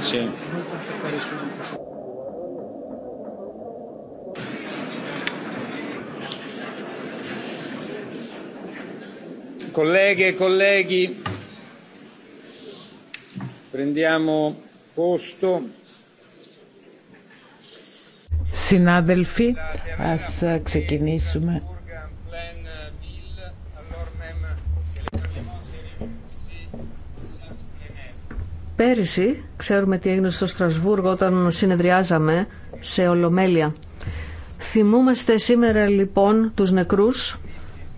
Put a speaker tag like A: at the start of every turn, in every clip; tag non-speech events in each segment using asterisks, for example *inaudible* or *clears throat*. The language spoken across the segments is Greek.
A: sì.
B: Colleghe e colleghi, prendiamo posto.
C: Συνάδελφοι, ας ξεκινήσουμε.
A: Πέρυσι, ξέρουμε τι έγινε στο Στρασβούργο όταν συνεδριάζαμε σε Ολομέλεια. Θυμούμαστε σήμερα λοιπόν τους νεκρούς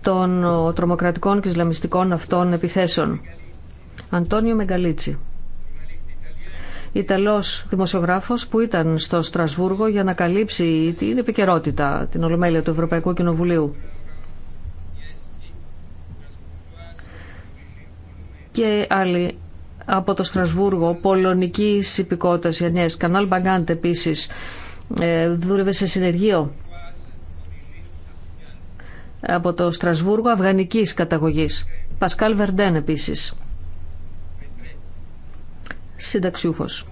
A: των τρομοκρατικών και ισλαμιστικών αυτών επιθέσεων. Αντώνιο Μεγκαλίτσι. Ιταλός δημοσιογράφος που ήταν στο Στρασβούργο για να καλύψει την επικαιρότητα, την Ολομέλεια του Ευρωπαϊκού Κοινοβουλίου. Και άλλοι από το Στρασβούργο, πολωνική υπηκότητα Γιαννιέ, Κανάλ Μπαγκάντ επίση, ε, δούλευε σε συνεργείο από το Στρασβούργο, αφγανικής καταγωγής. Πασκάλ Βερντέν επίσης, συνταξιούχος.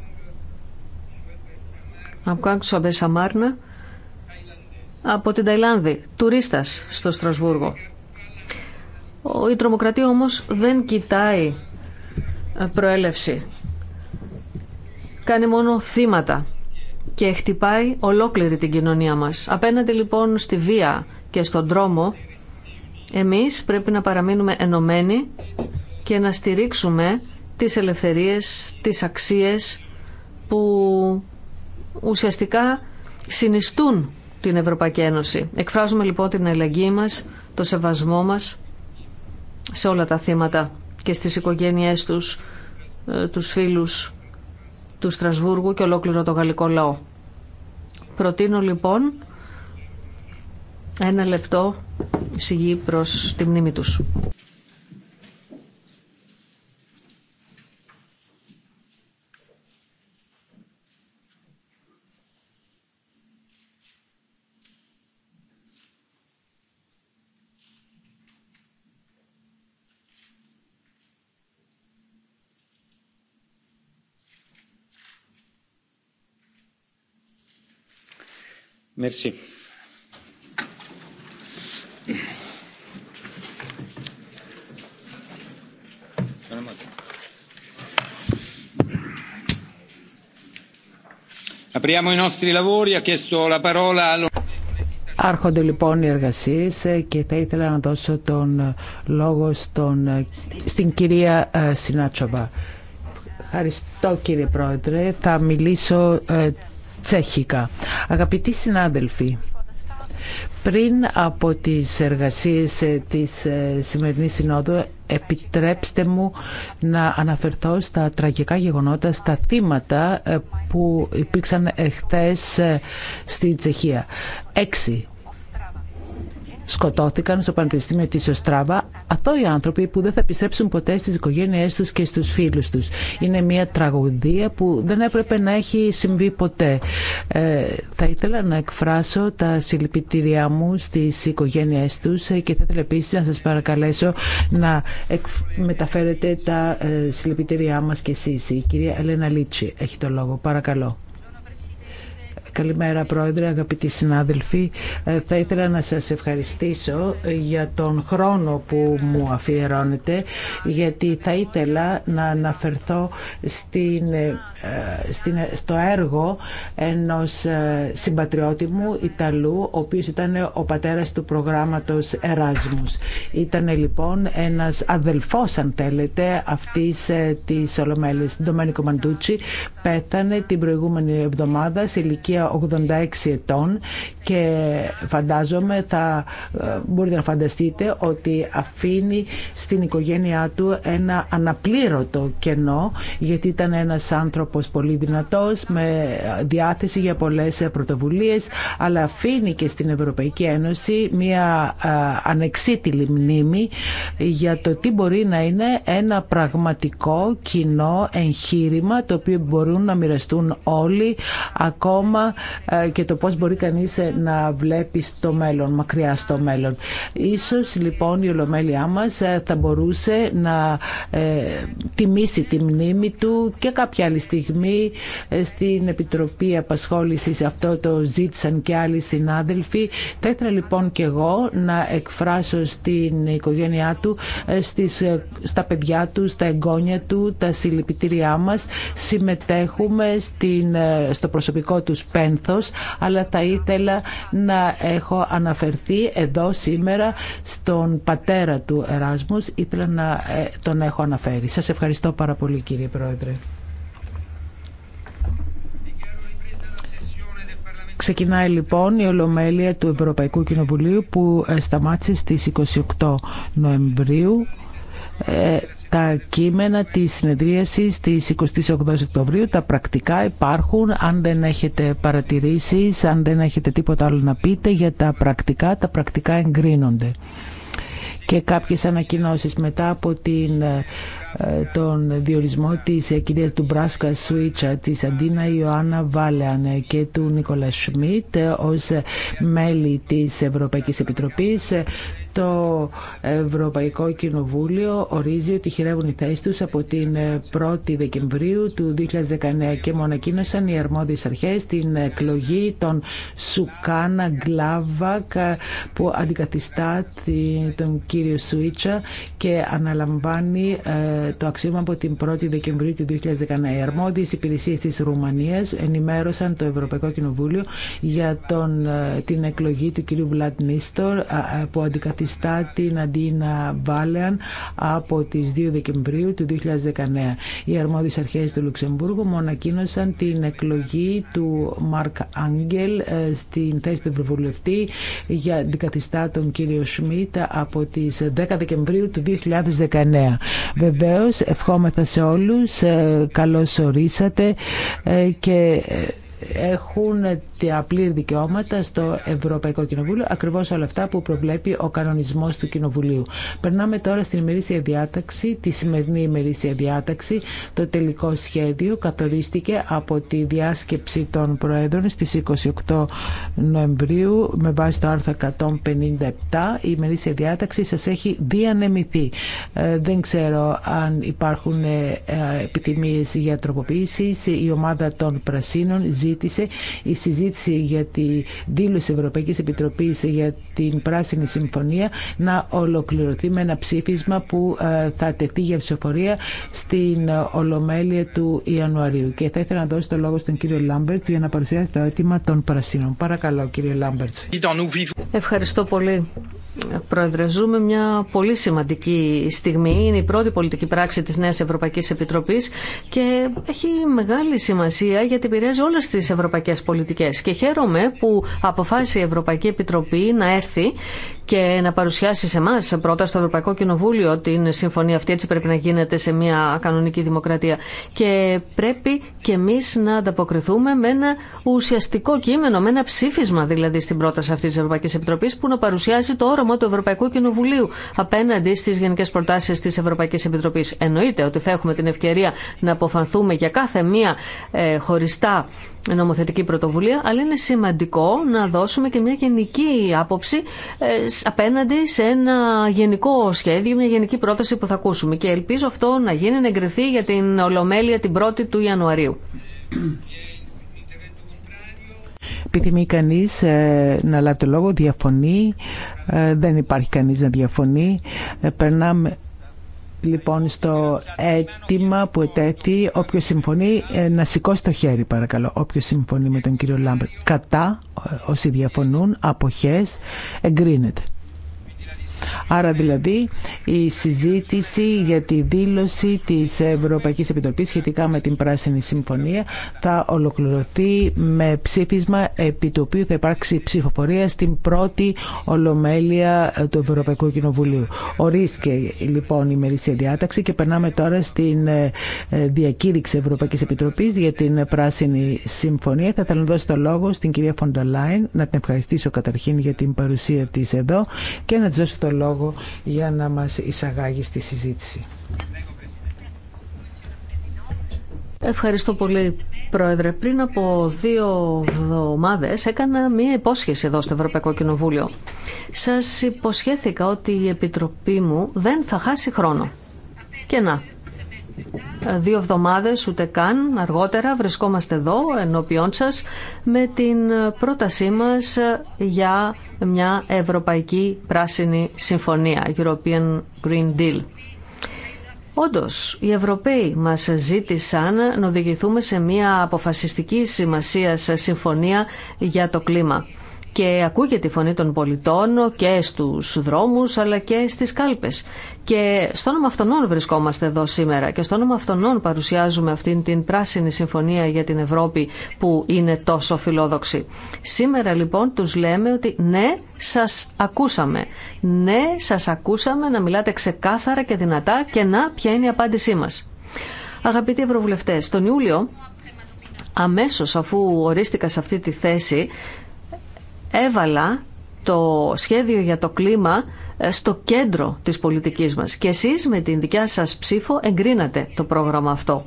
A: Αμκουάνκ Σαμπέ Σαμάρνα, από την Ταϊλάνδη, τουρίστας στο Στρασβούργο. Η τρομοκρατία όμως δεν κοιτάει προέλευση. Κάνει μόνο θύματα και χτυπάει ολόκληρη την κοινωνία μας. Απέναντι λοιπόν στη βία και στον τρόμο, εμείς πρέπει να παραμείνουμε ενωμένοι και να στηρίξουμε τις ελευθερίες, τις αξίες που ουσιαστικά συνιστούν την Ευρωπαϊκή Ένωση. Εκφράζουμε λοιπόν την ελεγγύη μας, το σεβασμό μας σε όλα τα θύματα και στις οικογένειές τους, ε, τους φίλους του Στρασβούργου και ολόκληρο το γαλλικό λαό. Προτείνω λοιπόν ένα λεπτό σιγή προς τη μνήμη τους.
B: Merci.
C: Άρχονται λοιπόν οι εργασίες και θα ήθελα να δώσω τον λόγο στον, στην κυρία ε, Σινάτσοβα. Ευχαριστώ κύριε Πρόεδρε. Θα μιλήσω ε, τσέχικα. Αγαπητοί συνάδελφοι, πριν από τις εργασίες ε, της ε, σημερινής συνόδου επιτρέψτε μου να αναφερθώ στα τραγικά γεγονότα, στα θύματα ε, που υπήρξαν εχθές στην Τσεχία. Έξι σκοτώθηκαν στο Πανεπιστήμιο της Οστράβα. Αυτό άνθρωποι που δεν θα επιστρέψουν ποτέ στι οικογένειές τους και στους φίλους τους. Είναι μια τραγωδία που δεν έπρεπε να έχει συμβεί ποτέ. Ε, θα ήθελα να εκφράσω τα συλληπιτήριά μου στι οικογένειε του ε, και θα ήθελα επίση να σας παρακαλέσω να μεταφέρετε τα ε, συλληπιτήριά μα κι εσείς. Η κυρία Ελένα Λίτσι έχει το λόγο. Παρακαλώ. Καλημέρα Πρόεδρε, αγαπητοί συνάδελφοι. Ε, θα ήθελα να σας ευχαριστήσω για τον χρόνο που μου αφιερώνετε γιατί θα ήθελα να αναφερθώ ε, στο έργο ενός ε, συμπατριώτη μου Ιταλού ο οποίος ήταν ο πατέρας του προγράμματος Εράσμους. Ήταν λοιπόν ένας αδελφός αν θέλετε αυτής της Ολομέλης. Ντομένικο Μαντούτσι πέθανε την προηγούμενη εβδομάδα σε ηλικία 86 ετών και φαντάζομαι θα ε, μπορείτε να φανταστείτε ότι αφήνει στην οικογένειά του ένα αναπλήρωτο κενό γιατί ήταν ένας άνθρωπος πολύ δυνατός με διάθεση για πολλές πρωτοβουλίες αλλά αφήνει και στην Ευρωπαϊκή Ένωση μια ε, ανεξίτηλη μνήμη για το τι μπορεί να είναι ένα πραγματικό κοινό εγχείρημα το οποίο μπορούν να μοιραστούν όλοι ακόμα ε, και το πώς μπορεί κανείς ε, να βλέπει στο μέλλον, μακριά στο μέλλον. Ίσως λοιπόν η Ολομέλειά μας ε, θα μπορούσε να τιμήσει τη μνήμη του και κάποια άλλη στιγμή στην Επιτροπή Απασχόλησης αυτό το ζήτησαν και άλλοι συνάδελφοι. Θα ήθελα λοιπόν και εγώ να εκφράσω στην οικογένειά του, στις, στα παιδιά του, στα εγγόνια του, τα συλληπιτήριά μας. Συμμετέχουμε στην, στο προσωπικό τους πένθος, αλλά θα ήθελα να έχω αναφερθεί εδώ σήμερα στον πατέρα του Εράσμους. Ήθελα να ε, τον έχω αναφέρει. Σας ευχαριστώ πάρα πολύ κύριε Πρόεδρε. Ξεκινάει λοιπόν η Ολομέλεια του Ευρωπαϊκού Κοινοβουλίου που ε, σταμάτησε στις 28 Νοεμβρίου. Ε, τα κείμενα της συνεδρίασης της 28 Οκτωβρίου. Τα πρακτικά υπάρχουν. Αν δεν έχετε παρατηρήσει, αν δεν έχετε τίποτα άλλο να πείτε για τα πρακτικά, τα πρακτικά εγκρίνονται. Και κάποιες ανακοινώσεις μετά από την, ε, τον διορισμό της ε, κυρίας του Μπράσκα Σουίτσα, ε, της Αντίνα Ιωάννα Βάλεαν και του Νίκολα Σμιτ ως μέλη της Ευρωπαϊκής Επιτροπής. Το Ευρωπαϊκό Κοινοβούλιο ορίζει ότι χειρεύουν οι θέσει του από την 1η Δεκεμβρίου του 2019 και μονακίνωσαν οι αρμόδιε αρχέ την εκλογή των Σουκάνα Γκλάβακ που αντικαθιστά τον κύριο Σουίτσα και αναλαμβάνει ε, το αξίωμα από την 1η Δεκεμβρίου του 2019. Οι αρμόδιε υπηρεσίε τη Ρουμανία ενημέρωσαν το Ευρωπαϊκό Κοινοβούλιο για τον, ε, την εκλογή του κύριου Βλαντ Νίστορ ε, που αντικαθιστά την Αντίνα Βάλεαν από τις 2 Δεκεμβρίου του 2019. Οι αρμόδιες αρχές του Λουξεμβούργου ανακοίνωσαν την εκλογή του Μαρκ Άγγελ ε, στην θέση του Ευρωβουλευτή για αντικαθιστά τον κύριο Σμιτ από τις 10 Δεκεμβρίου του 2019. Βεβαίως ευχόμεθα σε όλους, ε, καλώς ορίσατε ε, και έχουν τα δικαιώματα στο Ευρωπαϊκό Κοινοβούλιο, ακριβώς όλα αυτά που προβλέπει ο κανονισμός του Κοινοβουλίου. Περνάμε τώρα στην ημερήσια διάταξη, τη σημερινή ημερήσια διάταξη. Το τελικό σχέδιο καθορίστηκε από τη διάσκεψη των Προέδρων στις 28 Νοεμβρίου με βάση το άρθρο 157. Η ημερήσια διάταξη σας έχει διανεμηθεί. Ε, δεν ξέρω αν υπάρχουν ε, ε, επιθυμίε για τροποποίηση Η ομάδα των Πρασίνων συζήτησε η συζήτηση για τη δήλωση Ευρωπαϊκής Επιτροπής για την Πράσινη Συμφωνία να ολοκληρωθεί με ένα ψήφισμα που ε, θα τεθεί για ψηφοφορία στην Ολομέλεια του Ιανουαρίου. Και θα ήθελα να δώσω το λόγο στον κύριο Λάμπερτ για να παρουσιάσει το αίτημα των Πρασίνων.
A: Παρακαλώ, κύριε Λάμπερτ. Ευχαριστώ πολύ. Πρόεδρε, ζούμε μια πολύ σημαντική στιγμή. Είναι η πρώτη πολιτική πράξη της Νέας Ευρωπαϊκής Επιτροπής και έχει μεγάλη σημασία γιατί επηρεάζει όλες τις στι ευρωπαϊκές πολιτικές. Και χαίρομαι που αποφάσισε η Ευρωπαϊκή Επιτροπή να έρθει και να παρουσιάσει σε εμά πρώτα στο Ευρωπαϊκό Κοινοβούλιο την συμφωνία αυτή. Έτσι πρέπει να γίνεται σε μια κανονική δημοκρατία. Και πρέπει και εμεί να ανταποκριθούμε με ένα ουσιαστικό κείμενο, με ένα ψήφισμα δηλαδή στην πρόταση αυτή τη Ευρωπαϊκή Επιτροπή που να παρουσιάζει το όρομα του Ευρωπαϊκού Κοινοβουλίου απέναντι στι γενικέ προτάσει τη Ευρωπαϊκή Επιτροπή. Εννοείται ότι θα έχουμε την ευκαιρία να αποφανθούμε για κάθε μία ε, χωριστά νομοθετική πρωτοβουλία, αλλά είναι σημαντικό να δώσουμε και μια γενική άποψη ε, απέναντι σε ένα γενικό σχέδιο, μια γενική πρόταση που θα ακούσουμε. Και ελπίζω αυτό να γίνει, να εγκριθεί για την Ολομέλεια την 1η του Ιανουαρίου.
C: Επιθυμεί κανεί ε, να λάβει το λόγο, διαφωνεί, ε, δεν υπάρχει κανείς να διαφωνεί. Ε, περνάμε λοιπόν στο αίτημα που ετέθη όποιος συμφωνεί ε, να σηκώσει το χέρι παρακαλώ όποιος συμφωνεί με τον κύριο Λάμπερτ κατά ε, όσοι διαφωνούν αποχές εγκρίνεται Άρα δηλαδή η συζήτηση για τη δήλωση της Ευρωπαϊκής Επιτροπής σχετικά με την Πράσινη Συμφωνία θα ολοκληρωθεί με ψήφισμα επί το οποίο θα υπάρξει ψηφοφορία στην πρώτη ολομέλεια του Ευρωπαϊκού Κοινοβουλίου. Ορίστηκε λοιπόν η μερίσια διάταξη και περνάμε τώρα στην ε, ε, διακήρυξη Ευρωπαϊκής Επιτροπής για την Πράσινη Συμφωνία. Θα θέλω να δώσω το λόγο στην κυρία Φονταλάιν να την ευχαριστήσω καταρχήν για την παρουσία της εδώ και να της δώσω το το λόγο
A: για να μας εισαγάγει στη συζήτηση. Ευχαριστώ πολύ. Πρόεδρε, πριν από δύο εβδομάδε έκανα μία υπόσχεση εδώ στο Ευρωπαϊκό Κοινοβούλιο. Σας υποσχέθηκα ότι η Επιτροπή μου δεν θα χάσει χρόνο. Και να, δύο εβδομάδες ούτε καν αργότερα βρισκόμαστε εδώ ενώπιόν σας με την πρότασή μας για μια Ευρωπαϊκή Πράσινη Συμφωνία, European Green Deal. Όντως, οι Ευρωπαίοι μας ζήτησαν να οδηγηθούμε σε μια αποφασιστική σημασία συμφωνία για το κλίμα. Και ακούγεται η φωνή των πολιτών και στους δρόμους αλλά και στις κάλπες. Και στο όνομα αυτών βρισκόμαστε εδώ σήμερα και στο όνομα αυτών παρουσιάζουμε αυτήν την πράσινη συμφωνία για την Ευρώπη που είναι τόσο φιλόδοξη. Σήμερα λοιπόν τους λέμε ότι ναι, σας ακούσαμε. Ναι, σας ακούσαμε να μιλάτε ξεκάθαρα και δυνατά και να ποια είναι η απάντησή μας. Αγαπητοί Ευρωβουλευτές, τον Ιούλιο, αμέσως αφού ορίστηκα σε αυτή τη θέση, έβαλα το σχέδιο για το κλίμα στο κέντρο της πολιτικής μας. Και εσείς με την δικιά σας ψήφο εγκρίνατε το πρόγραμμα αυτό.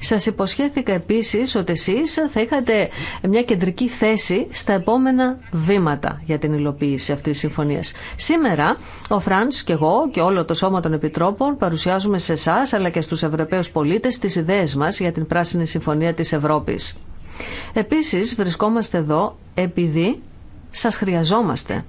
A: Σας υποσχέθηκα επίσης ότι εσείς θα είχατε μια κεντρική θέση στα επόμενα βήματα για την υλοποίηση αυτής της συμφωνίας. Σήμερα ο Φρανς και εγώ και όλο το Σώμα των Επιτρόπων παρουσιάζουμε σε εσά αλλά και στους Ευρωπαίους πολίτες τις ιδέες μας για την Πράσινη Συμφωνία της Ευρώπης. Επίσης βρισκόμαστε εδώ επειδή σας χρειαζόμαστε.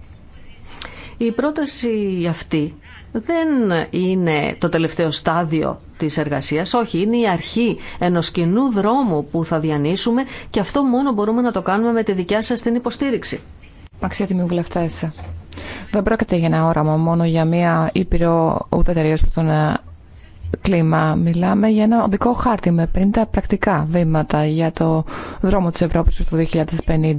A: Η πρόταση αυτή δεν είναι το τελευταίο στάδιο της εργασίας, όχι, είναι η αρχή ενός κοινού δρόμου που θα διανύσουμε και αυτό μόνο μπορούμε να το κάνουμε με τη δικιά σας την
D: υποστήριξη. Αξιότιμοι βουλευτέ. Δεν πρόκειται για ένα όραμα μόνο για μία ήπειρο ούτε τελείω που τον ε, κλίμα. Μιλάμε για ένα οδικό χάρτη με 50 πρακτικά βήματα για το δρόμο της Ευρώπης στο 2050.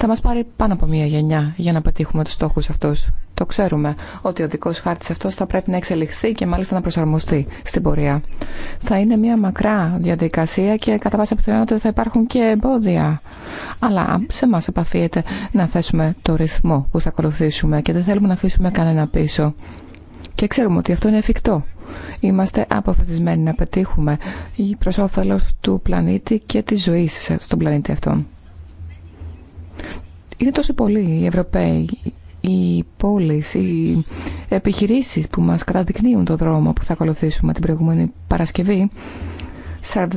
D: Θα μας πάρει πάνω από μία γενιά για να πετύχουμε τους στόχους αυτούς. Το ξέρουμε ότι ο οδικό χάρτη αυτό θα πρέπει να εξελιχθεί και μάλιστα να προσαρμοστεί στην πορεία. Θα είναι μία μακρά διαδικασία και κατά πάσα πιθανότητα θα υπάρχουν και εμπόδια. Αλλά σε εμά επαφείεται να θέσουμε το ρυθμό που θα ακολουθήσουμε και δεν θέλουμε να αφήσουμε κανένα πίσω. Και ξέρουμε ότι αυτό είναι εφικτό είμαστε αποφασισμένοι να πετύχουμε προς όφελος του πλανήτη και της ζωής στον πλανήτη αυτόν. Είναι τόσο πολλοί οι Ευρωπαίοι, οι πόλεις, οι επιχειρήσεις που μας καταδεικνύουν το δρόμο που θα ακολουθήσουμε την προηγούμενη Παρασκευή. 44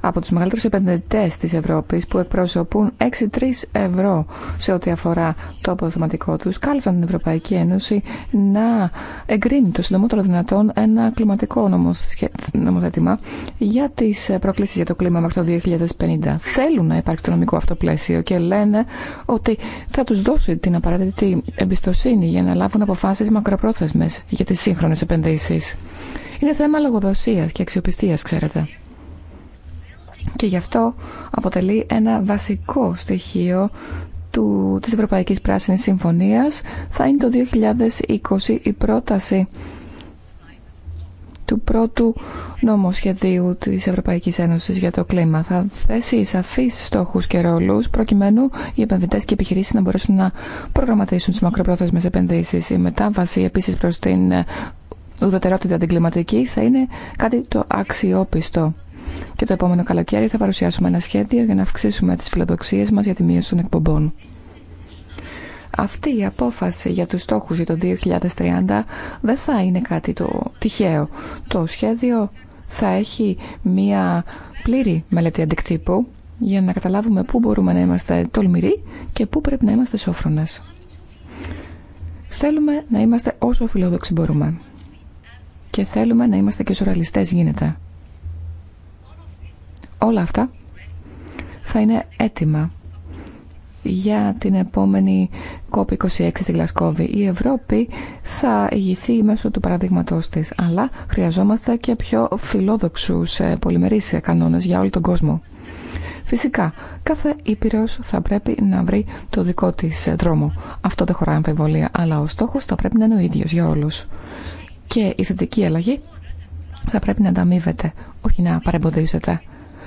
D: από τους μεγαλύτερους επενδυτές της Ευρώπης που εκπροσωπούν 6-3 ευρώ σε ό,τι αφορά το αποθεματικό τους κάλεσαν την Ευρωπαϊκή Ένωση να εγκρίνει το συντομότερο δυνατόν ένα κλιματικό νομοθέτημα για τις προκλήσεις για το κλίμα μέχρι το 2050. Θέλουν να υπάρξει το νομικό αυτό πλαίσιο και λένε ότι θα τους δώσει την απαραίτητη εμπιστοσύνη για να λάβουν αποφάσεις μακροπρόθεσμες για τις σύγχρονες επενδύσεις. Είναι θέμα λογοδοσίας και αξιοπιστίας, ξέρετε και γι' αυτό αποτελεί ένα βασικό στοιχείο του, της Ευρωπαϊκής Πράσινης Συμφωνίας θα είναι το 2020 η πρόταση του πρώτου νομοσχεδίου της Ευρωπαϊκής Ένωσης για το κλίμα. Θα θέσει σαφείς στόχους και ρόλους προκειμένου οι επενδυτές και οι επιχειρήσεις να μπορέσουν να προγραμματίσουν τις μακροπρόθεσμες επενδύσεις. Η μετάβαση επίσης προς την ουδετερότητα την θα είναι κάτι το αξιόπιστο. Και το επόμενο καλοκαίρι θα παρουσιάσουμε ένα σχέδιο για να αυξήσουμε τις φιλοδοξίες μας για τη μείωση των εκπομπών. Αυτή η απόφαση για τους στόχους για το 2030 δεν θα είναι κάτι το τυχαίο. Το σχέδιο θα έχει μία πλήρη μελέτη αντικτύπου για να καταλάβουμε πού μπορούμε να είμαστε τολμηροί και πού πρέπει να είμαστε σόφρονες. Θέλουμε να είμαστε όσο φιλόδοξοι μπορούμε. Και θέλουμε να είμαστε και σωραλιστές γίνεται όλα αυτά θα είναι έτοιμα για την επόμενη COP26 στη Γλασκόβη. Η Ευρώπη θα ηγηθεί μέσω του παραδείγματός της, αλλά χρειαζόμαστε και πιο φιλόδοξου ε, πολυμερεί ε, κανόνες για όλο τον κόσμο. Φυσικά, κάθε ήπειρο θα πρέπει να βρει το δικό τη ε, δρόμο. Αυτό δεν χωράει αμφιβολία, αλλά ο στόχο θα πρέπει να είναι ο ίδιος για όλους. Και η θετική αλλαγή θα πρέπει να ανταμείβεται, όχι να παρεμποδίζεται.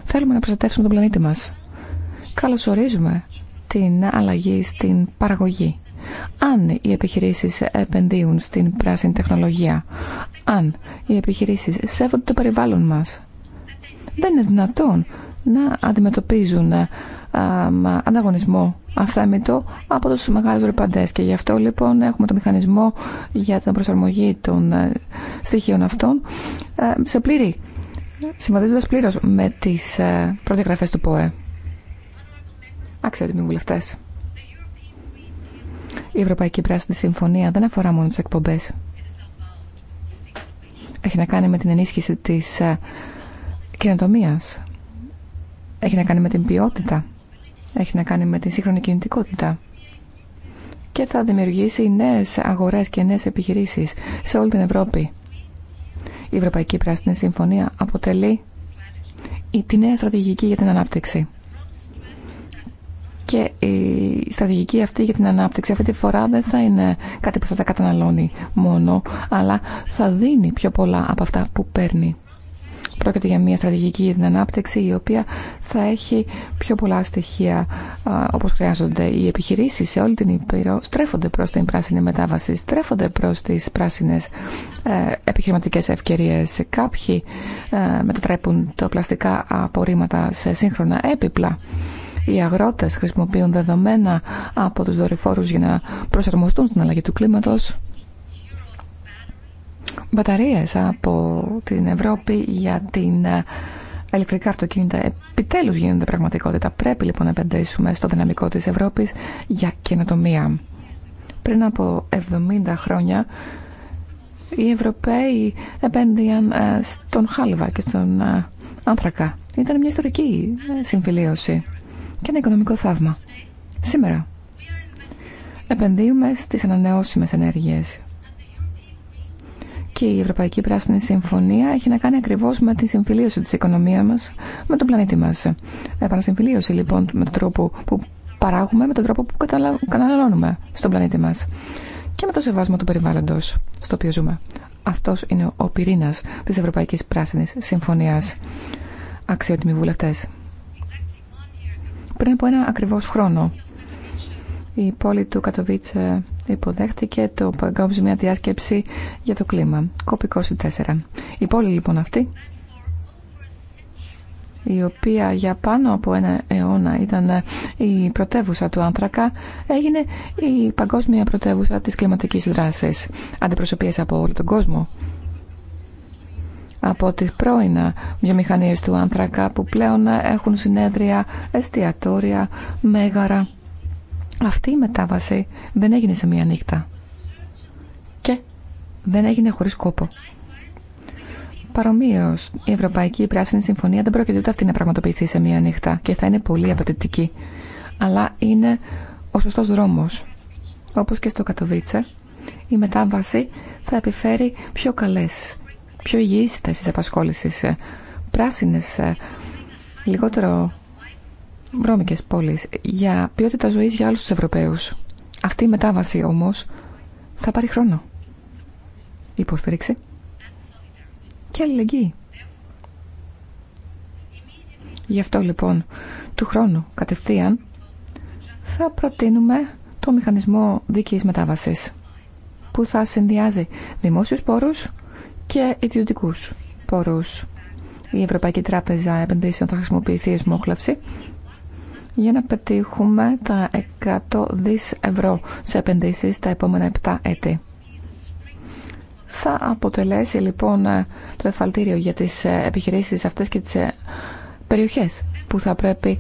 D: Θέλουμε να προστατεύσουμε τον πλανήτη μας. Καλωσορίζουμε την αλλαγή στην παραγωγή. Αν οι επιχειρήσεις επενδύουν στην πράσινη τεχνολογία, αν οι επιχειρήσεις σέβονται το περιβάλλον μας, δεν είναι δυνατόν να αντιμετωπίζουν ε, ανταγωνισμό αυθέμητο από τους μεγάλους ρηπαντές και γι' αυτό λοιπόν έχουμε το μηχανισμό για την προσαρμογή των ε, στοιχείων αυτών ε, σε πλήρη συμβαδίζοντα πλήρω με τις ε, προδιαγραφέ του ΠΟΕ. Αξιότιμοι βουλευτέ. Η Ευρωπαϊκή Πράσινη Συμφωνία δεν αφορά μόνο τι εκπομπές. Έχει να κάνει με την ενίσχυση της ε, κοινοτομία, Έχει να κάνει με την ποιότητα. Έχει να κάνει με την σύγχρονη κινητικότητα. Και θα δημιουργήσει νέες αγορές και νέε επιχειρήσει σε όλη την Ευρώπη η Ευρωπαϊκή Πράσινη Συμφωνία αποτελεί τη νέα στρατηγική για την ανάπτυξη. Και η στρατηγική αυτή για την ανάπτυξη αυτή τη φορά δεν θα είναι κάτι που θα τα καταναλώνει μόνο, αλλά θα δίνει πιο πολλά από αυτά που παίρνει. Πρόκειται για μια στρατηγική για την ανάπτυξη η οποία θα έχει πιο πολλά στοιχεία όπως χρειάζονται. Οι επιχειρήσεις σε όλη την Ήπειρο στρέφονται προς την πράσινη μετάβαση, στρέφονται προς τις πράσινες ε, επιχειρηματικές ευκαιρίες. Κάποιοι ε, μετατρέπουν τα πλαστικά απορρίμματα σε σύγχρονα έπιπλα. Οι αγρότες χρησιμοποιούν δεδομένα από τους δορυφόρους για να προσαρμοστούν στην αλλαγή του κλίματος μπαταρίες από την Ευρώπη για την ε, ηλεκτρικά αυτοκίνητα επιτέλους γίνονται πραγματικότητα. Πρέπει λοιπόν να επενδύσουμε στο δυναμικό της Ευρώπης για καινοτομία. Πριν από 70 χρόνια οι Ευρωπαίοι επένδυαν ε, στον χάλβα και στον ε, άνθρακα. Ήταν μια ιστορική συμφιλίωση και ένα οικονομικό θαύμα. Σήμερα επενδύουμε στις ανανεώσιμες ενέργειες και η Ευρωπαϊκή Πράσινη Συμφωνία έχει να κάνει ακριβώ με τη συμφιλίωση τη οικονομία μα με τον πλανήτη μα. Επανασυμφιλίωση λοιπόν με τον τρόπο που παράγουμε, με τον τρόπο που καταναλώνουμε στον πλανήτη μα. Και με το σεβασμό του περιβάλλοντο στο οποίο ζούμε. Αυτό είναι ο πυρήνα τη Ευρωπαϊκή Πράσινη Συμφωνία. Αξιότιμοι βουλευτέ. Πριν από ένα ακριβώ χρόνο, η πόλη του Κατοβίτσε υποδέχτηκε το παγκόσμια διάσκεψη για το κλίμα, COP24. Η πόλη λοιπόν αυτή, η οποία για πάνω από ένα αιώνα ήταν η πρωτεύουσα του άνθρακα, έγινε η παγκόσμια πρωτεύουσα της κλιματικής δράσης. Αντιπροσωπείες από όλο τον κόσμο από τις πρώινα βιομηχανίες του άνθρακα που πλέον έχουν συνέδρια, εστιατόρια, μέγαρα αυτή η μετάβαση δεν έγινε σε μία νύχτα. Και δεν έγινε χωρίς κόπο. Παρομοίω, η Ευρωπαϊκή Πράσινη Συμφωνία δεν πρόκειται ούτε αυτή να πραγματοποιηθεί σε μία νύχτα και θα είναι πολύ απαιτητική. Αλλά είναι ο σωστό δρόμο. Όπω και στο Κατοβίτσε, η μετάβαση θα επιφέρει πιο καλέ, πιο υγιεί θέσει απασχόληση, πράσινε, ε, λιγότερο βρώμικες πόλεις, για ποιότητα ζωής για όλους τους Ευρωπαίους. Αυτή η μετάβαση όμως θα πάρει χρόνο. Υποστήριξη και αλληλεγγύη. Γι' αυτό λοιπόν του χρόνου κατευθείαν θα προτείνουμε το μηχανισμό δίκαιης μετάβασης που θα συνδυάζει δημόσιους πόρους και ιδιωτικούς πόρους. Η Ευρωπαϊκή Τράπεζα Επενδύσεων θα χρησιμοποιηθεί ως μόχλαυση για να πετύχουμε τα 100 δις ευρώ σε επενδύσεις τα επόμενα 7 έτη. Θα αποτελέσει λοιπόν το εφαλτήριο για τις ε, επιχειρήσεις αυτές και τις ε, περιοχές που θα πρέπει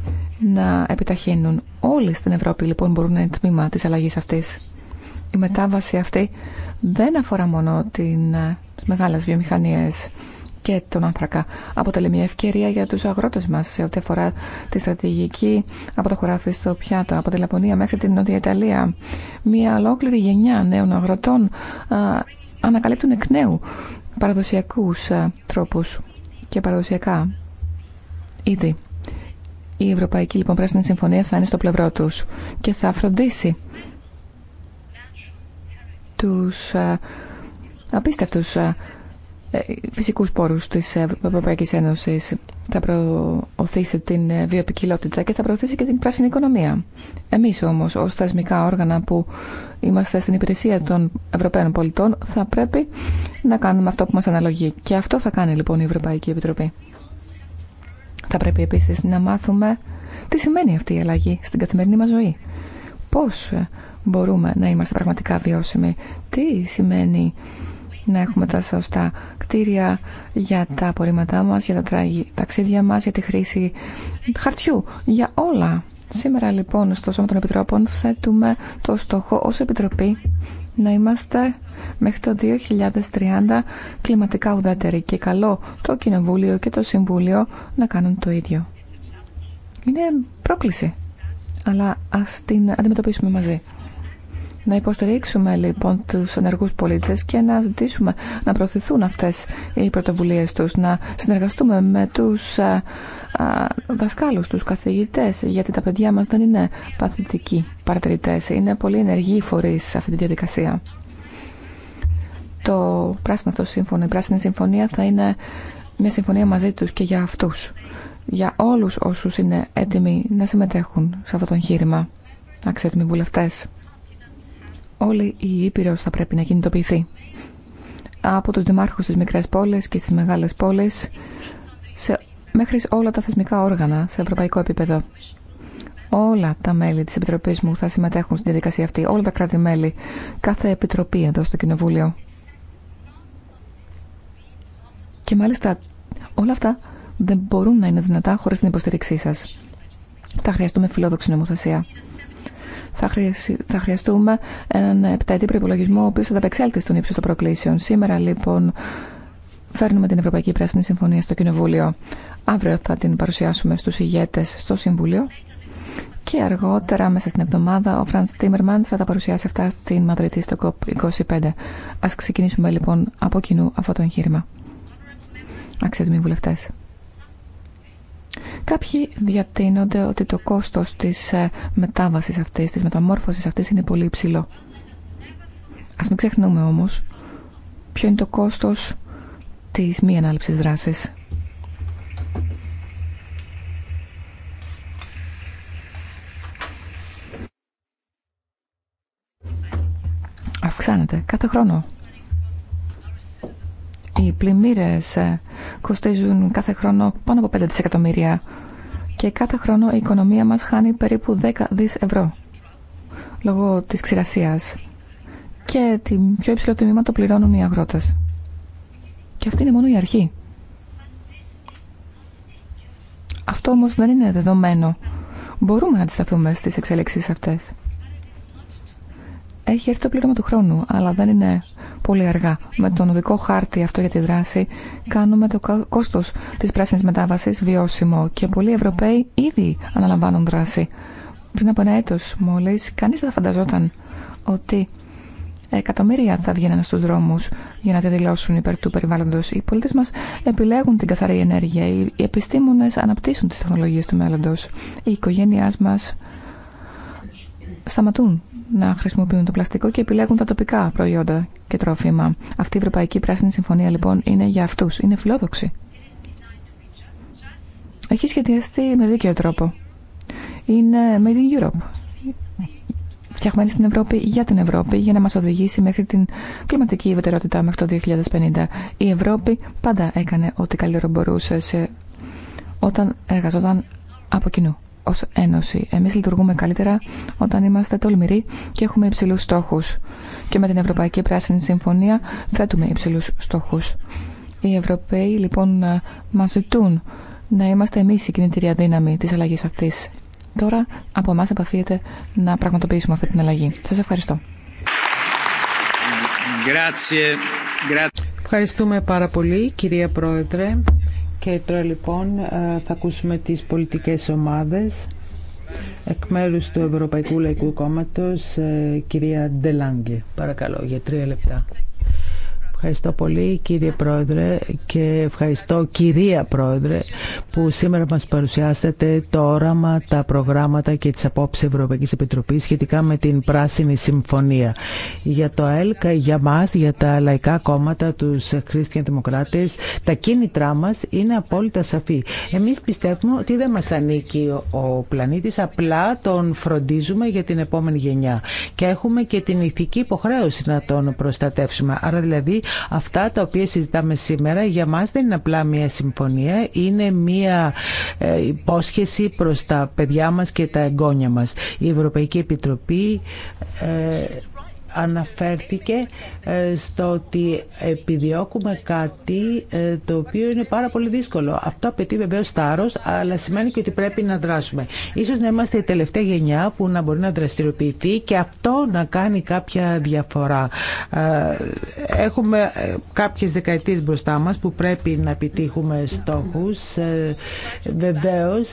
D: να επιταχύνουν. Όλοι στην Ευρώπη λοιπόν μπορούν να είναι τμήμα της αλλαγής αυτής. Η μετάβαση αυτή δεν αφορά μόνο ε, τις μεγάλες βιομηχανίες και τον άνθρακα. Αποτελεί μια ευκαιρία για τους αγρότες μας σε ό,τι αφορά τη στρατηγική από το χωράφι στο πιάτο, από τη Λαπωνία μέχρι την Νότια Ιταλία. Μια ολόκληρη γενιά νέων αγροτών ανακαλύπτουν εκ νέου παραδοσιακούς τρόπους και παραδοσιακά είδη. Η Ευρωπαϊκή λοιπόν Πράσινη Συμφωνία θα είναι στο πλευρό τους και θα φροντίσει τους απίστευτους ε, φυσικούς πόρους της Ευρωπαϊκής Ένωσης. Θα προωθήσει την βιοπικιλότητα και θα προωθήσει και την πράσινη οικονομία. Εμείς όμως ως θεσμικά όργανα που είμαστε στην υπηρεσία των Ευρωπαίων πολιτών θα πρέπει να κάνουμε αυτό που μας αναλογεί. Και αυτό θα κάνει λοιπόν η Ευρωπαϊκή Επιτροπή. Θα πρέπει επίσης να μάθουμε τι σημαίνει αυτή η αλλαγή στην καθημερινή μας ζωή. Πώς μπορούμε να είμαστε πραγματικά βιώσιμοι. Τι σημαίνει να έχουμε τα σωστά κτίρια για τα απορρίμματά μας, για τα ταξίδια μας, για τη χρήση χαρτιού, για όλα. Σήμερα λοιπόν στο Σώμα των Επιτρόπων θέτουμε το στόχο ως Επιτροπή να είμαστε μέχρι το 2030 κλιματικά ουδέτεροι και καλό το Κοινοβούλιο και το Συμβούλιο να κάνουν το ίδιο. Είναι πρόκληση, αλλά ας την αντιμετωπίσουμε μαζί. Να υποστηρίξουμε λοιπόν τους ενεργούς πολίτες και να ζητήσουμε να προωθηθούν αυτές οι πρωτοβουλίες τους, να συνεργαστούμε με τους δασκάλου, ε, του ε, δασκάλους, τους καθηγητές, γιατί τα παιδιά μας δεν είναι παθητικοί παρατηρητές, είναι πολύ ενεργοί φορείς σε αυτή τη διαδικασία. Το πράσινο αυτό σύμφωνο, η πράσινη συμφωνία θα είναι μια συμφωνία μαζί τους και για αυτούς, για όλους όσους είναι έτοιμοι να συμμετέχουν σε αυτό το εγχείρημα, αξιότιμοι βουλευτές όλη η Ήπειρος θα πρέπει να κινητοποιηθεί. Από τους δημάρχους στις μικρές πόλεις και στις μεγάλες πόλεις σε, μέχρι όλα τα θεσμικά όργανα σε ευρωπαϊκό επίπεδο. Όλα τα μέλη της Επιτροπής μου θα συμμετέχουν στην διαδικασία αυτή, όλα τα κράτη-μέλη, κάθε επιτροπή εδώ στο Κοινοβούλιο. Και μάλιστα όλα αυτά δεν μπορούν να είναι δυνατά χωρίς την υποστήριξή σας. Θα χρειαστούμε φιλόδοξη νομοθεσία θα, χρειαστούμε έναν επτάτη προπολογισμό ο οποίο θα ταπεξέλθει στον ύψο των προκλήσεων. Σήμερα λοιπόν φέρνουμε την Ευρωπαϊκή Πράσινη Συμφωνία στο Κοινοβούλιο. Αύριο θα την παρουσιάσουμε στους ηγέτες στο Συμβούλιο. Και αργότερα, μέσα στην εβδομάδα, ο Φραντ Τίμερμαν θα τα παρουσιάσει αυτά στην Μαδρίτη στο COP25. Α ξεκινήσουμε λοιπόν από κοινού αυτό το εγχείρημα. Αξιότιμοι βουλευτέ. Κάποιοι διατείνονται ότι το κόστος της ε, μετάβασης αυτής, της μεταμόρφωσης αυτής είναι πολύ υψηλό. Ας μην ξεχνούμε όμως ποιο είναι το κόστος της μη ανάληψης δράσης. Αυξάνεται κάθε χρόνο οι πλημμύρε ε, κοστίζουν κάθε χρόνο πάνω από 5 δισεκατομμύρια και κάθε χρόνο η οικονομία μας χάνει περίπου 10 δις ευρώ λόγω της ξηρασίας και το πιο υψηλό τιμήμα το πληρώνουν οι αγρότες. Και αυτή είναι μόνο η αρχή. Αυτό όμως δεν είναι δεδομένο. Μπορούμε να αντισταθούμε στις εξελίξεις αυτές έχει έρθει το πλήρωμα του χρόνου, αλλά δεν είναι πολύ αργά. Με τον οδικό χάρτη αυτό για τη δράση κάνουμε το κόστος της πράσινης μετάβασης βιώσιμο και πολλοί Ευρωπαίοι ήδη αναλαμβάνουν δράση. Πριν από ένα έτος μόλις, κανείς δεν θα φανταζόταν ότι εκατομμύρια θα βγαίνουν στους δρόμους για να διαδηλώσουν υπέρ του περιβάλλοντος. Οι πολίτες μας επιλέγουν την καθαρή ενέργεια, οι επιστήμονες αναπτύσσουν τις τεχνολογίες του μέλλοντος, οι οικογένειά μας σταματούν να χρησιμοποιούν το πλαστικό και επιλέγουν τα τοπικά προϊόντα και τρόφιμα. Αυτή η Ευρωπαϊκή Πράσινη Συμφωνία λοιπόν είναι για αυτού. Είναι φιλόδοξη. Έχει σχεδιαστεί με δίκαιο τρόπο. Είναι made in Europe. Φτιαχμένη στην Ευρώπη για την Ευρώπη για να μα οδηγήσει μέχρι την κλιματική ιδιωτερότητα μέχρι το 2050. Η Ευρώπη πάντα έκανε ό,τι καλύτερο μπορούσε σε... όταν εργαζόταν από κοινού ως Ένωση. Εμείς λειτουργούμε καλύτερα όταν είμαστε τολμηροί και έχουμε υψηλούς στόχους. Και με την Ευρωπαϊκή Πράσινη Συμφωνία θέτουμε υψηλούς στόχους. Οι Ευρωπαίοι λοιπόν μας ζητούν να είμαστε εμείς η κινητήρια δύναμη της αλλαγής αυτής. Τώρα από εμά επαφείτε να πραγματοποιήσουμε αυτή την αλλαγή. Σας ευχαριστώ. Ευχαριστούμε πάρα πολύ κυρία Πρόεδρε.
C: Και τώρα λοιπόν ε, θα ακούσουμε τις πολιτικές ομάδες εκ μέρους του Ευρωπαϊκού Λαϊκού Κόμματος, ε, κυρία Ντελάγκε. Παρακαλώ, για τρία λεπτά. Ευχαριστώ πολύ κύριε Πρόεδρε και ευχαριστώ κυρία Πρόεδρε που σήμερα μας παρουσιάσετε το όραμα, τα προγράμματα και τις απόψεις Ευρωπαϊκής Επιτροπής σχετικά με την Πράσινη Συμφωνία. Για το ΕΛΚΑ, για μας, για τα λαϊκά κόμματα, τους Christian Δημοκράτες, τα κίνητρά μας είναι απόλυτα σαφή. Εμείς πιστεύουμε ότι δεν μας ανήκει ο πλανήτης, απλά τον φροντίζουμε για την επόμενη γενιά. Και έχουμε και την ηθική υποχρέωση να τον προστατεύσουμε. Άρα δηλαδή Αυτά τα οποία συζητάμε σήμερα για μας δεν είναι απλά μια συμφωνία, είναι μια ε, υπόσχεση προς τα παιδιά μας και τα εγγόνια μας. Η Ευρωπαϊκή Επιτροπή ε, αναφέρθηκε ε, στο ότι επιδιώκουμε κάτι ε, το οποίο είναι πάρα πολύ δύσκολο. Αυτό απαιτεί βεβαίως τάρος αλλά σημαίνει και ότι πρέπει να δράσουμε. Ίσως να είμαστε η τελευταία γενιά που να μπορεί να δραστηριοποιηθεί και αυτό να κάνει κάποια διαφορά. Ε, έχουμε κάποιες δεκαετίες μπροστά μας που πρέπει να επιτύχουμε στόχους. Βεβαίως,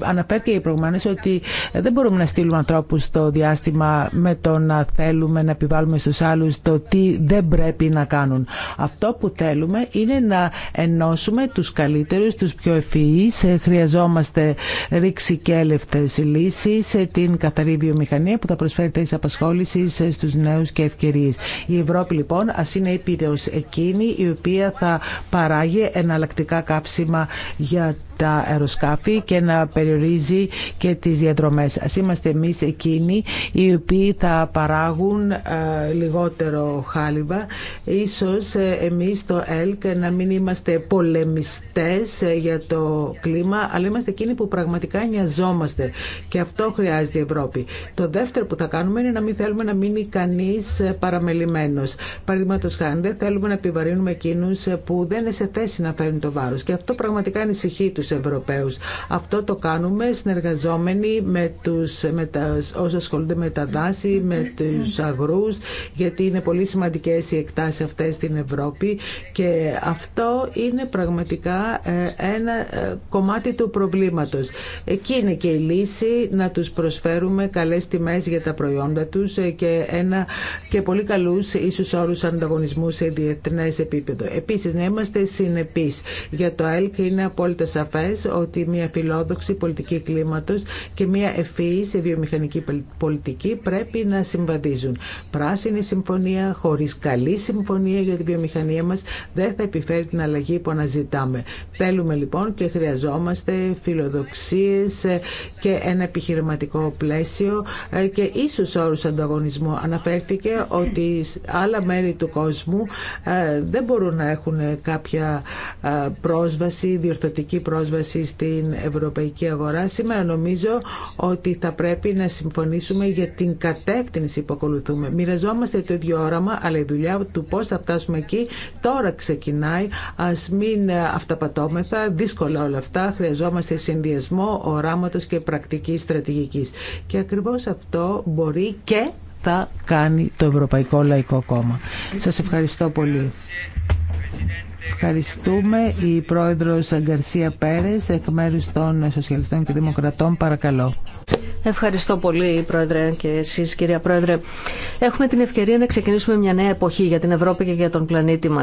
C: αναφέρθηκε η ότι δεν μπορούμε να στείλουμε ανθρώπους στο διάστημα με το να θέλουμε θέλουμε να επιβάλλουμε στους άλλους το τι δεν πρέπει να κάνουν. Αυτό που θέλουμε είναι να ενώσουμε τους καλύτερους, τους πιο ευφυείς. Χρειαζόμαστε ρήξη και έλευτες λύσεις, την καθαρή βιομηχανία που θα προσφέρει θέσεις απασχόλησης στους νέους και ευκαιρίες. Η Ευρώπη λοιπόν ας είναι ήπειρος εκείνη η οποία θα παράγει εναλλακτικά κάψιμα για τα αεροσκάφη και να περιορίζει και τις διαδρομές. Ας είμαστε εμείς εκείνοι οι οποίοι θα παράγουν ε, λιγότερο χάλιβα. Ίσως ε, εμείς στο ΕΛΚ να μην είμαστε πολεμιστές ε, για το κλίμα, αλλά είμαστε εκείνοι που πραγματικά νοιαζόμαστε. Και αυτό χρειάζεται η Ευρώπη. Το δεύτερο που θα κάνουμε είναι να μην θέλουμε να μείνει κανείς παραμελημένος. Παραδείγματο χάρη, δεν θέλουμε να επιβαρύνουμε εκείνου που δεν είναι σε θέση να φέρουν το βάρος. Και αυτό πραγματικά ανησυχεί τους Ευρωπαίους. Αυτό το κάνουμε συνεργαζόμενοι με, τους, με τα, ασχολούνται με τα δάση, με τους αγρούς, γιατί είναι πολύ σημαντικές οι εκτάσεις αυτές στην Ευρώπη και αυτό είναι πραγματικά ε, ένα ε, κομμάτι του προβλήματος. Εκεί είναι και η λύση να τους προσφέρουμε καλές τιμές για τα προϊόντα τους ε, και, ένα, και πολύ καλούς ίσως όρους ανταγωνισμού σε διεθνές επίπεδο. Επίσης να είμαστε συνεπείς. Για το ΕΛΚ είναι απόλυτα σαφέ ότι μια φιλόδοξη πολιτική κλίματος και μια ευφυή σε βιομηχανική πολιτική πρέπει να συμβαδίζουν. Πράσινη συμφωνία χωρίς καλή συμφωνία για τη βιομηχανία μας δεν θα επιφέρει την αλλαγή που αναζητάμε. Θέλουμε λοιπόν και χρειαζόμαστε φιλοδοξίες ε, και ένα επιχειρηματικό πλαίσιο ε, και ίσως όρους ανταγωνισμού. Αναφέρθηκε ότι άλλα μέρη του κόσμου ε, δεν μπορούν να έχουν κάποια πρόσβαση, διορθωτική πρόσβαση πρόσβαση στην ευρωπαϊκή αγορά. Σήμερα νομίζω ότι θα πρέπει να συμφωνήσουμε για την κατεύθυνση που ακολουθούμε. Μοιραζόμαστε το ίδιο όραμα, αλλά η δουλειά του πώ θα φτάσουμε εκεί τώρα ξεκινάει. α μην αυταπατώμεθα, δύσκολα όλα αυτά. Χρειαζόμαστε συνδυασμό οράματο και πρακτική στρατηγική. Και ακριβώ αυτό μπορεί και θα κάνει το Ευρωπαϊκό Λαϊκό Κόμμα. Σας ευχαριστώ πολύ. Ευχαριστούμε. Η πρόεδρος Γκαρσία Πέρες, εκ μέρους των Σοσιαλιστών και Δημοκρατών, παρακαλώ.
A: Ευχαριστώ πολύ, Πρόεδρε, και εσεί, κυρία Πρόεδρε. Έχουμε την ευκαιρία να ξεκινήσουμε μια νέα εποχή για την Ευρώπη και για τον πλανήτη μα.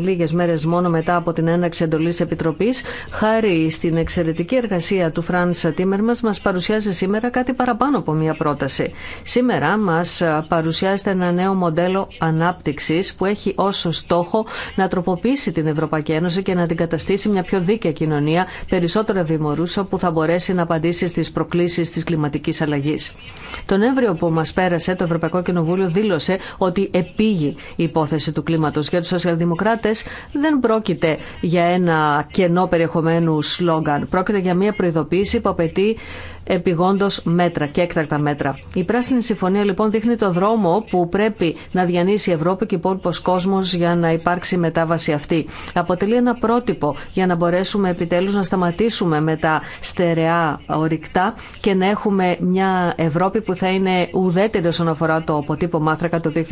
A: Λίγε μέρε μόνο μετά από την έναξη εντολή επιτροπή, χάρη στην εξαιρετική εργασία του φραντ Τίμερ μα, μα παρουσιάζει σήμερα κάτι παραπάνω από μια πρόταση. Σήμερα μα παρουσιάζεται ένα νέο μοντέλο ανάπτυξη που έχει όσο στόχο να τροποποιήσει την Ευρωπαϊκή Ένωση και να την καταστήσει μια πιο δίκαια κοινωνία, περισσότερο ευημορούσα που θα μπορέσει να απαντήσει στι προκλήσει Τη της κλιματικής αλλαγής. Τον Νοέμβριο που μας πέρασε το Ευρωπαϊκό Κοινοβούλιο δήλωσε ότι επήγει η υπόθεση του κλίματος. Για τους σοσιαλδημοκράτε δεν πρόκειται για ένα κενό περιεχομένου σλόγγαν. Πρόκειται για μια προειδοποίηση που απαιτεί επιγόντω μέτρα και έκτακτα μέτρα. Η Πράσινη Συμφωνία λοιπόν δείχνει το δρόμο που πρέπει να διανύσει η Ευρώπη και ο υπόλοιπο κόσμο για να υπάρξει μετάβαση αυτή. Αποτελεί ένα πρότυπο για να μπορέσουμε επιτέλου να σταματήσουμε με τα στερεά ορυκτά και να έχουμε μια Ευρώπη που θα είναι ουδέτερη όσον αφορά το αποτύπωμα άνθρακα το 2050.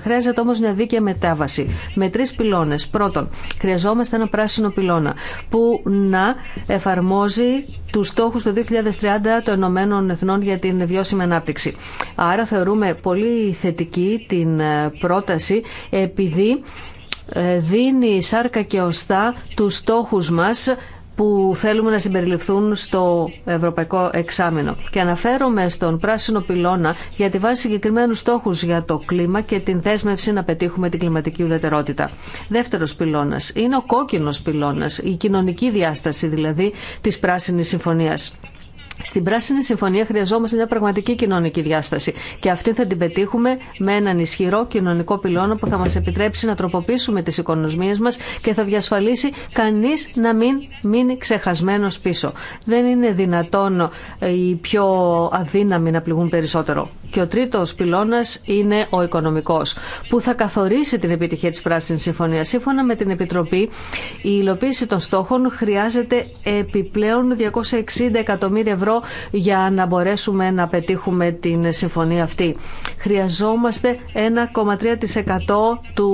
A: Χρειάζεται όμω μια δίκαια μετάβαση με τρει πυλώνε. Πρώτον, χρειαζόμαστε ένα πράσινο πυλώνα που να εφαρμόζει του στόχου του 2030 30 των Ηνωμένων Εθνών για την βιώσιμη ανάπτυξη. Άρα θεωρούμε πολύ θετική την ε, πρόταση επειδή ε, δίνει σάρκα και οστά τους στόχους μας που θέλουμε να συμπεριληφθούν στο Ευρωπαϊκό Εξάμεινο. Και αναφέρομαι στον πράσινο πυλώνα για τη βάση συγκεκριμένου στόχου για το κλίμα και την δέσμευση να πετύχουμε την κλιματική ουδετερότητα. Δεύτερο πυλώνα είναι ο κόκκινο πυλώνα, η κοινωνική διάσταση δηλαδή τη πράσινη συμφωνία. Στην Πράσινη Συμφωνία χρειαζόμαστε μια πραγματική κοινωνική διάσταση και αυτή θα την πετύχουμε με έναν ισχυρό κοινωνικό πυλώνα που θα μας επιτρέψει να τροποποιήσουμε τις οικονομίες μας και θα διασφαλίσει κανείς να μην μείνει ξεχασμένος πίσω. Δεν είναι δυνατόν ε, οι πιο αδύναμοι να πληγούν περισσότερο. Και ο τρίτο πυλώνας είναι ο οικονομικό που θα καθορίσει την επιτυχία τη πράσινη συμφωνία. Σύμφωνα με την Επιτροπή, η υλοποίηση των στόχων χρειάζεται επιπλέον 260 εκατομμύρια ευρώ για να μπορέσουμε να πετύχουμε την συμφωνία αυτή. Χρειαζόμαστε 1,3% του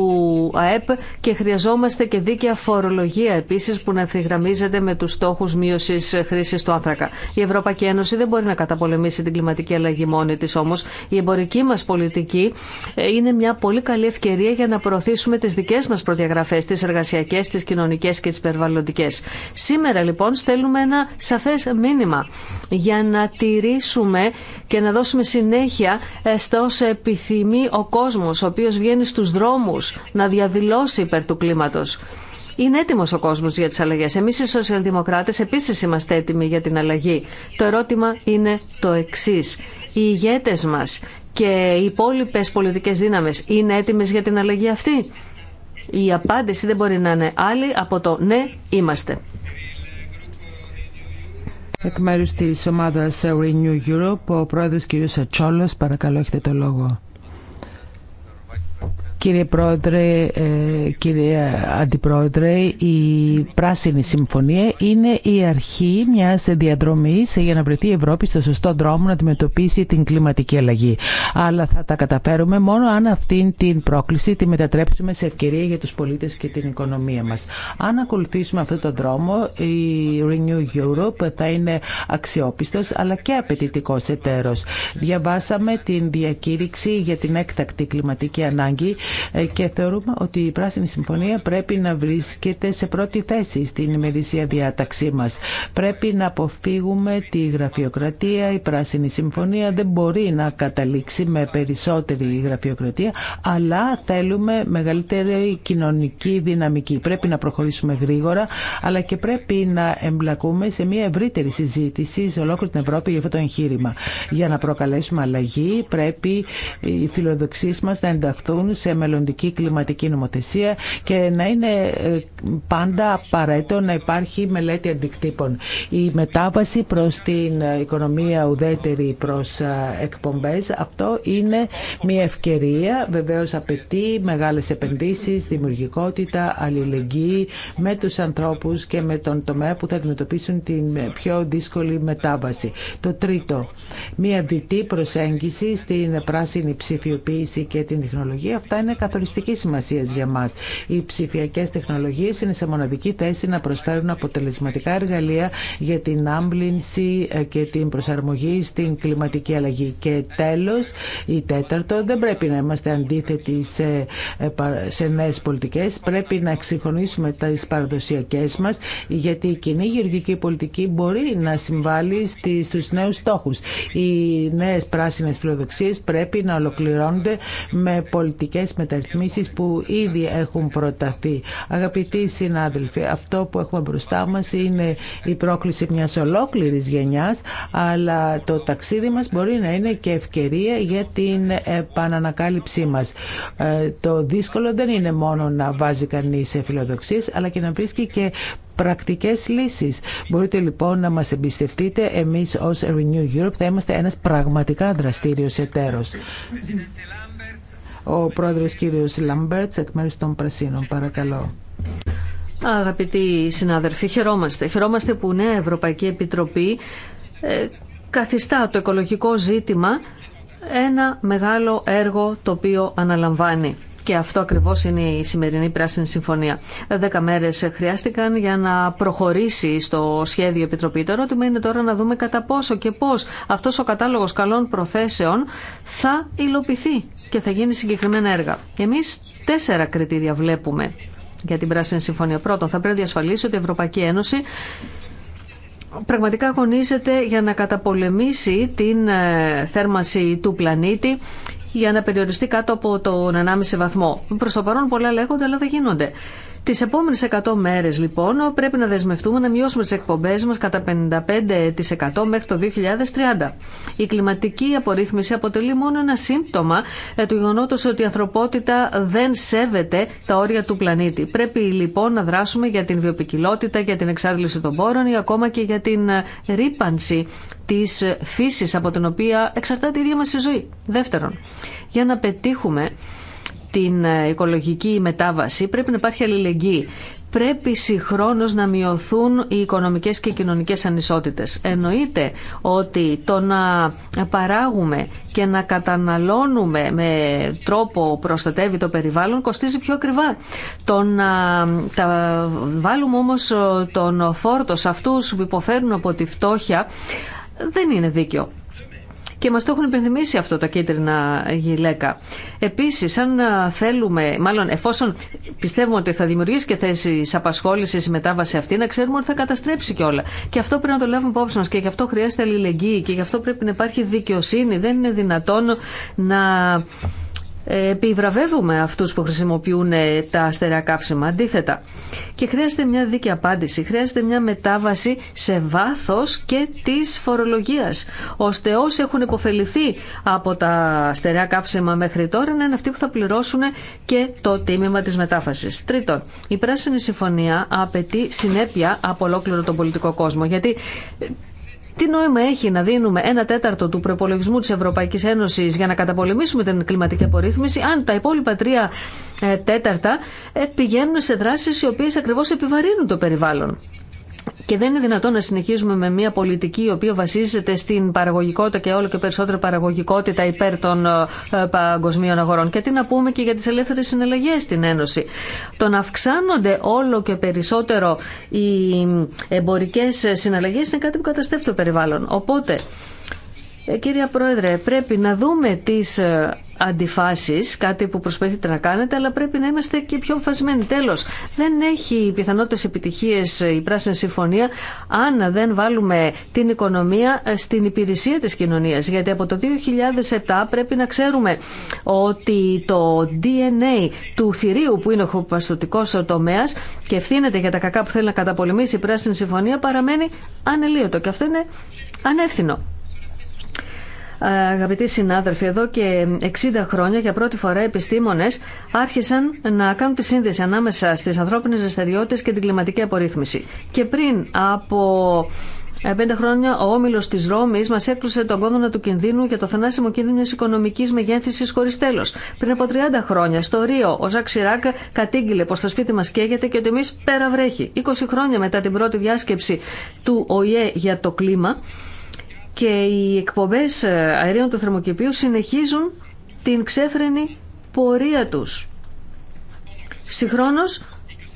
A: ΑΕΠ και χρειαζόμαστε και δίκαια φορολογία επίσης που να ευθυγραμμίζεται με του στόχου μείωση χρήση του άνθρακα. Η Ευρωπαϊκή Ένωση δεν μπορεί να καταπολεμήσει την κλιματική αλλαγή μόνη τη όμως η εμπορική μα πολιτική ε, είναι μια πολύ καλή ευκαιρία για να προωθήσουμε τι δικέ μα προδιαγραφέ, τι εργασιακέ, τι κοινωνικέ και τι περιβαλλοντικέ. Σήμερα λοιπόν στέλνουμε ένα σαφέ μήνυμα για να τηρήσουμε και να δώσουμε συνέχεια ε, στα όσα επιθυμεί ο κόσμο, ο οποίο βγαίνει στου δρόμου να διαδηλώσει υπέρ του κλίματο. Είναι έτοιμο ο κόσμο για τι αλλαγέ. Εμεί οι σοσιαλδημοκράτε επίση είμαστε έτοιμοι για την αλλαγή. Το ερώτημα είναι το εξή. Οι ηγέτε μα και οι υπόλοιπε πολιτικέ δύναμε είναι έτοιμε για την αλλαγή αυτή. Η απάντηση δεν μπορεί να είναι άλλη από το ναι είμαστε.
C: Εκ μέρου τη ομάδα, Renew Europe, ο πρόεδρο κ. Ατσόλο. παρακαλώ έχετε το λόγο. Κύριε Πρόεδρε, ε, κύριε Αντιπρόεδρε, η Πράσινη Συμφωνία είναι η αρχή μιας διαδρομής για να βρεθεί η Ευρώπη στο σωστό δρόμο να αντιμετωπίσει την κλιματική αλλαγή. Αλλά θα τα καταφέρουμε μόνο αν αυτήν την πρόκληση τη μετατρέψουμε σε ευκαιρία για τους πολίτες και την οικονομία μας. Αν ακολουθήσουμε αυτόν τον δρόμο, η Renew Europe θα είναι αξιόπιστος αλλά και απαιτητικός εταίρος. Διαβάσαμε την διακήρυξη για την έκτακτη κλιματική ανάγκη ε, και θεωρούμε ότι η Πράσινη Συμφωνία πρέπει να βρίσκεται σε πρώτη θέση στην ημερησία διάταξή μας. Πρέπει να αποφύγουμε τη γραφειοκρατία. Η Πράσινη Συμφωνία δεν μπορεί να καταλήξει με περισσότερη γραφειοκρατία, αλλά θέλουμε μεγαλύτερη κοινωνική δυναμική. Πρέπει να προχωρήσουμε γρήγορα, αλλά και πρέπει να εμπλακούμε σε μια ευρύτερη συζήτηση σε ολόκληρη την Ευρώπη για αυτό το εγχείρημα. Για να προκαλέσουμε αλλαγή, πρέπει οι φιλοδοξίε μα να ενταχθούν σε μελλοντική κλιματική νομοθεσία και να είναι ε, πάντα απαραίτητο να υπάρχει μελέτη αντικτύπων. Η μετάβαση προς την οικονομία ουδέτερη προς ε, εκπομπές, αυτό είναι μια ευκαιρία, βεβαίως απαιτεί μεγάλες επενδύσεις, δημιουργικότητα, αλληλεγγύη με τους ανθρώπους και με τον τομέα που θα αντιμετωπίσουν την πιο δύσκολη μετάβαση. Το τρίτο, μια διτή προσέγγιση στην πράσινη ψηφιοποίηση και την τεχνολογία, αυτά είναι καθοριστική σημασία για μα. Οι ψηφιακέ τεχνολογίε είναι σε μοναδική θέση να προσφέρουν αποτελεσματικά εργαλεία για την άμπλυνση ε, και την προσαρμογή στην κλιματική αλλαγή. Και τέλο, η τέταρτο, δεν πρέπει να είμαστε αντίθετοι σε, ε, σε νέε πολιτικέ. Πρέπει να εξυγχρονίσουμε τι παραδοσιακέ μα, γιατί η κοινή γεωργική πολιτική μπορεί να συμβάλλει στου νέου στόχου. Οι νέε πράσινε φιλοδοξίε πρέπει να ολοκληρώνονται με πολιτικέ μεταρρυθμίσεις που ήδη έχουν προταθεί. Αγαπητοί συνάδελφοι, αυτό που έχουμε μπροστά μας είναι η πρόκληση μιας ολόκληρης γενιάς, αλλά το ταξίδι μας μπορεί να είναι και ευκαιρία για την επανανακάλυψή μας. Ε, το δύσκολο δεν είναι μόνο να βάζει κανείς φιλοδοξίες, αλλά και να βρίσκει και πρακτικές λύσεις. Μπορείτε λοιπόν να μας εμπιστευτείτε. Εμείς ως Renew Europe θα είμαστε ένας πραγματικά δραστήριος εταίρος. Ο πρόεδρος κύριος Λαμπέρτς εκ μέρους των Πρασίνων. Παρακαλώ.
A: Αγαπητοί συνάδελφοι, χαιρόμαστε. Χαιρόμαστε που η Νέα Ευρωπαϊκή Επιτροπή ε, καθιστά το οικολογικό ζήτημα ένα μεγάλο έργο το οποίο αναλαμβάνει. Και αυτό ακριβώ είναι η σημερινή Πράσινη Συμφωνία. Δέκα μέρε χρειάστηκαν για να προχωρήσει στο σχέδιο Επιτροπή. Το ερώτημα είναι τώρα να δούμε κατά πόσο και πώ αυτό ο κατάλογο καλών προθέσεων θα υλοποιηθεί και θα γίνει συγκεκριμένα έργα. Εμεί τέσσερα κριτήρια βλέπουμε για την Πράσινη Συμφωνία. Πρώτον, θα πρέπει να διασφαλίσει ότι η Ευρωπαϊκή Ένωση πραγματικά αγωνίζεται για να καταπολεμήσει την ε, θέρμανση του πλανήτη για να περιοριστεί κάτω από τον 1,5 βαθμό. Προ το παρόν πολλά λέγονται αλλά δεν γίνονται. Τις επόμενες 100 μέρες λοιπόν πρέπει να δεσμευτούμε να μειώσουμε τις εκπομπές μας κατά 55% μέχρι το 2030. Η κλιματική απορρίθμιση αποτελεί μόνο ένα σύμπτωμα ε, του γεγονότο ότι η ανθρωπότητα δεν σέβεται τα όρια του πλανήτη. Πρέπει λοιπόν να δράσουμε για την βιοπικιλότητα, για την εξάντληση των πόρων ή ακόμα και για την ε, ρήπανση τη φύση από την οποία εξαρτάται η ίδια μας η ζωή. Δεύτερον, για να πετύχουμε την ε, οικολογική μετάβαση πρέπει να υπάρχει αλληλεγγύη. Πρέπει συγχρόνως να μειωθούν οι οικονομικές και οι κοινωνικές ανισότητες. Εννοείται ότι το να παράγουμε και να καταναλώνουμε με τρόπο που προστατεύει το περιβάλλον κοστίζει πιο ακριβά. Το να τα βάλουμε όμως ε, τον φόρτο σε αυτούς που υποφέρουν από τη φτώχεια δεν είναι δίκαιο και μας το έχουν υπενθυμίσει αυτό τα κίτρινα γυλαίκα. Επίσης, αν ε, θέλουμε, μάλλον εφόσον πιστεύουμε ότι θα δημιουργήσει και θέσει απασχόληση η μετάβαση αυτή, να ξέρουμε ότι θα καταστρέψει κιόλα. Και αυτό πρέπει να το λάβουμε υπόψη μα και γι' αυτό χρειάζεται αλληλεγγύη και γι' αυτό πρέπει να υπάρχει δικαιοσύνη. Δεν είναι δυνατόν να επιβραβεύουμε αυτούς που χρησιμοποιούν τα αστερά κάψιμα, αντίθετα. Και χρειάζεται μια δίκαιη απάντηση, χρειάζεται μια μετάβαση σε βάθος και της φορολογίας, ώστε όσοι έχουν υποφεληθεί από τα αστερά κάψιμα μέχρι τώρα να είναι αυτοί που θα πληρώσουν και το τίμημα της μετάφασης. Τρίτον, η Πράσινη Συμφωνία απαιτεί συνέπεια από ολόκληρο τον πολιτικό κόσμο, γιατί τι νόημα έχει να δίνουμε ένα τέταρτο του προπολογισμού τη Ευρωπαϊκή Ένωση για να καταπολεμήσουμε την κλιματική απορρίθμιση, αν τα υπόλοιπα τρία ε, τέταρτα ε, πηγαίνουν σε δράσει οι οποίε ακριβώ επιβαρύνουν το περιβάλλον. Και δεν είναι δυνατόν να συνεχίζουμε με μια πολιτική η οποία βασίζεται στην παραγωγικότητα και όλο και περισσότερη παραγωγικότητα υπέρ των ε, παγκοσμίων αγορών. Και τι να πούμε και για τι ελεύθερε συναλλαγέ στην Ένωση. Το να αυξάνονται όλο και περισσότερο οι εμπορικέ συναλλαγέ είναι κάτι που καταστρέφει το περιβάλλον. Οπότε ε, κύριε Πρόεδρε, πρέπει να δούμε τις ε, αντιφάσεις, κάτι που προσπαθείτε να κάνετε, αλλά πρέπει να είμαστε και πιο αποφασισμένοι. Τέλος, δεν έχει πιθανότητες επιτυχίες η Πράσινη Συμφωνία αν δεν βάλουμε την οικονομία ε, στην υπηρεσία της κοινωνίας. Γιατί από το 2007 πρέπει να ξέρουμε ότι το DNA του θηρίου που είναι ο χωπαστοτικός τομέας και ευθύνεται για τα κακά που θέλει να καταπολεμήσει η Πράσινη Συμφωνία παραμένει ανελίωτο και αυτό είναι ανεύθυνο. Αγαπητοί συνάδελφοι, εδώ και 60 χρόνια για πρώτη φορά επιστήμονε άρχισαν να κάνουν τη σύνδεση ανάμεσα στι ανθρώπινε δραστηριότητε και την κλιματική απορρίθμιση. Και πριν από ε, πέντε χρόνια ο όμιλο τη Ρώμη μα έκλουσε τον κόδωνα του κινδύνου για το θανάσιμο κίνδυνο τη οικονομική μεγέθυνση χωρί τέλο. Πριν από 30 χρόνια, στο Ρίο, ο Ζακ Σιράκ κατήγγειλε πω το σπίτι μα καίγεται και ότι εμεί πέρα βρέχει. 20 χρόνια μετά την πρώτη διάσκεψη του ΟΗΕ για το κλίμα, και οι εκπομπές ε, αερίων του θερμοκηπίου συνεχίζουν την ξέφρενη πορεία τους. Συγχρόνως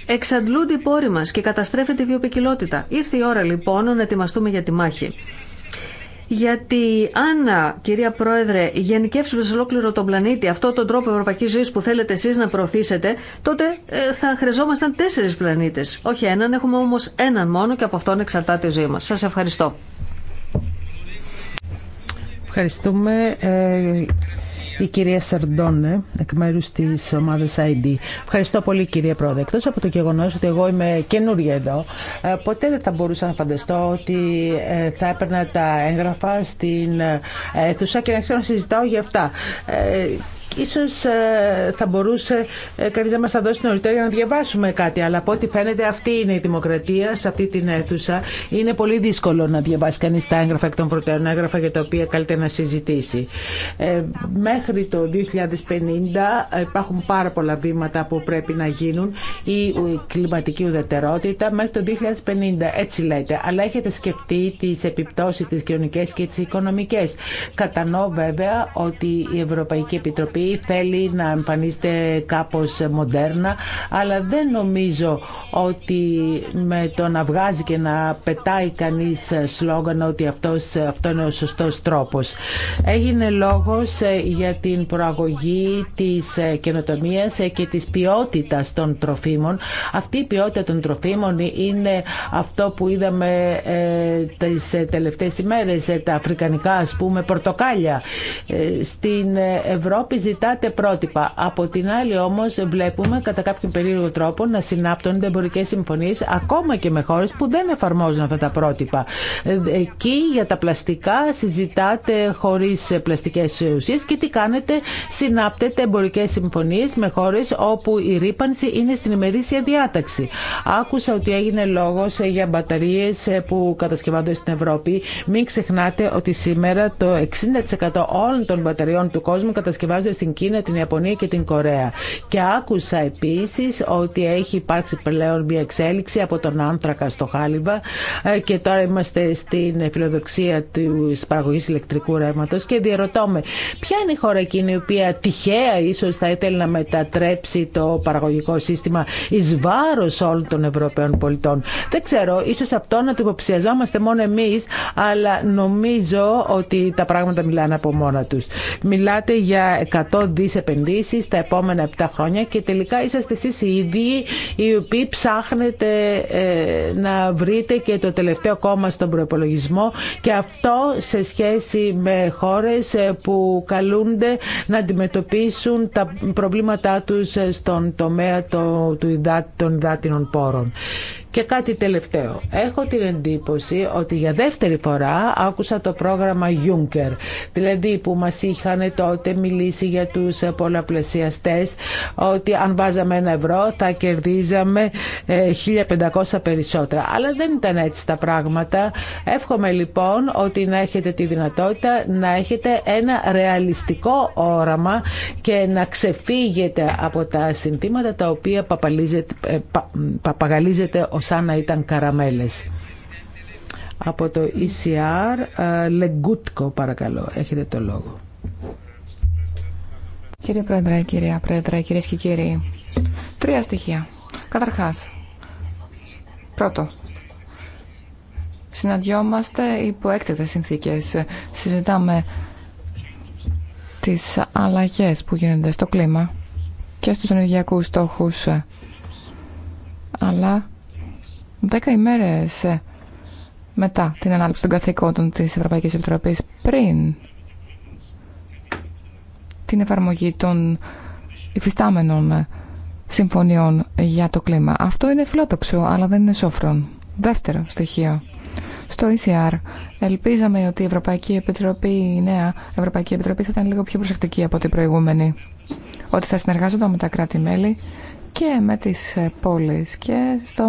A: εξαντλούνται οι πόροι μας και καταστρέφεται η βιοπικιλότητα. Ήρθε η ώρα λοιπόν να ετοιμαστούμε για τη μάχη. Γιατί αν, κυρία Πρόεδρε, γενικεύσουμε σε ολόκληρο τον πλανήτη αυτό τον τρόπο ευρωπαϊκή ζωή που θέλετε εσεί να προωθήσετε, τότε ε, θα χρειαζόμασταν τέσσερι πλανήτε. Όχι έναν, έχουμε όμω έναν μόνο και από αυτόν εξαρτάται η ζωή μα. Σα ευχαριστώ.
C: Ευχαριστούμε. Ε, η κυρία Σερντόνε εκ μέρου τη ομάδα ID. Ευχαριστώ πολύ, κυρία Πρόεδρε. Εκτό από το γεγονό ότι εγώ είμαι καινούργια εδώ, ε, ποτέ δεν θα μπορούσα να φανταστώ ότι ε, θα έπαιρνα τα έγγραφα στην αίθουσα και να ξέρω να συζητάω για αυτά. Σω ίσως ε, θα μπορούσε ε, κανείς να μας θα δώσει νωρίτερα για να διαβάσουμε κάτι. Αλλά από ό,τι φαίνεται αυτή είναι η δημοκρατία σε αυτή την αίθουσα. Είναι πολύ δύσκολο να διαβάσει κανείς τα έγγραφα εκ των προτέρων έγγραφα για τα οποία καλύτερα να συζητήσει. Ε, μέχρι το 2050 υπάρχουν πάρα πολλά βήματα που πρέπει να γίνουν. Η κλιματική ουδετερότητα μέχρι το 2050 έτσι λέτε. Αλλά έχετε σκεφτεί τις επιπτώσεις τις κοινωνικές και τις οικονομικές. Κατανοώ βέβαια ότι η Ευρωπαϊκή Επιτροπή ή θέλει να εμφανίστε κάπως μοντέρνα, αλλά δεν νομίζω ότι με το να βγάζει και να πετάει κανείς σλόγγαν ότι αυτός, αυτό είναι ο σωστός τρόπος. Έγινε λόγος ε, για την προαγωγή της ε, καινοτομίας ε, και της ποιότητας των τροφίμων. Αυτή η ποιότητα των τροφίμων είναι αυτό που είδαμε τις τελευταίες ημέρες, τα αφρικανικά ας πούμε πορτοκάλια. Στην Ευρώπη ζητάτε πρότυπα. Από την άλλη όμω βλέπουμε κατά κάποιον περίεργο τρόπο να συνάπτονται εμπορικέ συμφωνίε, ακόμα και με χώρε που δεν εφαρμόζουν αυτά τα πρότυπα. Ε, εκεί για τα πλαστικά συζητάτε χωρί πλαστικέ ουσίε και τι κάνετε, συνάπτεται εμπορικέ συμφωνίε με χώρε όπου η ρήπανση είναι στην ημερήσια διάταξη. Άκουσα ότι έγινε λόγο για μπαταρίε που κατασκευάζονται στην Ευρώπη. Μην ξεχνάτε ότι σήμερα το 60% όλων των μπαταριών του κόσμου κατασκευάζονται στην Κίνα, την Ιαπωνία και την Κορέα. Και άκουσα επίση ότι έχει υπάρξει πλέον μια εξέλιξη από τον άνθρακα στο χάλιβα ε, και τώρα είμαστε στην φιλοδοξία της παραγωγή ηλεκτρικού ρεύματο και διαρωτώ με ποια είναι η χώρα εκείνη η οποία τυχαία ίσω θα ήθελε να μετατρέψει το παραγωγικό σύστημα ει βάρο όλων των Ευρωπαίων πολιτών. Δεν ξέρω, ίσω αυτό να το υποψιαζόμαστε μόνο εμεί, αλλά νομίζω ότι τα πράγματα μιλάνε από μόνα του. Μιλάτε για 100 δις επενδύσεις τα επόμενα 7 χρόνια και τελικά είσαστε εσείς οι ίδιοι οι οποίοι ψάχνετε ε, να βρείτε και το τελευταίο κόμμα στον προπολογισμό και αυτό σε σχέση με χώρες ε, που καλούνται να αντιμετωπίσουν τα προβλήματά τους ε, στον τομέα των υδάτινων πόρων. Και κάτι τελευταίο. Έχω την εντύπωση ότι για δεύτερη φορά άκουσα το πρόγραμμα Juncker, δηλαδή που μας είχαν τότε μιλήσει για τους πολλαπλασιαστές, ότι αν βάζαμε ένα ευρώ θα κερδίζαμε 1500 ε, περισσότερα. Αλλά δεν ήταν έτσι τα πράγματα. Εύχομαι λοιπόν ότι να έχετε τη δυνατότητα να έχετε ένα ρεαλιστικό όραμα και να ξεφύγετε από τα συνθήματα τα οποία ε, παπαγαλίζεται ο σαν να ήταν καραμέλες. Από το ECR, ε, Λεγκούτκο παρακαλώ, έχετε το λόγο.
D: Κύριε Πρόεδρε, κυρία Πρόεδρε, κυρίες και κύριοι, τρία στοιχεία. Καταρχάς, πρώτο, συναντιόμαστε υπό έκτακτες συνθήκες. Συζητάμε τις αλλαγές που γίνονται στο κλίμα και στους ενεργειακούς στόχους αλλά δέκα ημέρες ε, μετά την ανάληψη των καθήκοντων της Ευρωπαϊκής Επιτροπής, πριν την εφαρμογή των υφιστάμενων ε, συμφωνιών για το κλίμα. Αυτό είναι φιλόδοξο, αλλά δεν είναι σόφρον. Δεύτερο στοιχείο. Στο ECR ελπίζαμε ότι η Ευρωπαϊκή Επιτροπή, η νέα Ευρωπαϊκή Επιτροπή θα ήταν λίγο πιο προσεκτική από την προηγούμενη. Ότι θα συνεργάζονταν με τα κράτη-μέλη και με τις ε, πόλεις και στο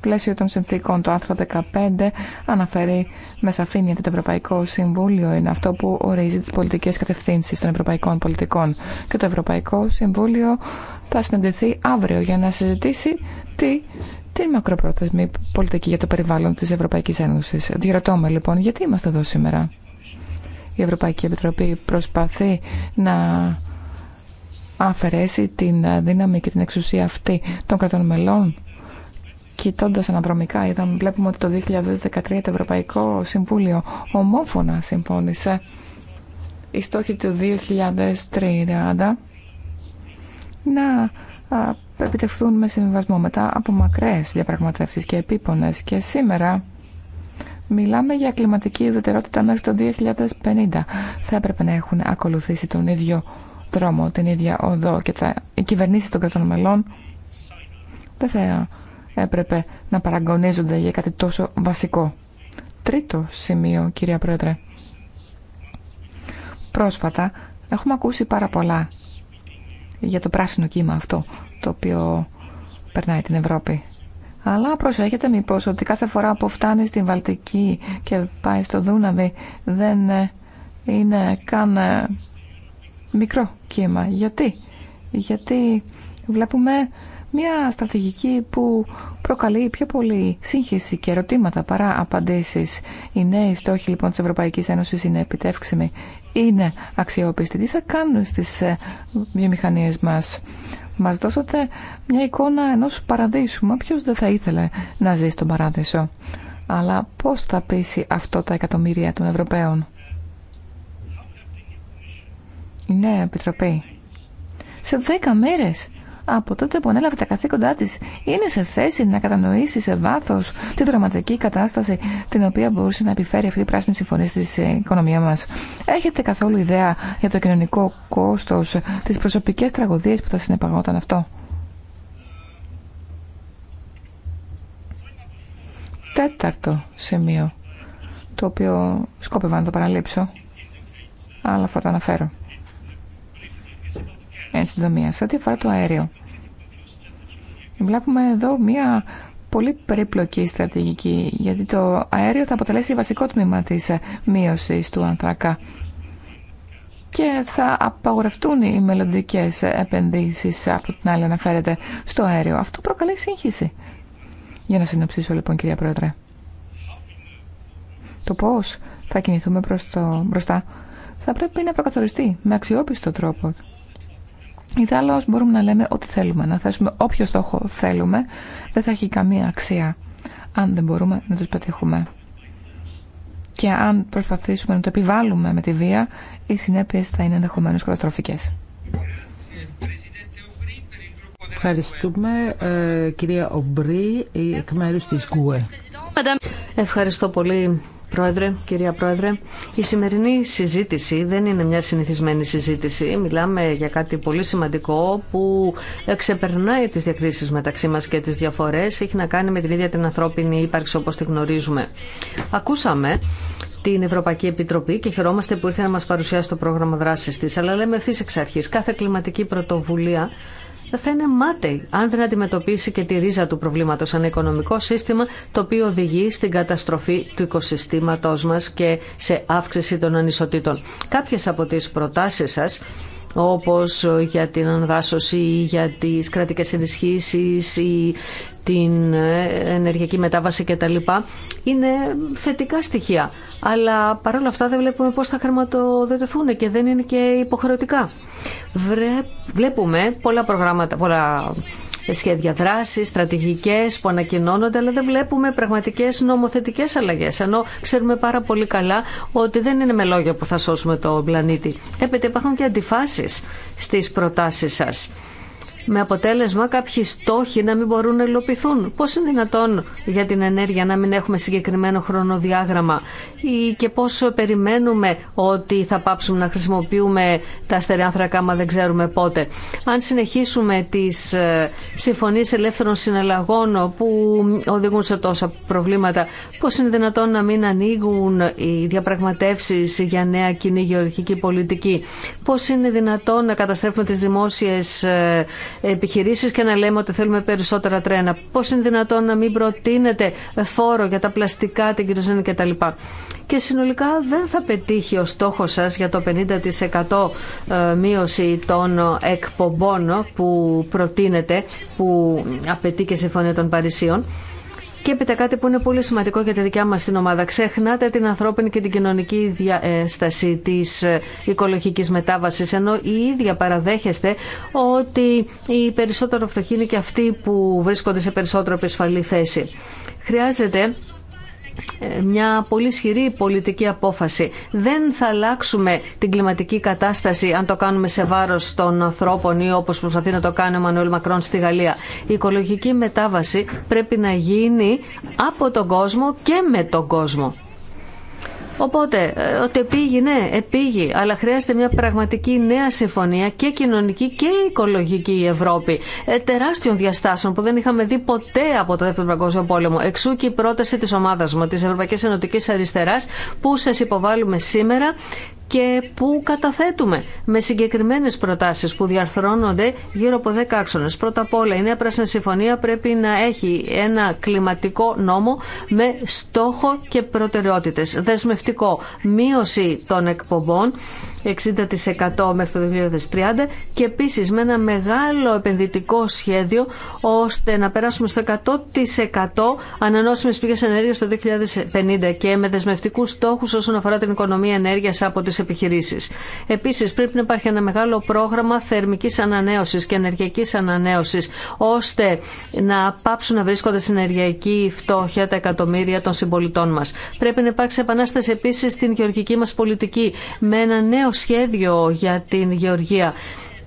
D: πλαίσιο των συνθήκων το άρθρο 15 αναφέρει με σαφήνεια ότι το Ευρωπαϊκό Συμβούλιο είναι αυτό που ορίζει τις πολιτικές κατευθύνσεις των ευρωπαϊκών πολιτικών και το Ευρωπαϊκό Συμβούλιο θα συναντηθεί αύριο για να συζητήσει τι την μακροπρόθεσμη πολιτική για το περιβάλλον της Ευρωπαϊκής Ένωσης. Διερωτώμε λοιπόν γιατί είμαστε εδώ σήμερα. Η Ευρωπαϊκή Επιτροπή προσπαθεί να αφαιρέσει την ε, δύναμη και την εξουσία αυτή των κρατών μελών. Κοιτώντα αναδρομικά, είδαμε, βλέπουμε ότι το 2013 το Ευρωπαϊκό Συμβούλιο ομόφωνα συμφώνησε. Οι στόχοι του 2030 να επιτευχθούν με συμβιβασμό μετά από μακρές διαπραγματεύσεις και επίπονες και σήμερα μιλάμε για κλιματική ιδιωτερότητα μέχρι το 2050 θα έπρεπε να έχουν ακολουθήσει τον ίδιο δρόμο, την ίδια οδό και τα, οι κυβερνήσεις των κρατών μελών δεν θα έπρεπε να παραγωνίζονται για κάτι τόσο βασικό. Τρίτο σημείο, κυρία Πρόεδρε. Πρόσφατα έχουμε ακούσει πάρα πολλά για το πράσινο κύμα αυτό το οποίο περνάει την Ευρώπη. Αλλά προσέχετε μήπως ότι κάθε φορά που φτάνει στην Βαλτική και πάει στο Δούναβη δεν είναι καν ε, μικρό κύμα. Γιατί? Γιατί βλέπουμε μια στρατηγική που προκαλεί πιο πολύ σύγχυση και ερωτήματα παρά απαντήσεις. Οι νέοι στόχοι λοιπόν της Ευρωπαϊκής Ένωσης είναι επιτεύξιμοι, είναι αξιόπιστοι. Τι θα κάνουν στις ε, βιομηχανίες μας. Μας δώσατε μια εικόνα ενός παραδείσου, μα ποιος δεν θα ήθελε να ζει στον παράδεισο. Αλλά πώς θα πείσει αυτό τα εκατομμύρια των Ευρωπαίων η νέα επιτροπή σε δέκα μέρες από τότε που ανέλαβε τα καθήκοντά τη είναι σε θέση να κατανοήσει σε βάθος τη δραματική κατάσταση την οποία μπορούσε να επιφέρει αυτή η πράσινη συμφωνία στην οικονομία μας. Έχετε καθόλου ιδέα για το κοινωνικό κόστος, τι προσωπικέ τραγωδίε που θα συνεπαγόταν αυτό. Τέταρτο σημείο, το οποίο σκόπευα να το παραλείψω, αλλά θα το αναφέρω εν συντομία. Σε ό,τι αφορά το αέριο. Βλέπουμε εδώ μια πολύ περίπλοκη στρατηγική, γιατί το αέριο θα αποτελέσει βασικό τμήμα της μείωσης του ανθρακά και θα απαγορευτούν οι μελλοντικέ επενδύσεις από την άλλη αναφέρεται στο αέριο. Αυτό προκαλεί σύγχυση. Για να συνοψίσω λοιπόν κυρία Πρόεδρε. Το πώς θα κινηθούμε προς το, μπροστά θα πρέπει να προκαθοριστεί με αξιόπιστο τρόπο Ιδάλλως μπορούμε να λέμε ό,τι θέλουμε, να θέσουμε όποιο στόχο θέλουμε, δεν θα έχει καμία αξία αν δεν μπορούμε να τους πετύχουμε. Και αν προσπαθήσουμε να το επιβάλλουμε με τη βία, οι συνέπειες θα είναι ενδεχομένως καταστροφικές. Ευχαριστούμε ε, κυρία Ομπρί, εκ μέρους της ΚΟΕ. Ευχαριστώ
A: πολύ Πρόεδρε, κυρία Πρόεδρε, η σημερινή συζήτηση δεν είναι μια συνηθισμένη συζήτηση. Μιλάμε για κάτι πολύ σημαντικό που ξεπερνάει τις διακρίσεις μεταξύ μας και τις διαφορές. Έχει να κάνει με την ίδια την ανθρώπινη ύπαρξη όπως τη γνωρίζουμε. Ακούσαμε την Ευρωπαϊκή Επιτροπή και χαιρόμαστε που ήρθε να μας παρουσιάσει το πρόγραμμα δράσης της. Αλλά λέμε ευθύ εξ αρχής, κάθε κλιματική πρωτοβουλία θα είναι μάταιη αν δεν αντιμετωπίσει και τη ρίζα του προβλήματος ένα οικονομικό σύστημα το οποίο οδηγεί στην καταστροφή του οικοσυστήματός μας και σε αύξηση των ανισοτήτων. Κάποιες από τις προτάσεις σας όπως για την ανδάσωση, για τις κρατικές ενισχύσεις ή την ε, ενεργειακή μετάβαση κτλ. Είναι θετικά στοιχεία. Αλλά παρόλα αυτά δεν βλέπουμε πώς θα χρηματοδοτηθούν και δεν είναι και υποχρεωτικά. Βλέπουμε πολλά προγράμματα, πολλά σχέδια δράση, στρατηγικέ που ανακοινώνονται, αλλά δεν βλέπουμε πραγματικέ νομοθετικέ αλλαγέ. Ενώ ξέρουμε πάρα πολύ καλά ότι δεν είναι με λόγια που θα σώσουμε το πλανήτη. Έπειτα υπάρχουν και αντιφάσει στι προτάσει σα με αποτέλεσμα κάποιοι στόχοι να μην μπορούν να υλοποιηθούν. Πώς είναι δυνατόν για την ενέργεια να μην έχουμε συγκεκριμένο χρονοδιάγραμμα ή και πόσο περιμένουμε ότι θα πάψουμε να χρησιμοποιούμε τα αστεριάνθρακα άμα δεν ξέρουμε πότε. Αν συνεχίσουμε τις ε, συμφωνίες ελεύθερων συναλλαγών που οδηγούν σε τόσα προβλήματα, πώς είναι δυνατόν να μην ανοίγουν οι διαπραγματεύσει για νέα κοινή γεωργική πολιτική. Πώς είναι δυνατόν να καταστρέφουμε τις δημόσιες ε, επιχειρήσεις και να λέμε ότι θέλουμε περισσότερα τρένα. Πώς είναι δυνατόν να μην προτείνετε φόρο για τα πλαστικά, την τα κτλ. Και συνολικά δεν θα πετύχει ο στόχος σας για το 50% ε, μείωση των εκπομπών που προτείνεται που απαιτεί και Συμφωνία των Παρισίων. Και έπειτα κάτι που είναι πολύ σημαντικό για τη δικιά μας την ομάδα. Ξεχνάτε την ανθρώπινη και την κοινωνική διάσταση ε, της ε, οικολογικής μετάβασης, ενώ η ίδια παραδέχεστε ότι οι περισσότερο φτωχοί είναι και αυτοί που βρίσκονται σε περισσότερο επισφαλή θέση. Χρειάζεται ε, μια πολύ ισχυρή πολιτική απόφαση. Δεν θα αλλάξουμε την κλιματική κατάσταση αν το κάνουμε σε βάρος των ανθρώπων ή όπως προσπαθεί να το κάνει ο Μανουέλ Μακρόν στη Γαλλία. Η οικολογική μετάβαση πρέπει να γίνει από τον κόσμο και με τον κόσμο. Οπότε, ε, ότι επήγει, ναι, επήγει, αλλά χρειάζεται μια πραγματική νέα συμφωνία και κοινωνική και οικολογική η Ευρώπη. Ε, τεράστιων διαστάσεων που δεν είχαμε δει ποτέ από το Δεύτερο Παγκόσμιο Πόλεμο. Εξού και η πρόταση τη ομάδα μου, τη Ευρωπαϊκή Ενωτική Αριστερά, που σα υποβάλλουμε σήμερα και που καταθέτουμε με συγκεκριμένες προτάσεις που διαρθρώνονται γύρω από 10 άξονες. Πρώτα απ' όλα η Νέα Πράσινη Συμφωνία πρέπει να έχει ένα κλιματικό νόμο με στόχο και προτεραιότητες. Δεσμευτικό μείωση των εκπομπών 60% μέχρι το 2030 και επίσης με ένα μεγάλο επενδυτικό σχέδιο ώστε να περάσουμε στο 100% ανανόσιμες πηγές ενέργειας το 2050 και με δεσμευτικούς στόχους όσον αφορά την οικονομία ενέργειας από τις επιχειρήσεις. Επίσης πρέπει να υπάρχει ένα μεγάλο πρόγραμμα θερμικής ανανέωσης και ενεργειακής ανανέωσης ώστε να πάψουν να βρίσκονται στην ενεργειακή φτώχεια τα εκατομμύρια των συμπολιτών μας. Πρέπει να υπάρξει επανάσταση επίσης στην γεωργική μας πολιτική με ένα νέο νέο σχέδιο για την γεωργία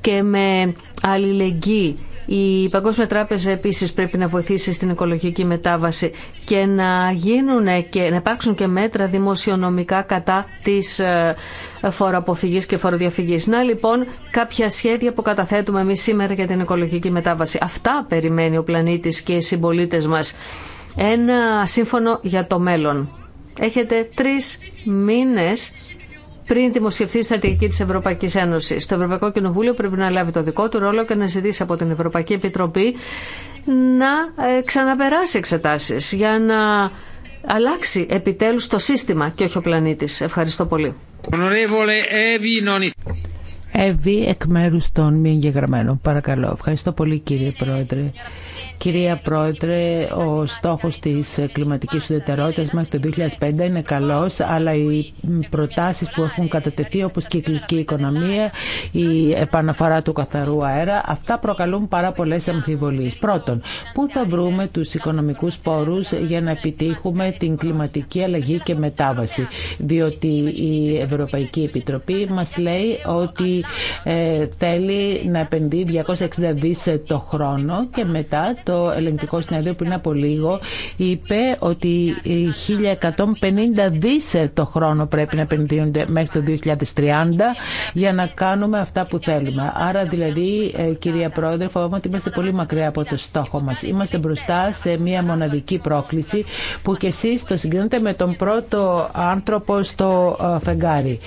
A: και με αλληλεγγύη. Η Παγκόσμια Τράπεζα επίσης πρέπει να βοηθήσει στην οικολογική μετάβαση και να, γίνουν και, να υπάρξουν και μέτρα δημοσιονομικά κατά της ε, φοροαποφυγής και φοροδιαφυγής. Να λοιπόν κάποια σχέδια που καταθέτουμε εμείς σήμερα για την οικολογική μετάβαση. Αυτά περιμένει ο πλανήτης και οι συμπολίτε μας. Ένα σύμφωνο για το μέλλον. Έχετε τρεις μήνες πριν δημοσιευθεί η στρατηγική τη Ευρωπαϊκή Ένωση. Το Ευρωπαϊκό Κοινοβούλιο πρέπει να λάβει το δικό του ρόλο και να ζητήσει από την Ευρωπαϊκή Επιτροπή να ε, ξαναπεράσει εξετάσει για να αλλάξει επιτέλους το σύστημα και όχι ο πλανήτη. Ευχαριστώ πολύ.
C: Εύη εκ μέρου των μη εγγεγραμμένων. Παρακαλώ. Ευχαριστώ πολύ κύριε Πρόεδρε. Κυρία Πρόεδρε, ο στόχος της κλιματικής ουδετερότητας μέχρι το 2005 είναι καλός, αλλά οι προτάσεις που έχουν κατατεθεί όπως κυκλική οικονομία, η επαναφορά του καθαρού αέρα, αυτά προκαλούν πάρα πολλές αμφιβολίες. Πρώτον, πού θα βρούμε τους οικονομικούς πόρους για να επιτύχουμε την κλιματική αλλαγή και μετάβαση, διότι η Ευρωπαϊκή Επιτροπή μας λέει ότι ε, θέλει να επενδύει 260 δις το χρόνο και μετά το ελεγκτικό συνέδριο πριν από λίγο είπε ότι 1150 δις το χρόνο πρέπει να επενδύονται μέχρι το 2030 για να κάνουμε αυτά που θέλουμε. Άρα δηλαδή ε, κυρία Πρόεδρε φοβάμαι ότι είμαστε πολύ μακριά από το στόχο μας. Είμαστε μπροστά σε μια μοναδική πρόκληση που και εσείς το συγκρίνετε με τον πρώτο άνθρωπο στο ε, φεγγάρι.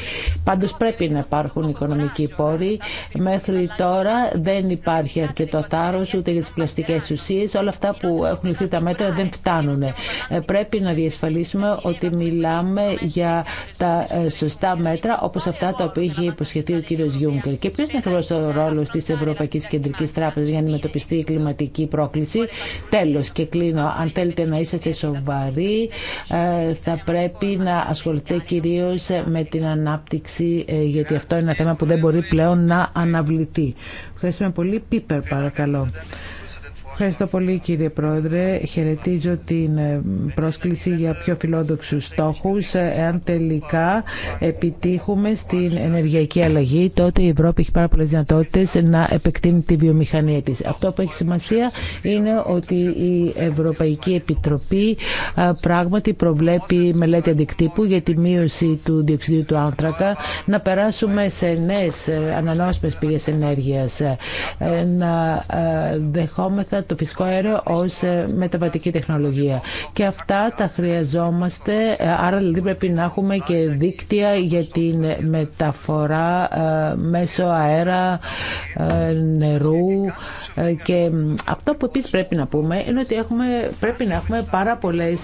C: Πάντως πρέπει να υπάρχουν οικονομικοί πόροι. Μέχρι τώρα δεν υπάρχει αρκετό θάρρος ούτε για τις πλαστικές ουσίες όλα αυτά που έχουν ληφθεί τα μέτρα δεν φτάνουν. Ε, πρέπει να διασφαλίσουμε ότι μιλάμε για τα ε, σωστά μέτρα όπως αυτά τα οποία είχε υποσχεθεί ο κύριος Γιούγκερ. Και ποιος είναι ακριβώ ο ρόλος της Ευρωπαϊκής Κεντρικής Τράπεζας για να αντιμετωπιστεί η κλιματική πρόκληση. Τέλος και κλείνω. Αν θέλετε να είσαστε σοβαροί ε, θα πρέπει να ασχοληθείτε κυρίως με την ανάπτυξη γιατί αυτό είναι ένα θέμα που δεν μπορεί πλέον να αναβληθεί. Ευχαριστούμε πολύ. Πίπερ παρακαλώ. Ευχαριστώ πολύ κύριε Πρόεδρε. Χαιρετίζω την ε, πρόσκληση για πιο φιλόδοξους στόχους. Ε, εάν τελικά επιτύχουμε στην ενεργειακή αλλαγή, τότε η Ευρώπη έχει πάρα πολλές δυνατότητες να επεκτείνει τη βιομηχανία της. Αυτό που έχει σημασία είναι ότι η Ευρωπαϊκή Επιτροπή ε, πράγματι προβλέπει μελέτη αντικτύπου για τη μείωση του διοξιδίου του άνθρακα, να περάσουμε σε νέες πηγές ενέργειας, να δεχόμεθα το φυσικό αέριο ως ε, μεταβατική τεχνολογία. Και αυτά τα χρειαζόμαστε, ε, άρα δηλαδή πρέπει να έχουμε και δίκτυα για την μεταφορά ε, μέσω αέρα, νερού και αυτό που επίσης πρέπει να πούμε είναι ότι έχουμε, πρέπει να έχουμε πάρα πολλές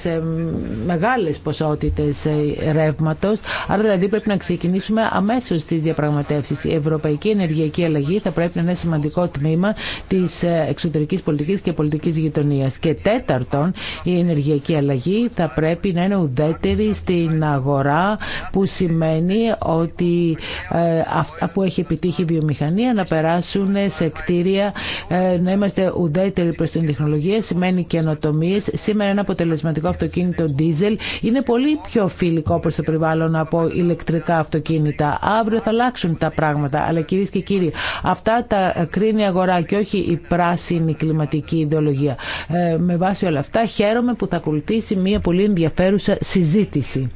C: μεγάλες ποσότητες ρεύματο. άρα δηλαδή πρέπει να ξεκινήσουμε αμέσως τις διαπραγματεύσεις. Η Ευρωπαϊκή Ενεργειακή Αλλαγή θα πρέπει να είναι σημαντικό τμήμα της εξωτερικής πολιτικής και πολιτική γειτονία. Και τέταρτον, η ενεργειακή αλλαγή θα πρέπει να είναι ουδέτερη στην αγορά που σημαίνει ότι ε, αυτά που έχει επιτύχει η βιομηχανία να περάσουν σε κτίρια, ε, να είμαστε ουδέτεροι προ την τεχνολογία, σημαίνει καινοτομίε. Σήμερα ένα αποτελεσματικό αυτοκίνητο diesel είναι πολύ πιο φιλικό προ το περιβάλλον από ηλεκτρικά αυτοκίνητα. Αύριο θα αλλάξουν τα πράγματα, αλλά κυρίε και κύριοι, αυτά τα ε, κρίνει η αγορά και όχι η πράσινη κλιματική και ιδεολογία. Ε, με βάση όλα αυτά χαίρομαι που θα ακολουθήσει μια πολύ ενδιαφέρουσα συζήτηση.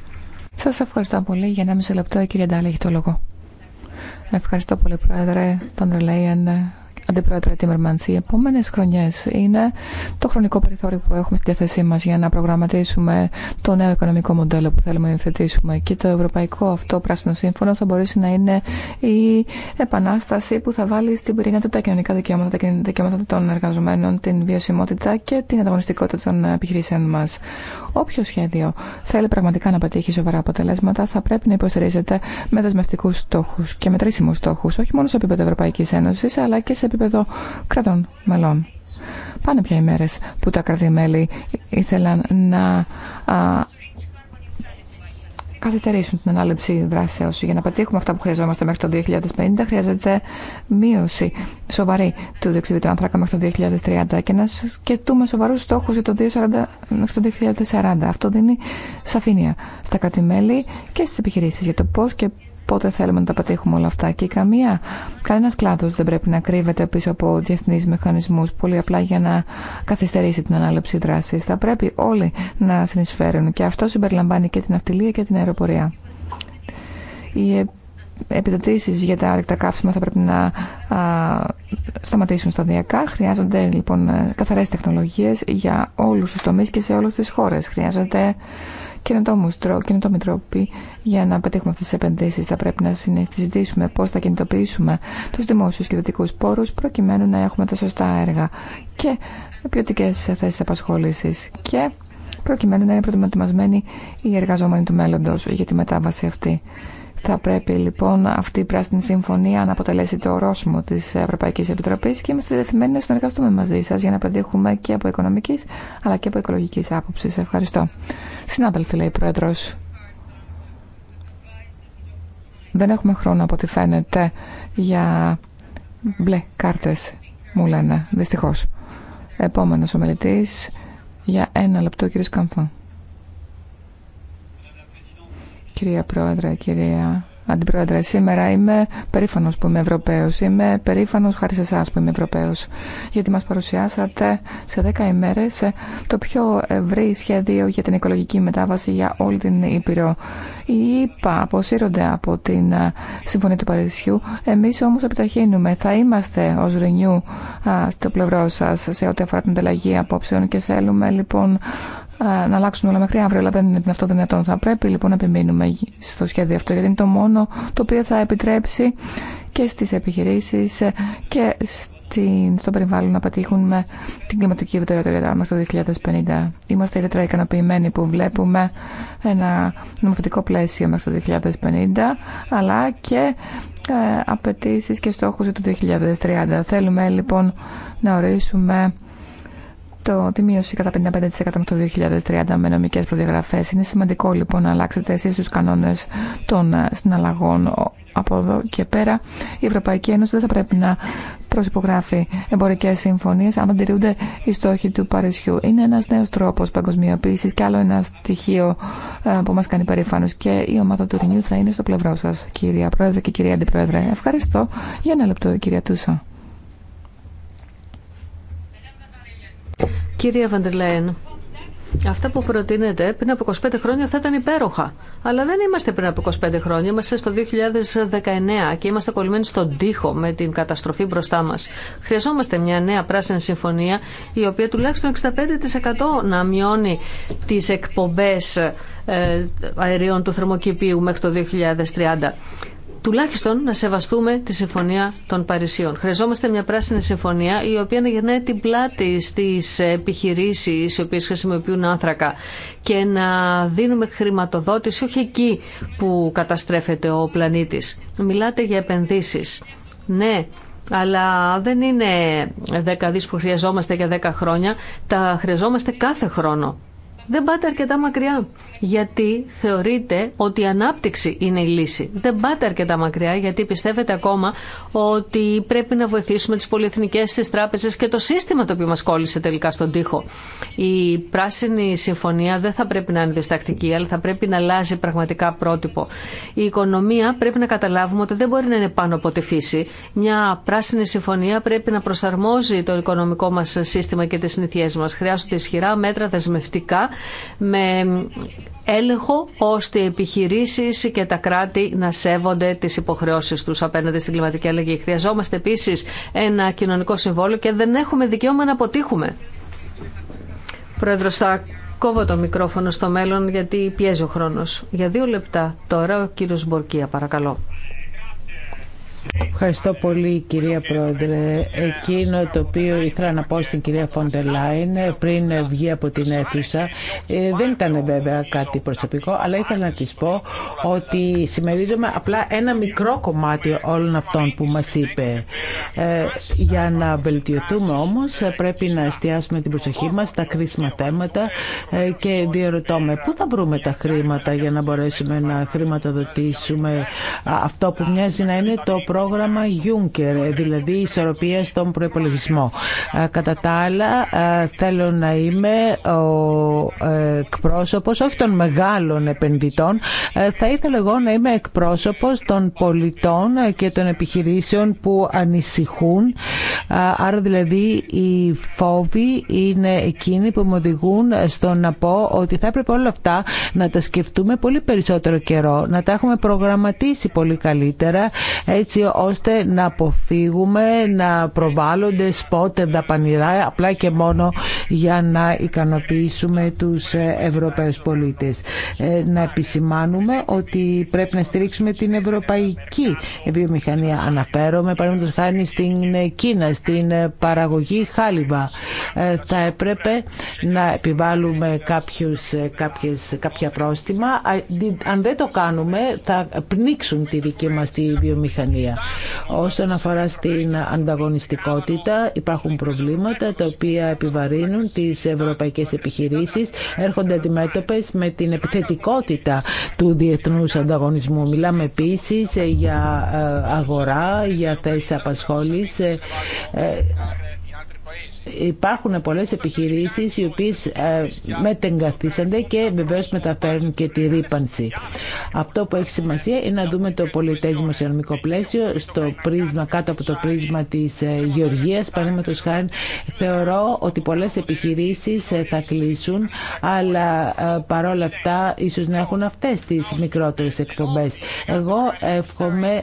D: Σας ευχαριστώ πολύ. Για ένα μισό λεπτό η κυρία Ντάλη έχει το λόγο. Ευχαριστώ πολύ Πρόεδρε, τον Ρελέιεν, Αντιπρόεδρε Τίμερμαντ, οι επόμενε χρονιέ είναι το χρονικό περιθώριο που έχουμε στη διάθεσή μα για να προγραμματίσουμε το νέο οικονομικό μοντέλο που θέλουμε να υιοθετήσουμε. Και το ευρωπαϊκό αυτό πράσινο σύμφωνο θα μπορέσει να είναι η επανάσταση που θα βάλει στην πυρήνα του τα κοινωνικά δικαιώματα, τα δικαιώματα των εργαζομένων, την βιωσιμότητα και την ανταγωνιστικότητα των επιχειρήσεων μα. Όποιο σχέδιο θέλει πραγματικά να πετύχει σοβαρά αποτελέσματα θα πρέπει να υποστηρίζεται με δεσμευτικού στόχου και μετρήσιμου στόχου, όχι μόνο σε επίπεδο Ευρωπαϊκή Ένωση, αλλά και σε επίπεδο κρατών μελών. Πάνε πια οι μέρες που τα κρατημέλη ήθελαν να α, καθυστερήσουν την ανάληψη δράσεως. Για να πετύχουμε αυτά που χρειαζόμαστε μέχρι το 2050 χρειάζεται μείωση σοβαρή του διοξιδίου του άνθρακα μέχρι το 2030 και να σκεφτούμε σοβαρούς στόχους για το 2040 μέχρι το 2040. Αυτό δίνει σαφήνεια στα κρατημέλη και στις επιχειρήσεις για το πώς και πότε θέλουμε να τα πετύχουμε όλα αυτά. Και καμία, κανένα κλάδο δεν πρέπει να κρύβεται πίσω από διεθνεί μηχανισμού πολύ απλά για να καθυστερήσει την ανάληψη δρασή. Θα πρέπει όλοι να συνεισφέρουν και αυτό συμπεριλαμβάνει και την αυτιλία και την αεροπορία. Οι επιδοτήσει για τα άρρηκτα καύσιμα θα πρέπει να α, σταματήσουν σταδιακά. Χρειάζονται λοιπόν καθαρέ τεχνολογίες για όλου του τομεί και σε όλε τι χώρε. Χρειάζονται καινοτόμου καινοτόμοι τρόποι για να πετύχουμε αυτέ τι επενδύσει. Θα πρέπει να συζητήσουμε πώ θα κινητοποιήσουμε του δημόσιου και δυτικού πόρου προκειμένου να έχουμε τα σωστά έργα και ποιοτικέ θέσει απασχόληση και προκειμένου να είναι προετοιμασμένοι οι εργαζόμενοι του μέλλοντο για τη μετάβαση αυτή. Θα πρέπει λοιπόν αυτή η πράσινη συμφωνία να αποτελέσει το ορόσημο τη Ευρωπαϊκή Επιτροπή και είμαστε δεθειμένοι να συνεργαστούμε μαζί σα για να πετύχουμε και από οικονομική αλλά και από οικολογική άποψη. Ευχαριστώ. Συνάδελφοι, λέει η Πρόεδρο. Δεν έχουμε χρόνο από ό,τι φαίνεται για μπλε κάρτε, μου λένε. Δυστυχώ. Επόμενο ομιλητή για ένα λεπτό, κύριε Καμφάν κυρία Πρόεδρε, κυρία Αντιπρόεδρε. Σήμερα είμαι περήφανο που είμαι Ευρωπαίο. Είμαι περήφανο χάρη σε εσά που είμαι Ευρωπαίο. Γιατί μα παρουσιάσατε σε δέκα ημέρε το πιο ευρύ σχέδιο για την οικολογική μετάβαση για όλη την Ήπειρο. Οι ΙΠΑ αποσύρονται από την Συμφωνία του Παρισιού. Εμεί όμω επιταχύνουμε. Θα είμαστε ω ΡΕΝΙΟΥ στο πλευρό σα σε ό,τι αφορά την ανταλλαγή απόψεων και θέλουμε λοιπόν να αλλάξουν όλα μέχρι αύριο, αλλά δεν είναι αυτό δυνατόν. Θα πρέπει λοιπόν να επιμείνουμε στο σχέδιο αυτό, γιατί είναι το μόνο το οποίο θα επιτρέψει και στις επιχειρήσεις ε, και στο περιβάλλον να πετύχουν με την κλιματική ευτεραιότητα μέχρι το 2050. Είμαστε ιδιαίτερα ικανοποιημένοι που βλέπουμε ένα νομοθετικό πλαίσιο μέχρι το 2050, αλλά και ε, απαιτήσει και στόχους το 2030. Θέλουμε λοιπόν να ορίσουμε το, τη μείωση κατά 55% με το 2030 με νομικέ προδιαγραφέ. Είναι σημαντικό λοιπόν να αλλάξετε εσεί του κανόνε των ε, συναλλαγών. Από εδώ και πέρα, η Ευρωπαϊκή Ένωση δεν θα πρέπει να προσυπογράφει εμπορικέ συμφωνίε αν δεν τηρούνται οι στόχοι του Παρισιού. Είναι ένα νέο τρόπο παγκοσμιοποίηση και άλλο ένα στοιχείο ε, που μα κάνει περήφανο. Και η ομάδα του ΡΙΝΙΟΥ θα είναι στο πλευρό σα, κυρία Πρόεδρε και κυρία Αντιπρόεδρε. Ευχαριστώ. Για ένα λεπτό, κυρία Τούσα.
A: Κύριε Βαντελέν, αυτά που προτείνετε πριν από 25 χρόνια θα ήταν υπέροχα. Αλλά δεν είμαστε πριν από 25 χρόνια, είμαστε στο 2019 και είμαστε κολλημένοι στον τοίχο με την καταστροφή μπροστά μα. Χρειαζόμαστε μια νέα πράσινη συμφωνία, η οποία τουλάχιστον 65% να μειώνει τι εκπομπέ ε, αερίων του θερμοκηπίου μέχρι το 2030 τουλάχιστον να σεβαστούμε τη Συμφωνία των Παρισιών. Χρειαζόμαστε μια πράσινη συμφωνία η οποία να γυρνάει την πλάτη στι επιχειρήσει οι οποίε χρησιμοποιούν άνθρακα και να δίνουμε χρηματοδότηση όχι εκεί που καταστρέφεται ο πλανήτης. Μιλάτε για επενδύσεις. Ναι, αλλά δεν είναι 10 δις που χρειαζόμαστε για 10 χρόνια, τα χρειαζόμαστε κάθε χρόνο δεν πάτε αρκετά μακριά, γιατί θεωρείτε ότι η ανάπτυξη είναι η λύση. Δεν πάτε αρκετά μακριά, γιατί πιστεύετε ακόμα ότι πρέπει να βοηθήσουμε τι πολυεθνικέ, τι τράπεζε και το σύστημα το οποίο μα κόλλησε τελικά στον τοίχο. Η πράσινη συμφωνία δεν θα πρέπει να είναι διστακτική, αλλά θα πρέπει να αλλάζει πραγματικά πρότυπο. Η οικονομία πρέπει να καταλάβουμε ότι δεν μπορεί να είναι πάνω από τη φύση. Μια πράσινη συμφωνία πρέπει να προσαρμόζει το οικονομικό μα σύστημα και τι συνηθίε μα. Χρειάζονται ισχυρά μέτρα δεσμευτικά με έλεγχο ώστε οι επιχειρήσεις και τα κράτη να σέβονται τις υποχρεώσεις τους απέναντι στην κλιματική αλλαγή. Χρειαζόμαστε επίσης ένα κοινωνικό συμβόλαιο και δεν έχουμε δικαίωμα να αποτύχουμε. Πρόεδρος, θα κόβω το μικρόφωνο στο μέλλον γιατί πιέζει ο χρόνος. Για δύο λεπτά τώρα ο κύριος Μπορκία, παρακαλώ.
C: Ευχαριστώ πολύ κυρία Πρόεδρε. Εκείνο το οποίο ήθελα να πω στην κυρία Φοντελάιν πριν βγει από την αίθουσα ε, δεν ήταν βέβαια κάτι προσωπικό αλλά ήθελα να της πω ότι συμμερίζομαι απλά ένα μικρό κομμάτι όλων αυτών που μας είπε. Ε, για να βελτιωθούμε όμως πρέπει να εστιάσουμε την προσοχή μας στα κρίσιμα θέματα ε, και με πού θα βρούμε τα χρήματα για να μπορέσουμε να χρηματοδοτήσουμε αυτό που μοιάζει να είναι το πρόγραμμα Juncker, ε, δηλαδή ισορροπία στον προπολογισμό. Ε, κατά τα άλλα, ε, θέλω να είμαι ο εκπρόσωπο όχι των μεγάλων επενδυτών, θα ήθελα εγώ να είμαι εκπρόσωπο των πολιτών και των επιχειρήσεων που ανησυχούν. Άρα δηλαδή οι φόβοι είναι εκείνοι που μου οδηγούν στο να πω ότι θα έπρεπε όλα αυτά να τα σκεφτούμε πολύ περισσότερο καιρό, να τα έχουμε προγραμματίσει πολύ καλύτερα έτσι ώστε να αποφύγουμε να προβάλλονται τα δαπανηρά απλά και μόνο για να ικανοποιήσουμε τους ε, Ευρωπαίους πολίτες. Ε, να επισημάνουμε ότι πρέπει να στηρίξουμε την ευρωπαϊκή βιομηχανία. Αναφέρομαι παραδείγματος χάρη στην ε, Κίνα, στην παραγωγή χάλιβα. Θα έπρεπε να επιβάλλουμε κάποιους, κάποιες, κάποια πρόστιμα. Αν δεν το κάνουμε θα πνίξουν τη δική μας τη βιομηχανία. Όσον αφορά στην ανταγωνιστικότητα, υπάρχουν προβλήματα τα οποία επιβαρύνουν τις ευρωπαϊκές επιχειρήσεις, έρχονται αντιμέτωπες με την επιθετικότητα του διεθνούς ανταγωνισμού. Μιλάμε επίσης για ε, αγορά, για θέσεις απασχόλησης ε, ε, υπάρχουν πολλές επιχειρήσεις οι οποίες ε, μετεγκαθίσανται και βεβαίω μεταφέρουν και τη ρήπανση. Αυτό που έχει σημασία είναι να δούμε το σε δημοσιονομικό πλαίσιο στο πρίσμα, κάτω από το πρίσμα της ε, γεωργίας. Παραδείγματος χάρη θεωρώ ότι πολλές επιχειρήσεις ε, θα κλείσουν αλλά παρόλα αυτά ίσως να έχουν αυτές τις μικρότερες εκπομπές. Εγώ εύχομαι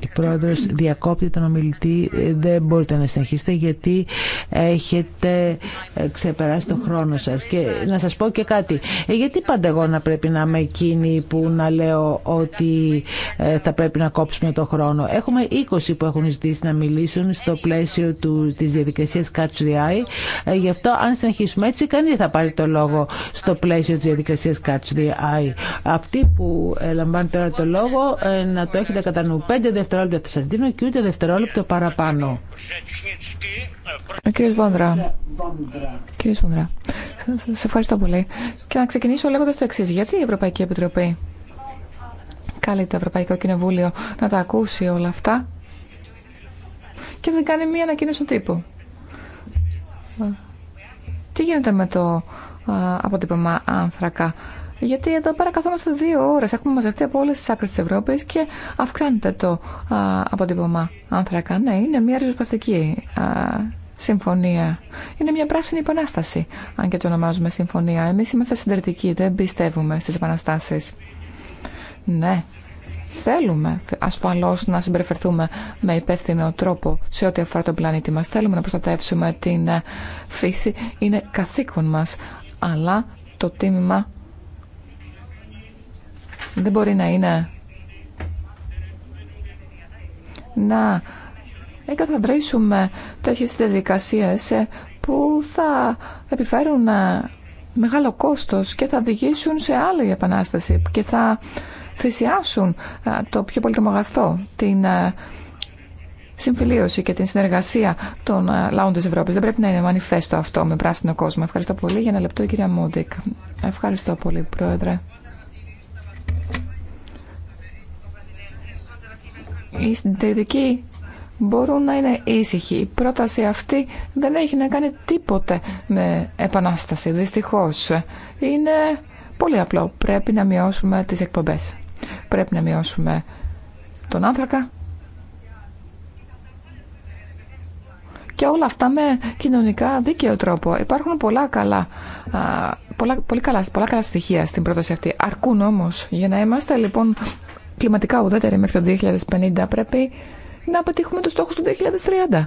C: η πρόεδρος διακόπτει τον ομιλητή. Ε, δεν μπορείτε να συνεχίσετε γιατί έχετε ε, ξεπεράσει τον χρόνο σας. Και να σας πω και κάτι. Ε, γιατί πάντα εγώ να πρέπει να είμαι εκείνη που να λέω ότι θα πρέπει να κόψουμε τον χρόνο. Έχουμε 20 που έχουν ζητήσει να μιλήσουν στο πλαίσιο τη της διαδικασίας Catch the Eye. γι' αυτό αν συνεχίσουμε έτσι κανείς θα πάρει το λόγο στο πλαίσιο της διαδικασίας Catch the Eye. Αυτοί που λαμβάνουν τώρα το λόγο να το έχετε κατά νου δευτερόλεπτα θα σας δίνω και ούτε δευτερόλεπτο παραπάνω.
D: Ε, κύριε Βόνδρα, ε, κύριε Βόντρα, σε ευχαριστώ πολύ. Και να ξεκινήσω λέγοντας το εξής. Γιατί η Ευρωπαϊκή Επιτροπή καλεί το Ευρωπαϊκό Κοινοβούλιο να τα ακούσει όλα αυτά και δεν κάνει μία ανακοίνωση τύπου. Ε, τι γίνεται με το αποτύπωμα άνθρακα γιατί εδώ πέρα καθόμαστε δύο ώρε. Έχουμε μαζευτεί από όλε τι άκρε τη Ευρώπη και αυξάνεται το α, αποτύπωμα άνθρακα. Ναι, είναι μια ριζοσπαστική α, συμφωνία. Είναι μια πράσινη επανάσταση, αν και το ονομάζουμε συμφωνία. Εμεί είμαστε συντηρητικοί, δεν πιστεύουμε στι επαναστάσει. Ναι, θέλουμε ασφαλώ να συμπεριφερθούμε με υπεύθυνο τρόπο σε ό,τι αφορά τον πλανήτη μα. Θέλουμε να προστατεύσουμε την φύση, είναι καθήκον μα Αλλά το τίμημα δεν μπορεί να είναι να εγκαθαντρήσουμε τέτοιες διαδικασίες ε, που θα επιφέρουν ε, μεγάλο κόστος και θα οδηγήσουν σε άλλη επανάσταση και θα θυσιάσουν ε, το πιο πολύτιμο αγαθό, την συμφιλίωση και την συνεργασία των λαών της Ευρώπης. Δεν πρέπει να είναι μανιφέστο αυτό με πράσινο κόσμο. Ευχαριστώ πολύ. Για ένα λεπτό, κυρία Μούντικ. Ευχαριστώ πολύ, Πρόεδρε. οι συντηρητικοί μπορούν να είναι ήσυχοι. Η πρόταση αυτή δεν έχει να κάνει τίποτε με επανάσταση, δυστυχώς. Είναι πολύ απλό. Πρέπει να μειώσουμε τις εκπομπές. Πρέπει να μειώσουμε τον άνθρακα. Και όλα αυτά με κοινωνικά δίκαιο τρόπο. Υπάρχουν πολλά καλά, πολλά, πολύ καλά, πολλά καλά στοιχεία στην πρόταση αυτή. Αρκούν όμως για να είμαστε λοιπόν κλιματικά ουδέτερη μέχρι το 2050, πρέπει να πετύχουμε τους στόχους του 2030.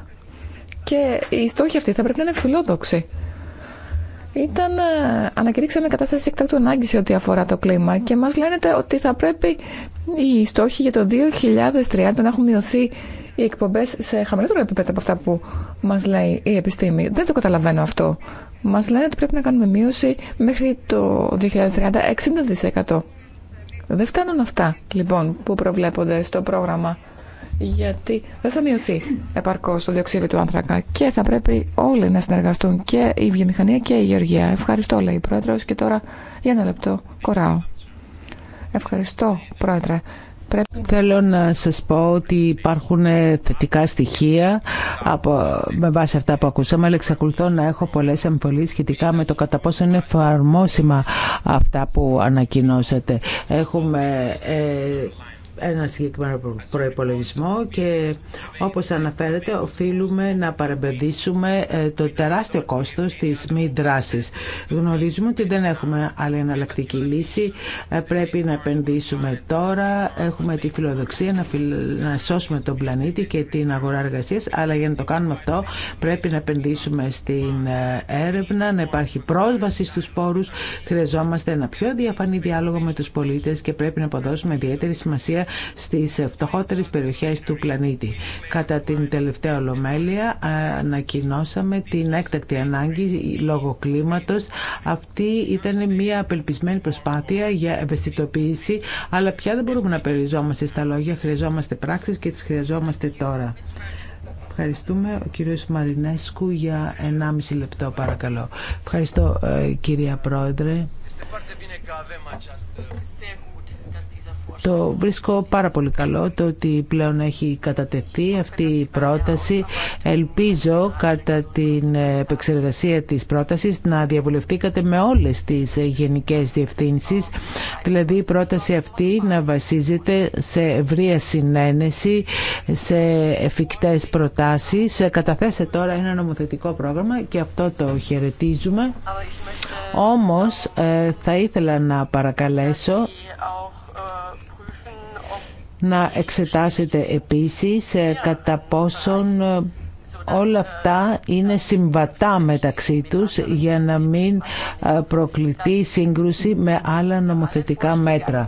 D: Και οι στόχοι αυτοί θα πρέπει να είναι φιλόδοξοι. Ήταν, ε, ανακηρύξαμε κατάσταση εκτάκτου ανάγκη σε ό,τι αφορά το κλίμα και μας λένε ότι θα πρέπει οι στόχοι για το 2030 να έχουν μειωθεί οι εκπομπές σε χαμηλότερο επίπεδο από αυτά που μας λέει η επιστήμη. Δεν το καταλαβαίνω αυτό. Μας λένε ότι πρέπει να κάνουμε μείωση μέχρι το 2030 60%. Ε, δεν φτάνουν αυτά, λοιπόν, που προβλέπονται στο πρόγραμμα, γιατί δεν θα μειωθεί επαρκώ το διοξείδιο του άνθρακα και θα πρέπει όλοι να συνεργαστούν και η βιομηχανία και η γεωργία. Ευχαριστώ, λέει η Πρόεδρο. και τώρα για ένα λεπτό κοράω. Ευχαριστώ, Πρόεδρε. Πρέπει θέλω να σας πω
C: ότι υπάρχουν ε, θετικά στοιχεία από, με βάση αυτά που ακούσαμε, αλλά εξακολουθώ να έχω πολλές εμφωλίες σχετικά με το κατά πόσο είναι εφαρμόσιμα αυτά που ανακοινώσατε. Έχουμε ε, ένα συγκεκριμένο προϋπολογισμό και όπως αναφέρεται οφείλουμε να παρεμπεδίσουμε ε, το τεράστιο κόστος της μη δράσης. Γνωρίζουμε ότι δεν έχουμε άλλη εναλλακτική λύση, ε, πρέπει να επενδύσουμε τώρα, έχουμε τη φιλοδοξία να, να σώσουμε τον πλανήτη και την αγορά εργασία. αλλά για να το κάνουμε αυτό πρέπει να επενδύσουμε στην ε, έρευνα, να υπάρχει πρόσβαση στους πόρους, χρειαζόμαστε ένα πιο διαφανή διάλογο με τους πολίτες και πρέπει να αποδώσουμε ιδιαίτερη σημασία στις φτωχότερες περιοχές του πλανήτη. Κατά την τελευταία ολομέλεια ανακοινώσαμε την έκτακτη ανάγκη λόγω κλίματος. Αυτή ήταν μια απελπισμένη προσπάθεια για ευαισθητοποίηση, αλλά πια δεν μπορούμε να περιζόμαστε στα λόγια, χρειαζόμαστε πράξεις και τις χρειαζόμαστε τώρα. Ευχαριστούμε. Ο κύριος Μαρινέσκου για 1,5 λεπτό παρακαλώ. Ευχαριστώ ε, κυρία Πρόεδρε. Το βρίσκω πάρα πολύ καλό το ότι πλέον έχει κατατεθεί αυτή η πρόταση. Ελπίζω κατά την επεξεργασία της πρότασης να διαβουλευτήκατε με όλες τις γενικές διευθύνσεις. Δηλαδή η πρόταση αυτή να βασίζεται σε ευρεία συνένεση, σε εφικτές προτάσεις. Καταθέσε τώρα ένα νομοθετικό πρόγραμμα και αυτό το χαιρετίζουμε. Όμως ε, θα ήθελα να παρακαλέσω να εξετάσετε επίσης ε, κατά πόσον ε, όλα αυτά είναι συμβατά μεταξύ τους για να μην ε, προκληθεί σύγκρουση με άλλα νομοθετικά μέτρα.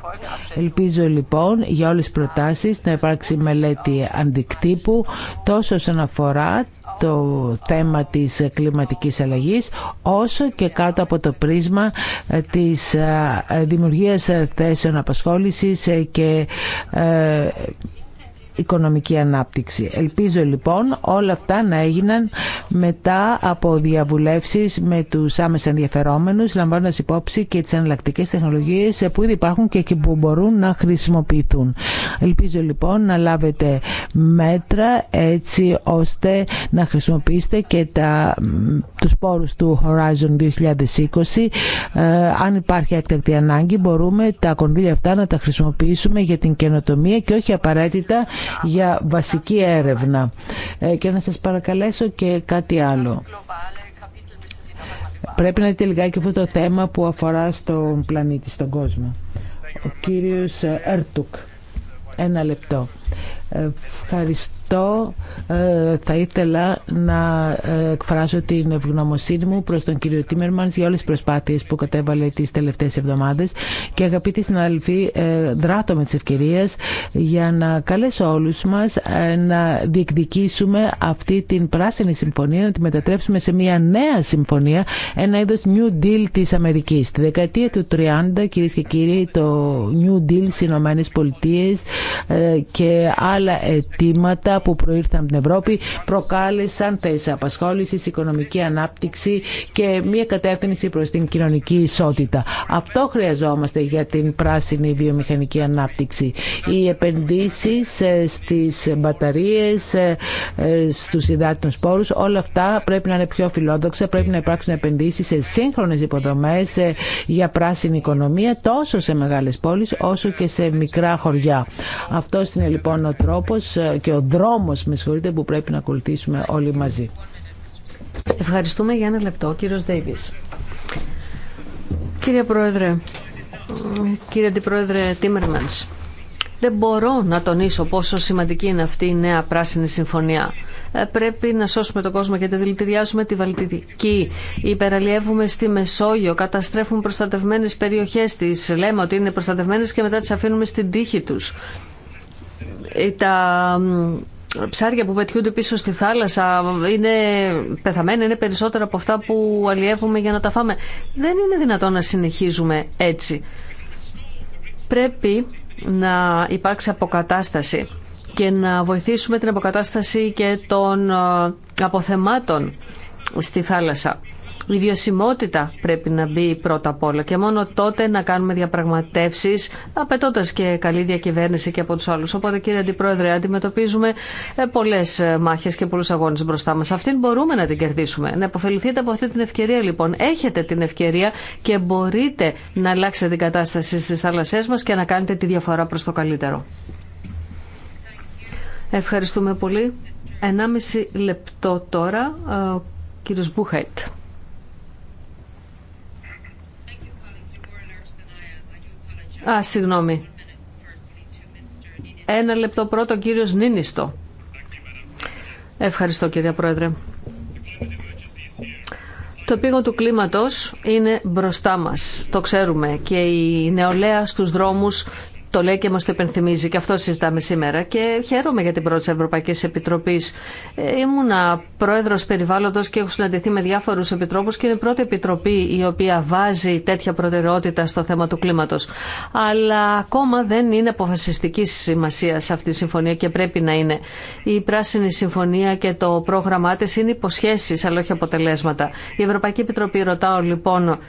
C: Ελπίζω λοιπόν για όλες τις προτάσεις να υπάρξει μελέτη αντικτύπου τόσο όσον αφορά το θέμα της κλιματικής αλλαγής όσο και κάτω από το πρίσμα ε, της ε, δημιουργίας θέσεων απασχόλησης και οικονομική ανάπτυξη. Ελπίζω λοιπόν όλα αυτά να έγιναν μετά από διαβουλεύσεις με τους άμεσα ενδιαφερόμενους, λαμβάνοντας υπόψη και τις εναλλακτικέ τεχνολογίες που ήδη υπάρχουν και που μπορούν να χρησιμοποιηθούν. Ελπίζω λοιπόν να λάβετε μέτρα έτσι ώστε να χρησιμοποιήσετε και τα, τους πόρους του Horizon 2020. Ε, αν υπάρχει έκτακτη ανάγκη μπορούμε τα κονδύλια αυτά να τα χρησιμοποιήσουμε για την καινοτομία και όχι απαραίτητα για βασική έρευνα. Ε, και να σας παρακαλέσω και κάτι άλλο. Πρέπει να δείτε λιγάκι αυτό το θέμα που αφορά στον πλανήτη, στον κόσμο. Ο κύριος Ερτουκ. Ένα λεπτό. Ε, ευχαριστώ αυτό ε, θα ήθελα να ε, εκφράσω την ευγνωμοσύνη μου προς τον κύριο Τίμερμανς για όλες τις προσπάθειες που κατέβαλε τις τελευταίες εβδομάδες και αγαπητοί συναδελφοί ε, δράτω με τις ευκαιρίες για να καλέσω όλους μας να διεκδικήσουμε αυτή την πράσινη συμφωνία να τη μετατρέψουμε σε μια νέα συμφωνία ένα είδος New Deal της Αμερικής. Τη δεκαετία του 30 κυρίε και κύριοι το New Deal στις Ηνωμένες Πολιτείες και άλλα αιτήματα που προήρθαν από την Ευρώπη προκάλεσαν θέσει απασχόληση, οικονομική ανάπτυξη και μια κατεύθυνση προ την κοινωνική ισότητα. Αυτό χρειαζόμαστε για την πράσινη βιομηχανική ανάπτυξη. Οι επενδύσει ε, στι μπαταρίε, ε, ε, στου υδάτινου πόρου, όλα αυτά πρέπει να είναι πιο φιλόδοξα, πρέπει να υπάρξουν επενδύσει σε σύγχρονε υποδομέ για πράσινη οικονομία τόσο σε μεγάλε πόλει όσο και σε μικρά χωριά. Αυτό είναι λοιπόν ο τρόπο και ο δρόμο δρόμος, με συγχωρείτε, που πρέπει να ακολουθήσουμε όλοι μαζί. Ευχαριστούμε
A: για ένα λεπτό, κύριος Ντέιβις. Κύριε Πρόεδρε, κύριε Αντιπρόεδρε Τίμερμανς, δεν μπορώ να τονίσω πόσο σημαντική είναι αυτή η νέα πράσινη συμφωνία. Ε, πρέπει να σώσουμε τον κόσμο γιατί δηλητηριάζουμε τη Βαλτιδική. Υπεραλλιεύουμε στη Μεσόγειο, καταστρέφουμε προστατευμένε περιοχέ τη. Λέμε ότι είναι προστατευμένε και μετά τι αφήνουμε στην τύχη του. Ε, ψάρια που πετιούνται πίσω στη θάλασσα είναι πεθαμένα, είναι περισσότερα από αυτά που αλλιεύουμε για να τα φάμε. Δεν είναι δυνατόν να συνεχίζουμε έτσι. Πρέπει να υπάρξει αποκατάσταση και να βοηθήσουμε την αποκατάσταση και των ε, αποθεμάτων στη θάλασσα. Η βιωσιμότητα πρέπει να μπει πρώτα απ' όλα και μόνο τότε να κάνουμε διαπραγματεύσει, απαιτώντα και καλή διακυβέρνηση και από του άλλου. Οπότε, κύριε Αντιπρόεδρε, αντιμετωπίζουμε ε, πολλέ μάχε και πολλού αγώνε μπροστά μα. Αυτήν μπορούμε να την κερδίσουμε. Να υποφεληθείτε από αυτή την ευκαιρία, λοιπόν. Έχετε την ευκαιρία και μπορείτε να αλλάξετε την κατάσταση στι θάλασσέ μα και να κάνετε τη διαφορά προ το καλύτερο. Ευχαριστούμε πολύ. 1,5 λεπτό τώρα ε, ο κύριος Μπούχαϊτ. Α, συγγνώμη. Ένα λεπτό πρώτο, κύριος Νίνιστο. Ευχαριστώ, κυρία Πρόεδρε. Το πήγον του κλίματος είναι μπροστά μας, το ξέρουμε, και η νεολαία στους δρόμους το λέει και μα το υπενθυμίζει και αυτό συζητάμε σήμερα. Και χαίρομαι για την πρώτη Ευρωπαϊκή Επιτροπή. Ε, ήμουνα πρόεδρο περιβάλλοντο και έχω συναντηθεί με διάφορου επιτρόπου και είναι η πρώτη επιτροπή η οποία βάζει τέτοια προτεραιότητα στο θέμα του κλίματο. Αλλά ακόμα δεν είναι αποφασιστική σημασία αυτή η συμφωνία και πρέπει να είναι. Η Πράσινη Συμφωνία και το πρόγραμμά τη είναι υποσχέσει αλλά όχι αποτελέσματα. Η Ευρωπαϊκή Επιτροπή ρωτάω λοιπόν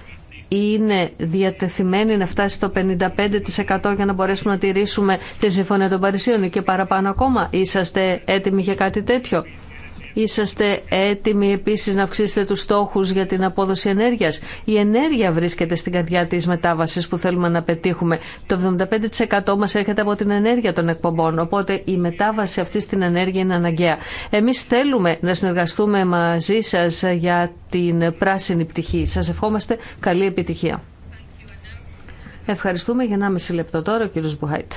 A: είναι διατεθειμένη να φτάσει στο 55% για να μπορέσουμε να τηρήσουμε τη Συμφωνία των Παρισίων και παραπάνω ακόμα. Είσαστε έτοιμοι για κάτι τέτοιο. Είσαστε έτοιμοι επίσης να αυξήσετε τους στόχους για την απόδοση ενέργειας. Η ενέργεια βρίσκεται στην καρδιά της μετάβασης που θέλουμε να πετύχουμε. Το 75% μας έρχεται από την ενέργεια των εκπομπών, οπότε η μετάβαση αυτή στην ενέργεια είναι αναγκαία. Εμείς θέλουμε να συνεργαστούμε μαζί σας για την πράσινη πτυχή. Σας ευχόμαστε καλή επιτυχία. Ευχαριστούμε για 1,5 λεπτό τώρα ο κύριος Μπουχάιτ.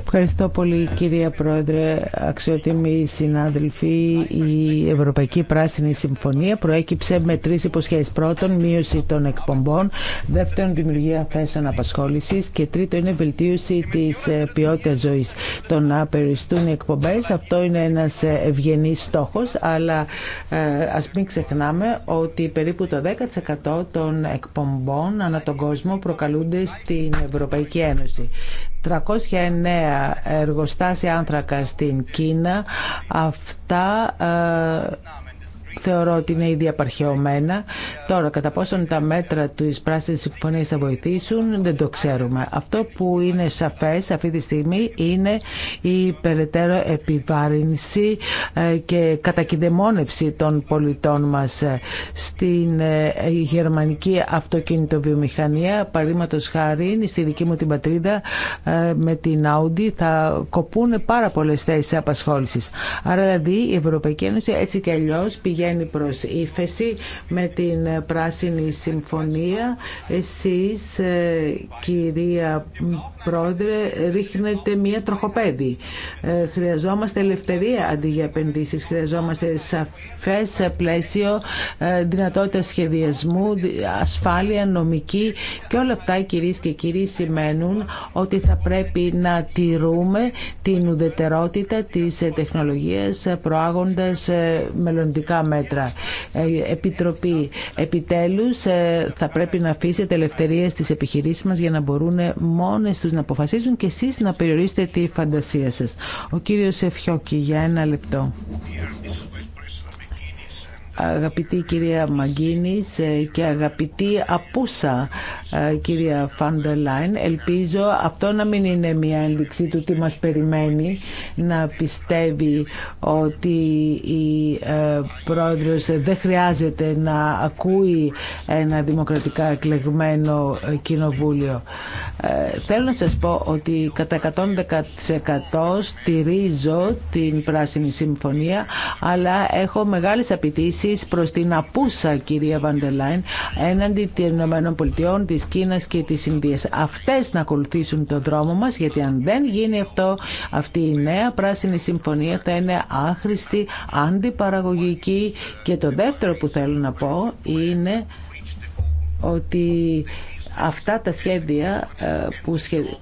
C: Ευχαριστώ πολύ κυρία Πρόεδρε, αξιότιμοι συνάδελφοι. Η Ευρωπαϊκή Πράσινη Συμφωνία προέκυψε με τρεις υποσχέσεις. Πρώτον, μείωση των εκπομπών. Δεύτερον, δημιουργία θέσεων απασχόλησης. Και τρίτο είναι βελτίωση της ε, ποιότητας ζωής. Το να περιστούν οι εκπομπές, αυτό είναι ένας ε, ευγενής στόχος, αλλά ε, ας μην ξεχνάμε ότι περίπου το 10% των εκπομπών ανά τον κόσμο προκαλούνται στην Ευρωπαϊκή Ένωση. 309 εργοστάσια άνθρακα στην Κίνα. Αυτά ε, θεωρώ ότι είναι ήδη απαρχαιωμένα. Τώρα, κατά πόσον τα μέτρα τη Πράσινη Συμφωνία θα βοηθήσουν, δεν το ξέρουμε. Αυτό που είναι σαφέ αυτή τη στιγμή είναι η περαιτέρω επιβάρυνση ε, και κατακυδεμόνευση των πολιτών μα ε, στην ε, γερμανική αυτοκινητοβιομηχανία. Παραδείγματο χάρη, στη δική μου την πατρίδα, με την Audi θα κοπούν πάρα πολλέ θέσει απασχόληση. Άρα, δηλαδή, η Ευρωπαϊκή Ένωση έτσι και αλλιώ πηγαίνει πηγαίνει προς ύφεση με την Πράσινη Συμφωνία. Εσείς, ε, κυρία Πρόεδρε, ρίχνετε μία τροχοπέδη. Ε, χρειαζόμαστε ελευθερία αντί για επενδύσεις. Χρειαζόμαστε σαφές πλαίσιο, ε, δυνατότητα σχεδιασμού, ασφάλεια, νομική και όλα αυτά, κυρίες και κύριοι, σημαίνουν ότι θα πρέπει να τηρούμε την ουδετερότητα της τεχνολογίας προάγοντας μελλοντικά μέτρα. Ε, Επιτροπή, επιτέλους ε, θα πρέπει να αφήσετε ελευθερία στις επιχειρήσεις μας για να μπορούν μόνες τους να αποφασίζουν και εσείς να περιορίσετε τη φαντασία σας. Ο κύριος Ευχιώκη για ένα λεπτό. Αγαπητή κυρία Μαγκίνη ε, και αγαπητή απούσα ε, κυρία Φαντελάιν ελπίζω αυτό να μην είναι μια ένδειξη του τι μας περιμένει, να πιστεύει ότι η ε, πρόεδρος δεν χρειάζεται να ακούει ένα δημοκρατικά εκλεγμένο κοινοβούλιο. Θέλω να σας πω ότι κατά 110% στηρίζω την Πράσινη Συμφωνία, αλλά έχω μεγάλες απαιτήσει εσείς προς την απούσα κυρία Βαντελάιν έναντι των ΗΠΑ, της Κίνας και της Ινδίας. Αυτές να ακολουθήσουν το δρόμο μας γιατί αν δεν γίνει αυτό αυτή η νέα πράσινη συμφωνία θα είναι άχρηστη, αντιπαραγωγική και το δεύτερο που θέλω να πω είναι ότι αυτά τα σχέδια ε,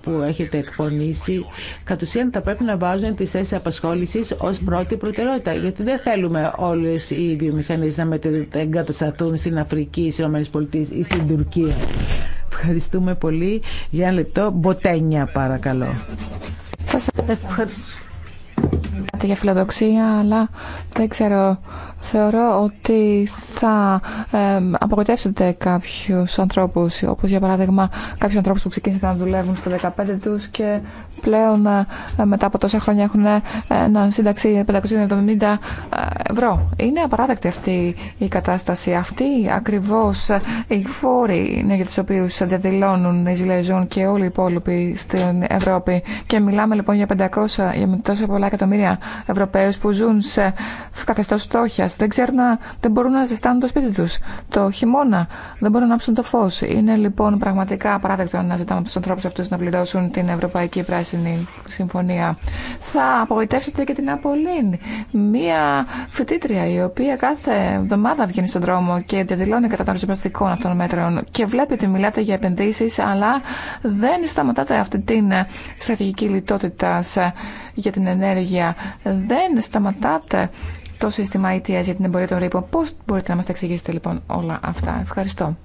C: που έχετε εκπονήσει κατ' ουσίαν θα πρέπει να βάζουν τις θέσεις απασχόλησης ως πρώτη προτεραιότητα γιατί δεν θέλουμε όλες οι βιομηχανίες να εγκατασταθούν στην Αφρική, στις ΗΠΑ ή στην Τουρκία. Ευχαριστούμε πολύ.
D: Για ένα λεπτό, Μποτένια παρακαλώ. Σας ευχαριστώ. Κάτι για φιλοδοξία, αλλά δεν ξέρω. Θεωρώ ότι θα ε, απογοητεύσετε κάποιου ανθρώπους, όπως για παράδειγμα κάποιου ανθρώπου που ξεκίνησαν να δουλεύουν στα 15 του και πλέον ε, μετά από τόσα χρόνια έχουν ένα σύνταξη 570 ε, ευρώ. Είναι απαράδεκτη αυτή η κατάσταση. Αυτή ακριβώ ε, οι φόροι είναι για του οποίου διαδηλώνουν οι Ζηλεζούν και όλοι οι υπόλοιποι στην Ευρώπη. Και μιλάμε λοιπόν για 500, για τόσο πολλά εκατομμύρια εκατομμύρια που ζουν σε καθεστώ φτώχεια. Δεν, ξέρουν να, δεν μπορούν να ζεστάνουν το σπίτι του. το χειμώνα. Δεν μπορούν να άψουν το φω. Είναι λοιπόν πραγματικά απαράδεκτο να ζητάμε από του ανθρώπου αυτού να πληρώσουν την Ευρωπαϊκή Πράσινη Συμφωνία. Θα απογοητεύσετε και την Απολύν. Μία φοιτήτρια η οποία κάθε εβδομάδα βγαίνει στον δρόμο και διαδηλώνει κατά των ριζοπλαστικών αυτών μέτρων και βλέπει ότι μιλάτε για επενδύσει, αλλά δεν σταματάτε αυτή την στρατηγική λιτότητα για την ενέργεια δεν σταματάτε το σύστημα ETS για την εμπορία των ρήπων. Πώς μπορείτε να μας τα εξηγήσετε λοιπόν όλα αυτά. Ευχαριστώ.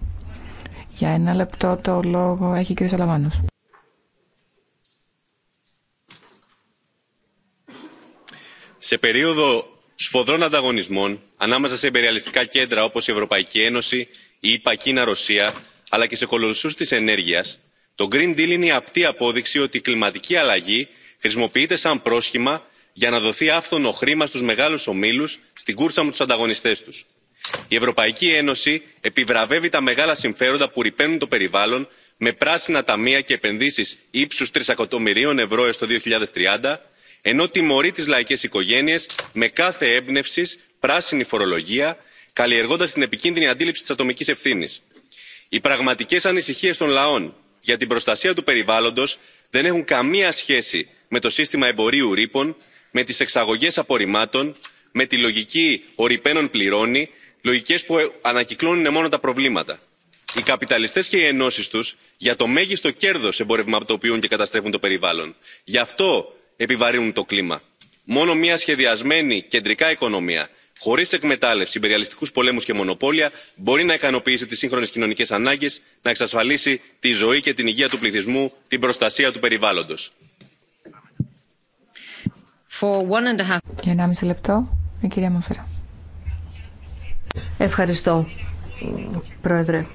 D: Για ένα λεπτό το λόγο έχει ο κ. Σαλαβάνος.
B: Σε περίοδο σφοδρών ανταγωνισμών ανάμεσα σε εμπεριαλιστικά κέντρα όπως η Ευρωπαϊκή Ένωση, η ΙΠΑ, Κίνα, Ρωσία, αλλά και σε κολοσσούς της ενέργειας, το Green Deal είναι η απτή απόδειξη ότι η κλιματική αλλαγή χρησιμοποιείται σαν πρόσχημα για να δοθεί άφθονο χρήμα στους μεγάλους ομίλους στην κούρσα με τους ανταγωνιστές τους. η ευρωπαϊκή ένωση επιβραβεύει τα μεγάλα συμφέροντα που ρηπαίνουν το περιβάλλον με πράσινα ταμεία και επενδύσεις ύψους τρισεκατομμυρίων ευρώ έως το 2030 ενώ τιμωρεί τις λαϊκές οικογένειες με κάθε έμπνευση πράσινη φορολογία καλλιεργώντα την επικίνδυνη αντίληψη της ατομικής ευθύνης. οι πραγματικές ανησυχίες των λαών για την προστασία του περιβάλλοντος δεν έχουν καμία σχέση με το σύστημα εμπορίου ρήπων με τις εξαγωγές απορριμμάτων με τη λογική ο ρηπαίνων πληρώνει λογικές που ανακυκλώνουν μόνο τα προβλήματα. οι καπιταλιστές και οι ενώσεις τους για το μέγιστο κέρδος εμπορευματοποιούν και καταστρέφουν το περιβάλλον. γι' αυτό επιβαρύνουν το κλίμα. μόνο μια σχεδιασμένη κεντρικά οικονομία χωρί εκμετάλλευση υπεριαλιστικού πολέμου και μονοπόλια μπορεί να ικανοποιήσει τι σύγχρονε κοινωνικέ ανάγκε να εξασφαλίσει τη ζωή και την υγεία του πληθυσμού την προστασία του περιβάλλοντο.
D: For one and a half. Για ένα λεπτό, η κυρία Μόσερα. Ευχαριστώ,
A: Πρόεδρε.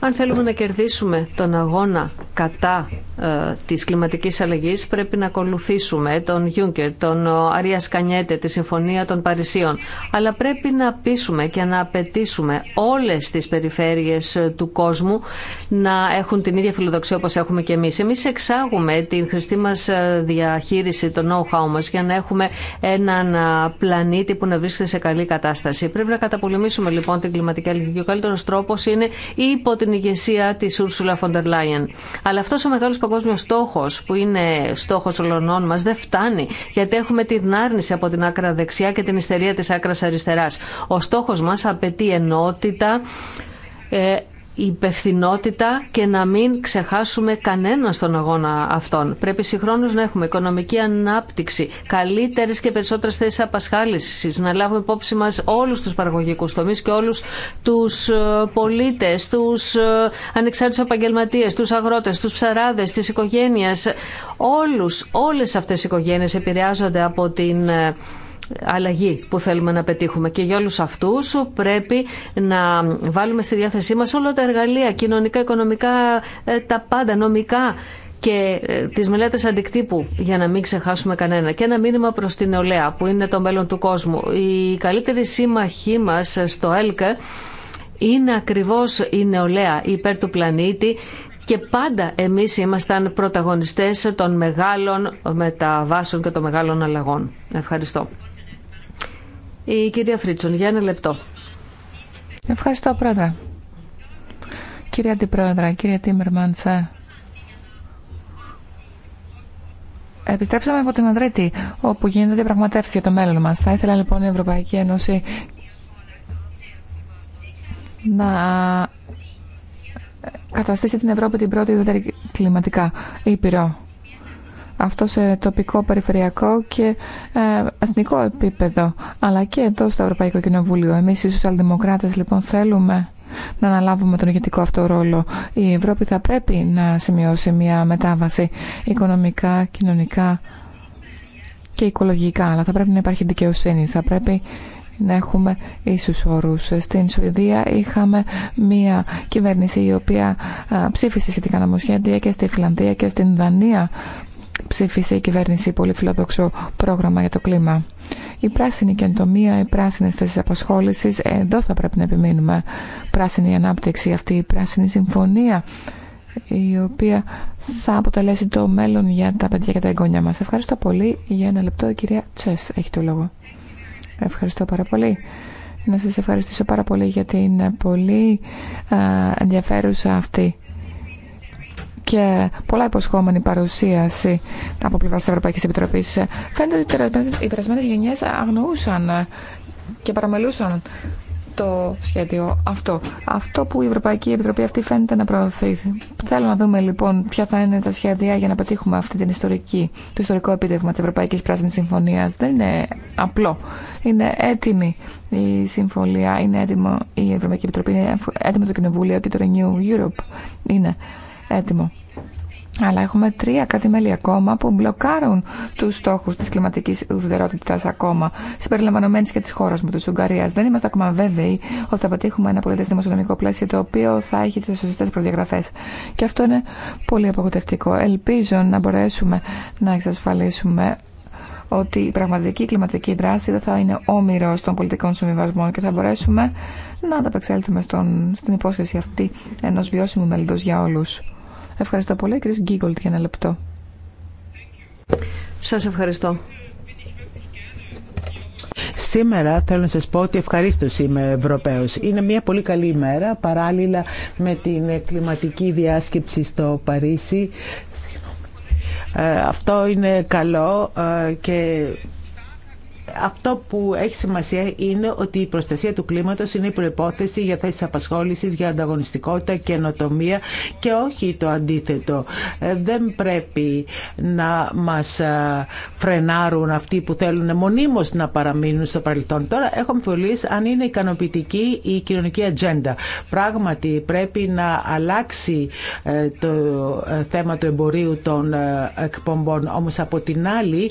A: Αν θέλουμε να κερδίσουμε τον αγώνα κατά ε, της κλιματικής αλλαγής πρέπει να ακολουθήσουμε τον Γιούγκερ, τον Αρία Σκανιέτε, τη Συμφωνία των Παρισίων. Αλλά πρέπει να πείσουμε και να απαιτήσουμε όλες τις περιφέρειες ε, του κόσμου να έχουν την ίδια φιλοδοξία όπως έχουμε και εμείς. Εμείς εξάγουμε την χρηστή μας ε, διαχείριση, το know-how μας για να έχουμε έναν ε, πλανήτη που να βρίσκεται σε καλή κατάσταση. Πρέπει να καταπολεμήσουμε λοιπόν την κλιματική αλλαγή και ο καλύτερος τρόπος είναι η υπό την ηγεσία τη Ursula von der Leyen. Αλλά αυτό ο μεγάλο παγκόσμιο στόχο, που είναι στόχος ολονών μα, δεν φτάνει γιατί έχουμε την άρνηση από την άκρα δεξιά και την ιστερία τη άκρα αριστερά. Ο στόχο μα απαιτεί ενότητα, ε, υπευθυνότητα και να μην ξεχάσουμε κανένα στον αγώνα αυτών. Πρέπει συγχρόνω να έχουμε οικονομική ανάπτυξη, καλύτερε και περισσότερε θέσει απασχάληση, να λάβουμε υπόψη μα όλου του παραγωγικού τομεί και όλου του ε, πολίτε, του ε, ανεξάρτητου επαγγελματίε, του αγρότε, του ψαράδε, τι οικογένειε. Όλου, όλε αυτέ οι οικογένειε επηρεάζονται από την ε, αλλαγή που θέλουμε να πετύχουμε. Και για όλους αυτούς πρέπει να βάλουμε στη διάθεσή μας όλα τα εργαλεία, κοινωνικά, οικονομικά, ε, τα πάντα, νομικά και ε, τις μελέτες αντικτύπου για να μην ξεχάσουμε κανένα. Και ένα μήνυμα προς την νεολαία που είναι το μέλλον του κόσμου. Η καλύτερη σύμμαχή μας ε, στο ΕΛΚΕ είναι ακριβώς η νεολαία υπέρ του πλανήτη και πάντα εμείς ήμασταν πρωταγωνιστές των μεγάλων μεταβάσεων και των μεγάλων αλλαγών. Ευχαριστώ. Η κυρία Φρίτσον, για ένα λεπτό.
D: Ευχαριστώ, Πρόεδρε. Κυρία Αντιπρόεδρε, κύριε Τίμερμαντσα, ε, Επιστρέψαμε από τη Μαδρίτη, όπου γίνονται διαπραγματεύσει για το μέλλον μα. Θα ήθελα λοιπόν η Ευρωπαϊκή Ένωση να καταστήσει την Ευρώπη την πρώτη δεύτερη κλιματικά ήπειρο αυτό σε τοπικό, περιφερειακό και ε, εθνικό επίπεδο, αλλά και εδώ στο Ευρωπαϊκό Κοινοβούλιο. Εμείς οι σοσιαλδημοκράτες λοιπόν θέλουμε να αναλάβουμε τον ηγετικό αυτό ρόλο. Η Ευρώπη θα πρέπει να σημειώσει μια μετάβαση οικονομικά, κοινωνικά και οικολογικά, αλλά θα πρέπει να υπάρχει δικαιοσύνη, θα πρέπει να έχουμε ίσους όρους. Στην Σουηδία είχαμε μια κυβέρνηση η οποία ε, ψήφισε σχετικά νομοσχέδια και στη Φιλανδία και στην Δανία ψήφισε η κυβέρνηση πολύ φιλοδόξο πρόγραμμα για το κλίμα. Η πράσινη καινοτομία, οι πράσινε θέσει απασχόληση, ε, εδώ θα πρέπει να επιμείνουμε. Πράσινη ανάπτυξη, αυτή η πράσινη συμφωνία, η οποία θα αποτελέσει το μέλλον για τα παιδιά και τα εγγόνια μα. Ευχαριστώ πολύ. Για ένα λεπτό, η κυρία Τσε έχει το λόγο. Ευχαριστώ πάρα πολύ. Να σας ευχαριστήσω πάρα πολύ για την πολύ ενδιαφέρουσα αυτή και πολλά υποσχόμενη παρουσίαση από πλευρά τη Ευρωπαϊκή Επιτροπή. Φαίνεται ότι οι περασμένε γενιέ αγνοούσαν και παραμελούσαν το σχέδιο αυτό. Αυτό που η Ευρωπαϊκή Επιτροπή αυτή φαίνεται να προωθεί. Θέλω να δούμε λοιπόν ποια θα είναι τα σχέδια για να πετύχουμε αυτή την ιστορική, το ιστορικό επίτευγμα τη Ευρωπαϊκή Πράσινη Συμφωνία. Δεν είναι απλό. Είναι έτοιμη η συμφωνία, είναι έτοιμο η Ευρωπαϊκή Επιτροπή, είναι έτοιμο το Κοινοβούλιο και το Renew Europe. Είναι αλλα Αλλά έχουμε τρία κράτη-μέλη ακόμα που μπλοκάρουν του στόχου τη κλιματική ουδετερότητα ακόμα, συμπεριλαμβανομένη και τη χώρα μου, τη Ουγγαρία. Δεν είμαστε ακόμα βέβαιοι ότι θα πετύχουμε ένα πολιτέ δημοσιονομικό πλαίσιο το οποίο θα έχει τι σωστέ προδιαγραφέ. Και αυτό είναι πολύ απογοητευτικό. Ελπίζω να μπορέσουμε να εξασφαλίσουμε ότι η πραγματική κλιματική δράση δεν θα είναι όμοιρο των πολιτικών συμβιβασμών και θα μπορέσουμε να ανταπεξέλθουμε στην υπόσχεση αυτή ενό βιώσιμου μέλλοντο για όλου. Ευχαριστώ πολύ, κύριε Γκίγκολτ, για ένα λεπτό. Σας ευχαριστώ.
C: Σήμερα θέλω να σας πω ότι ευχαρίστω είμαι Ευρωπαίος. Είναι μια πολύ καλή ημέρα παράλληλα με την κλιματική διάσκεψη στο Παρίσι. Ε, αυτό είναι καλό ε, και αυτό που έχει σημασία είναι ότι η προστασία του κλίματος είναι η προϋπόθεση για θέσεις απασχόλησης, για ανταγωνιστικότητα, καινοτομία και όχι το αντίθετο. Ε, δεν πρέπει να μας ε, φρενάρουν αυτοί που θέλουν μονίμως να παραμείνουν στο παρελθόν. Τώρα έχω αμφιβολίες αν είναι ικανοποιητική η κοινωνική ατζέντα. Πράγματι πρέπει να αλλάξει ε, το θέμα του εμπορίου των εκπομπών. Όμως από την άλλη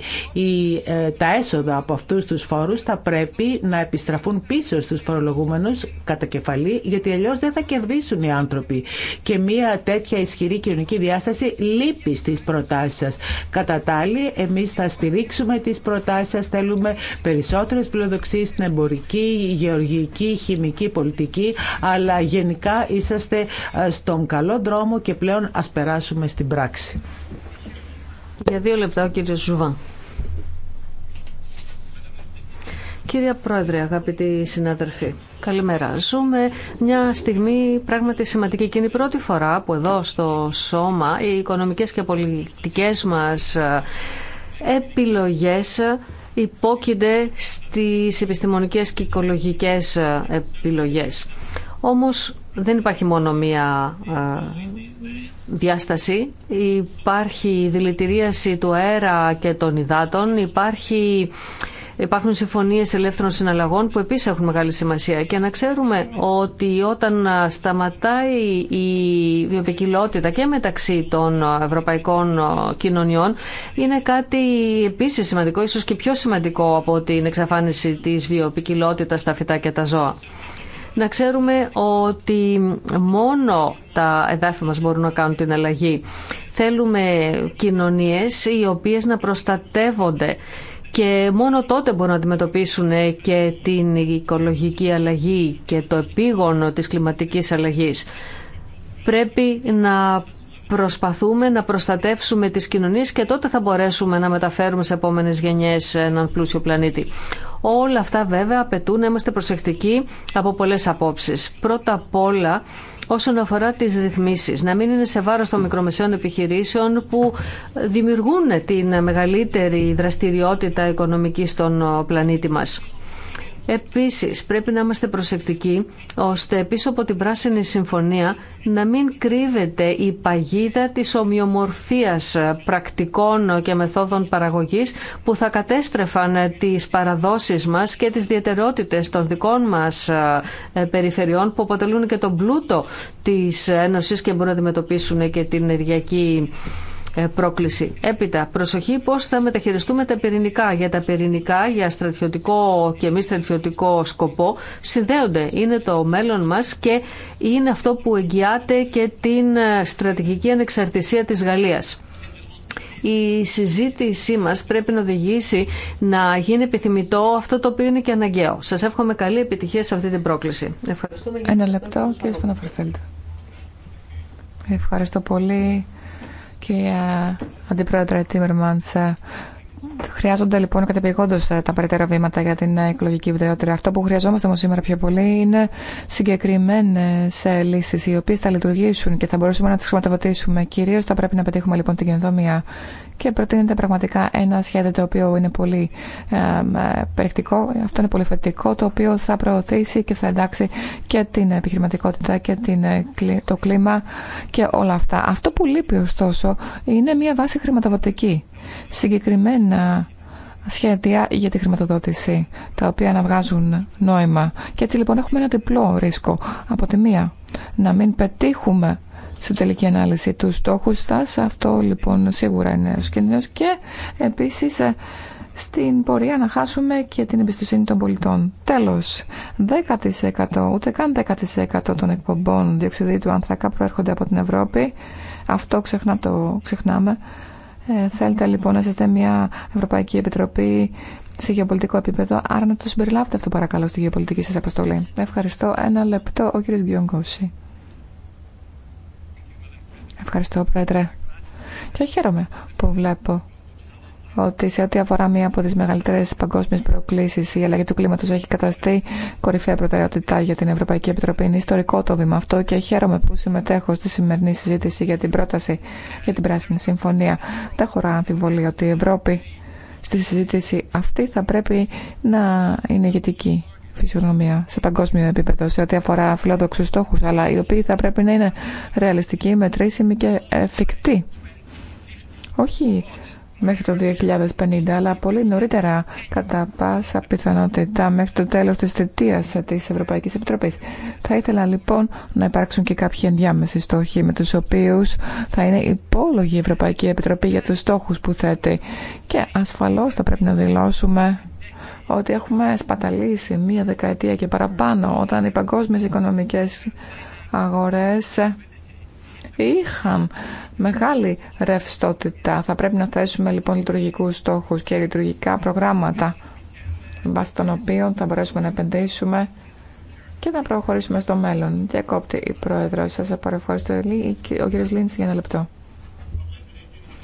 C: τα έσοδα από αυτό αυτούς τους φόρους θα πρέπει να επιστραφούν πίσω στους φορολογούμενους κατά κεφαλή, γιατί αλλιώς δεν θα κερδίσουν οι άνθρωποι. Και μια τέτοια ισχυρή κοινωνική διάσταση λείπει στις προτάσεις σας. Κατά τα άλλη, εμείς θα στηρίξουμε τις προτάσεις σας, θέλουμε περισσότερες φιλοδοξίες στην εμπορική, γεωργική, χημική πολιτική, αλλά γενικά είσαστε ε, στον καλό δρόμο και πλέον ας περάσουμε στην
A: πράξη. Για δύο λεπτά ο Κύριε Πρόεδρε, αγαπητοί συνάδελφοι, καλημέρα. Ζούμε μια στιγμή πράγματι σημαντική και είναι η πρώτη φορά που εδώ στο Σώμα οι οικονομικές και πολιτικές μας ε, επιλογές υπόκεινται στις επιστημονικές και οικολογικές ε, επιλογές. Όμως δεν υπάρχει μόνο μία ε, διάσταση. Υπάρχει η δηλητηρίαση του αέρα και των υδάτων, υπάρχει Υπάρχουν συμφωνίε ελεύθερων συναλλαγών που επίση έχουν μεγάλη σημασία. Και να ξέρουμε ότι όταν σταματάει η βιοπικιλότητα και μεταξύ των ευρωπαϊκών κοινωνιών, είναι κάτι επίση σημαντικό, ίσω και πιο σημαντικό από την εξαφάνιση τη βιοπικιλότητα στα φυτά και τα ζώα. Να ξέρουμε ότι μόνο τα εδάφη μας μπορούν να κάνουν την αλλαγή. Θέλουμε κοινωνίες οι οποίες να προστατεύονται και μόνο τότε μπορούν να αντιμετωπίσουν ε, και την οικολογική αλλαγή και το επίγονο της κλιματικής αλλαγής. Πρέπει να προσπαθούμε να προστατεύσουμε τις κοινωνίες και τότε θα μπορέσουμε να μεταφέρουμε σε επόμενες γενιές έναν πλούσιο πλανήτη. Όλα αυτά βέβαια απαιτούν να είμαστε προσεκτικοί από πολλές απόψεις. Πρώτα απ' όλα όσον αφορά τις ρυθμίσει, Να μην είναι σε βάρος των μικρομεσαίων επιχειρήσεων που δημιουργούν την μεγαλύτερη δραστηριότητα οικονομική στον πλανήτη μας. Επίσης πρέπει να είμαστε προσεκτικοί ώστε πίσω από την Πράσινη Συμφωνία να μην κρύβεται η παγίδα της ομοιομορφίας πρακτικών και μεθόδων παραγωγής που θα κατέστρεφαν τις παραδόσεις μας και τις διαιτερότητες των δικών μας ε, περιφερειών που αποτελούν και τον πλούτο της Ένωσης και μπορούν να αντιμετωπίσουν και την ενεργειακή ε, πρόκληση. Έπειτα, προσοχή πώς θα μεταχειριστούμε τα πυρηνικά. Για τα πυρηνικά, για στρατιωτικό και μη στρατιωτικό σκοπό συνδέονται. Είναι το μέλλον μας και είναι αυτό που εγγυάται και την ε, στρατηγική ανεξαρτησία της Γαλλίας. Η συζήτησή μας πρέπει να οδηγήσει να γίνει επιθυμητό αυτό το οποίο είναι και αναγκαίο. Σα εύχομαι καλή επιτυχία σε αυτή την πρόκληση.
D: Ευχαριστούμε. Ένα λεπτό, κύριε Ευχαριστώ πολύ. Κυρία ε, Αντιπρόεδρε Τίμερμαντς, ε, χρειάζονται λοιπόν κατεπηγόντως ε, τα περαιτέρω βήματα για την εκλογική βιδαιότητα. Αυτό που χρειαζόμαστε όμως σήμερα πιο πολύ είναι συγκεκριμένες λύσεις οι οποίες θα λειτουργήσουν και θα μπορούσαμε να τις χρηματοδοτήσουμε. Κυρίως θα πρέπει να πετύχουμε λοιπόν την καινοτομία και προτείνεται πραγματικά ένα σχέδιο το οποίο είναι πολύ ε, περιεκτικό, αυτό είναι πολύ θετικό, το οποίο θα προωθήσει και θα εντάξει και την επιχειρηματικότητα και ε, το κλίμα και όλα αυτά. Αυτό που λείπει ωστόσο είναι μια βάση χρηματοδοτική. Συγκεκριμένα σχέδια για τη χρηματοδότηση, τα οποία να βγάζουν νόημα. Και έτσι λοιπόν έχουμε ένα διπλό ρίσκο. Από τη μία, να μην πετύχουμε στην τελική ανάλυση του στόχου σας. Αυτό λοιπόν σίγουρα είναι ο κίνδυνος και επίσης ε, στην πορεία να χάσουμε και την εμπιστοσύνη των πολιτών. Τέλος, 10% ούτε καν 10% των εκπομπών διοξιδίου του άνθρακα προέρχονται από την Ευρώπη. Αυτό ξεχνά το, ξεχνάμε. Ε, θέλετε λοιπόν να είστε μια Ευρωπαϊκή Επιτροπή σε γεωπολιτικό επίπεδο, άρα να το συμπεριλάβετε αυτό παρακαλώ στη γεωπολιτική σας αποστολή. Ευχαριστώ. Ένα λεπτό ο κύριος Γκιονγκώση. Ευχαριστώ, Πρόεδρε. Και χαίρομαι που βλέπω ότι σε ό,τι αφορά μία από τις μεγαλύτερες παγκόσμιες προκλήσεις η αλλαγή του κλίματος έχει καταστεί κορυφαία προτεραιότητα για την Ευρωπαϊκή Επιτροπή. Είναι ιστορικό το βήμα αυτό και χαίρομαι που συμμετέχω στη σημερινή συζήτηση για την πρόταση για την Πράσινη Συμφωνία. Δεν χωρά αμφιβολία ότι η Ευρώπη στη συζήτηση αυτή θα πρέπει να είναι ηγετική φυσιογνωμία σε παγκόσμιο επίπεδο σε ό,τι αφορά φιλόδοξου στόχου, αλλά οι οποίοι θα πρέπει να είναι ρεαλιστικοί, μετρήσιμοι και εφικτοί. Όχι μέχρι το 2050, αλλά πολύ νωρίτερα, κατά πάσα πιθανότητα, μέχρι το τέλος της θετίας της Ευρωπαϊκής Επιτροπής. Θα ήθελα λοιπόν να υπάρξουν και κάποιοι ενδιάμεσοι στόχοι, με τους οποίους θα είναι υπόλογη η Ευρωπαϊκή Επιτροπή για τους στόχους που θέτει. Και ασφαλώς θα πρέπει να δηλώσουμε ότι έχουμε σπαταλήσει μία δεκαετία και παραπάνω όταν οι παγκόσμιες οικονομικές αγορές είχαν μεγάλη ρευστότητα. Θα πρέπει να θέσουμε λοιπόν λειτουργικούς στόχους και λειτουργικά προγράμματα βάσει των οποίων θα μπορέσουμε να επενδύσουμε και να προχωρήσουμε στο μέλλον. Και κόπτη η Πρόεδρο. Σας ευχαριστώ ο κύριος Λίντς για ένα λεπτό.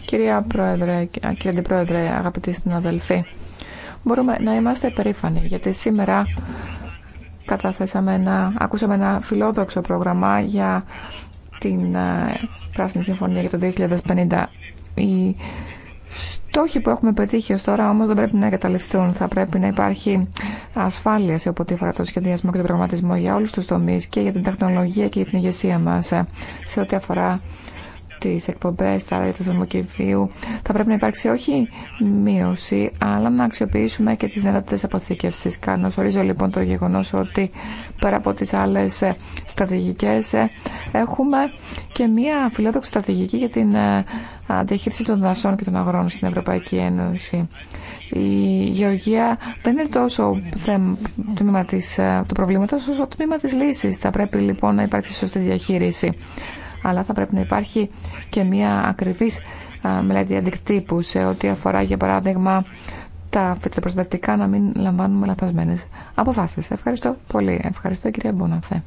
D: Κυρία Πρόεδρε, κύριε Αντιπρόεδρε, αγαπητοί συναδελφοί, μπορούμε να είμαστε περήφανοι, γιατί σήμερα καταθέσαμε ακούσαμε ένα φιλόδοξο πρόγραμμα για την ε, Πράσινη Συμφωνία για το 2050. Οι στόχοι που έχουμε πετύχει ως τώρα όμως δεν πρέπει να εγκαταλειφθούν. Θα πρέπει να υπάρχει ασφάλεια σε ό,τι αφορά το σχεδιασμό και τον προγραμματισμό για όλους τους τομείς και για την τεχνολογία και την ηγεσία μας ε, σε ό,τι αφορά τι εκπομπέ, τα αέρια του θερμοκηπίου, θα πρέπει να υπάρξει όχι μείωση, αλλά να αξιοποιήσουμε και δυνατότητε αποθήκευση. Κανώ ορίζω λοιπόν το γεγονό ότι πέρα από τι άλλε στρατηγικέ ε, έχουμε και μία φιλόδοξη στρατηγική για την διαχείριση ε, των δασών και των αγρών στην Ευρωπαϊκή Ένωση. Η γεωργία δεν είναι τόσο τμήμα ε, του προβλήματος όσο το τμήμα της λύσης. Θα πρέπει λοιπόν να υπάρξει σωστή διαχείριση αλλά θα πρέπει να υπάρχει και μια ακριβής μελέτη αντικτύπου σε ό,τι αφορά για παράδειγμα τα φυτοπροστατευτικά να μην λαμβάνουμε λαθασμένες αποφάσεις. Ευχαριστώ πολύ. Ευχαριστώ κυρία Μποναφέ.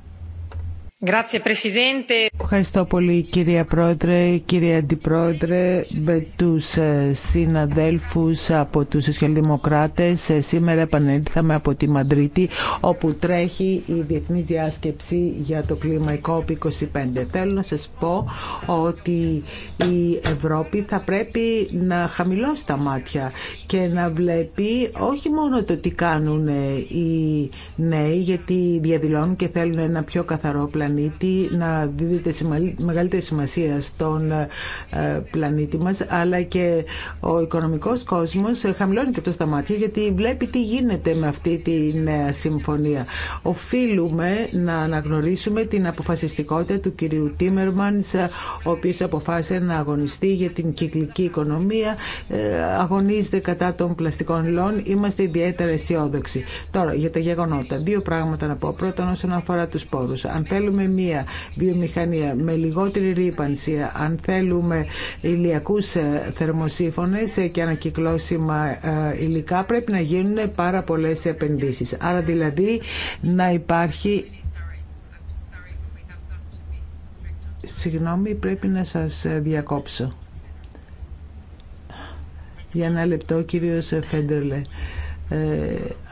C: Ευχαριστώ πολύ κυρία Πρόεδρε, κύρια Αντιπρόεδρε, με τους ε, συναδέλφους από τους Σοσιαλδημοκράτε. Ε, σήμερα επανέλθαμε από τη Μαντρίτη όπου τρέχει η Διεθνή Διάσκεψη για το κλιμα COP25. Θέλω να σας πω ότι η Ευρώπη θα πρέπει να χαμηλώσει τα μάτια και να βλέπει όχι μόνο το τι κάνουν ε, οι νέοι γιατί διαδηλώνουν και θέλουν ένα πιο καθαρό πλανήτη πλανήτη, να δίδεται μεγαλύτερη σημασία στον ε, πλανήτη μας, αλλά και ο οικονομικός κόσμος ε, χαμηλώνει και αυτό στα μάτια γιατί βλέπει τι γίνεται με αυτή τη νέα συμφωνία. Οφείλουμε να αναγνωρίσουμε την αποφασιστικότητα του κυρίου Τίμερμανς, ε, ο οποίος αποφάσισε να αγωνιστεί για την κυκλική οικονομία, αγωνίζεται κατά των πλαστικών υλών. Είμαστε ιδιαίτερα αισιόδοξοι. Τώρα, για τα γεγονότα. Δύο πράγματα να πω. Πρώτον, όσον αφορά τους πόρους. Αν θέλουμε μία βιομηχανία με λιγότερη ρήπανση, αν θέλουμε ηλιακούς ε, θερμοσύφωνες και ανακυκλώσιμα ε, υλικά, πρέπει να γίνουν πάρα πολλές επενδύσεις. Άρα δηλαδή να υπάρχει Συγγνώμη, πρέπει να σας ε, διακόψω. Για ένα λεπτό, κύριος Φέντερλε. Ε,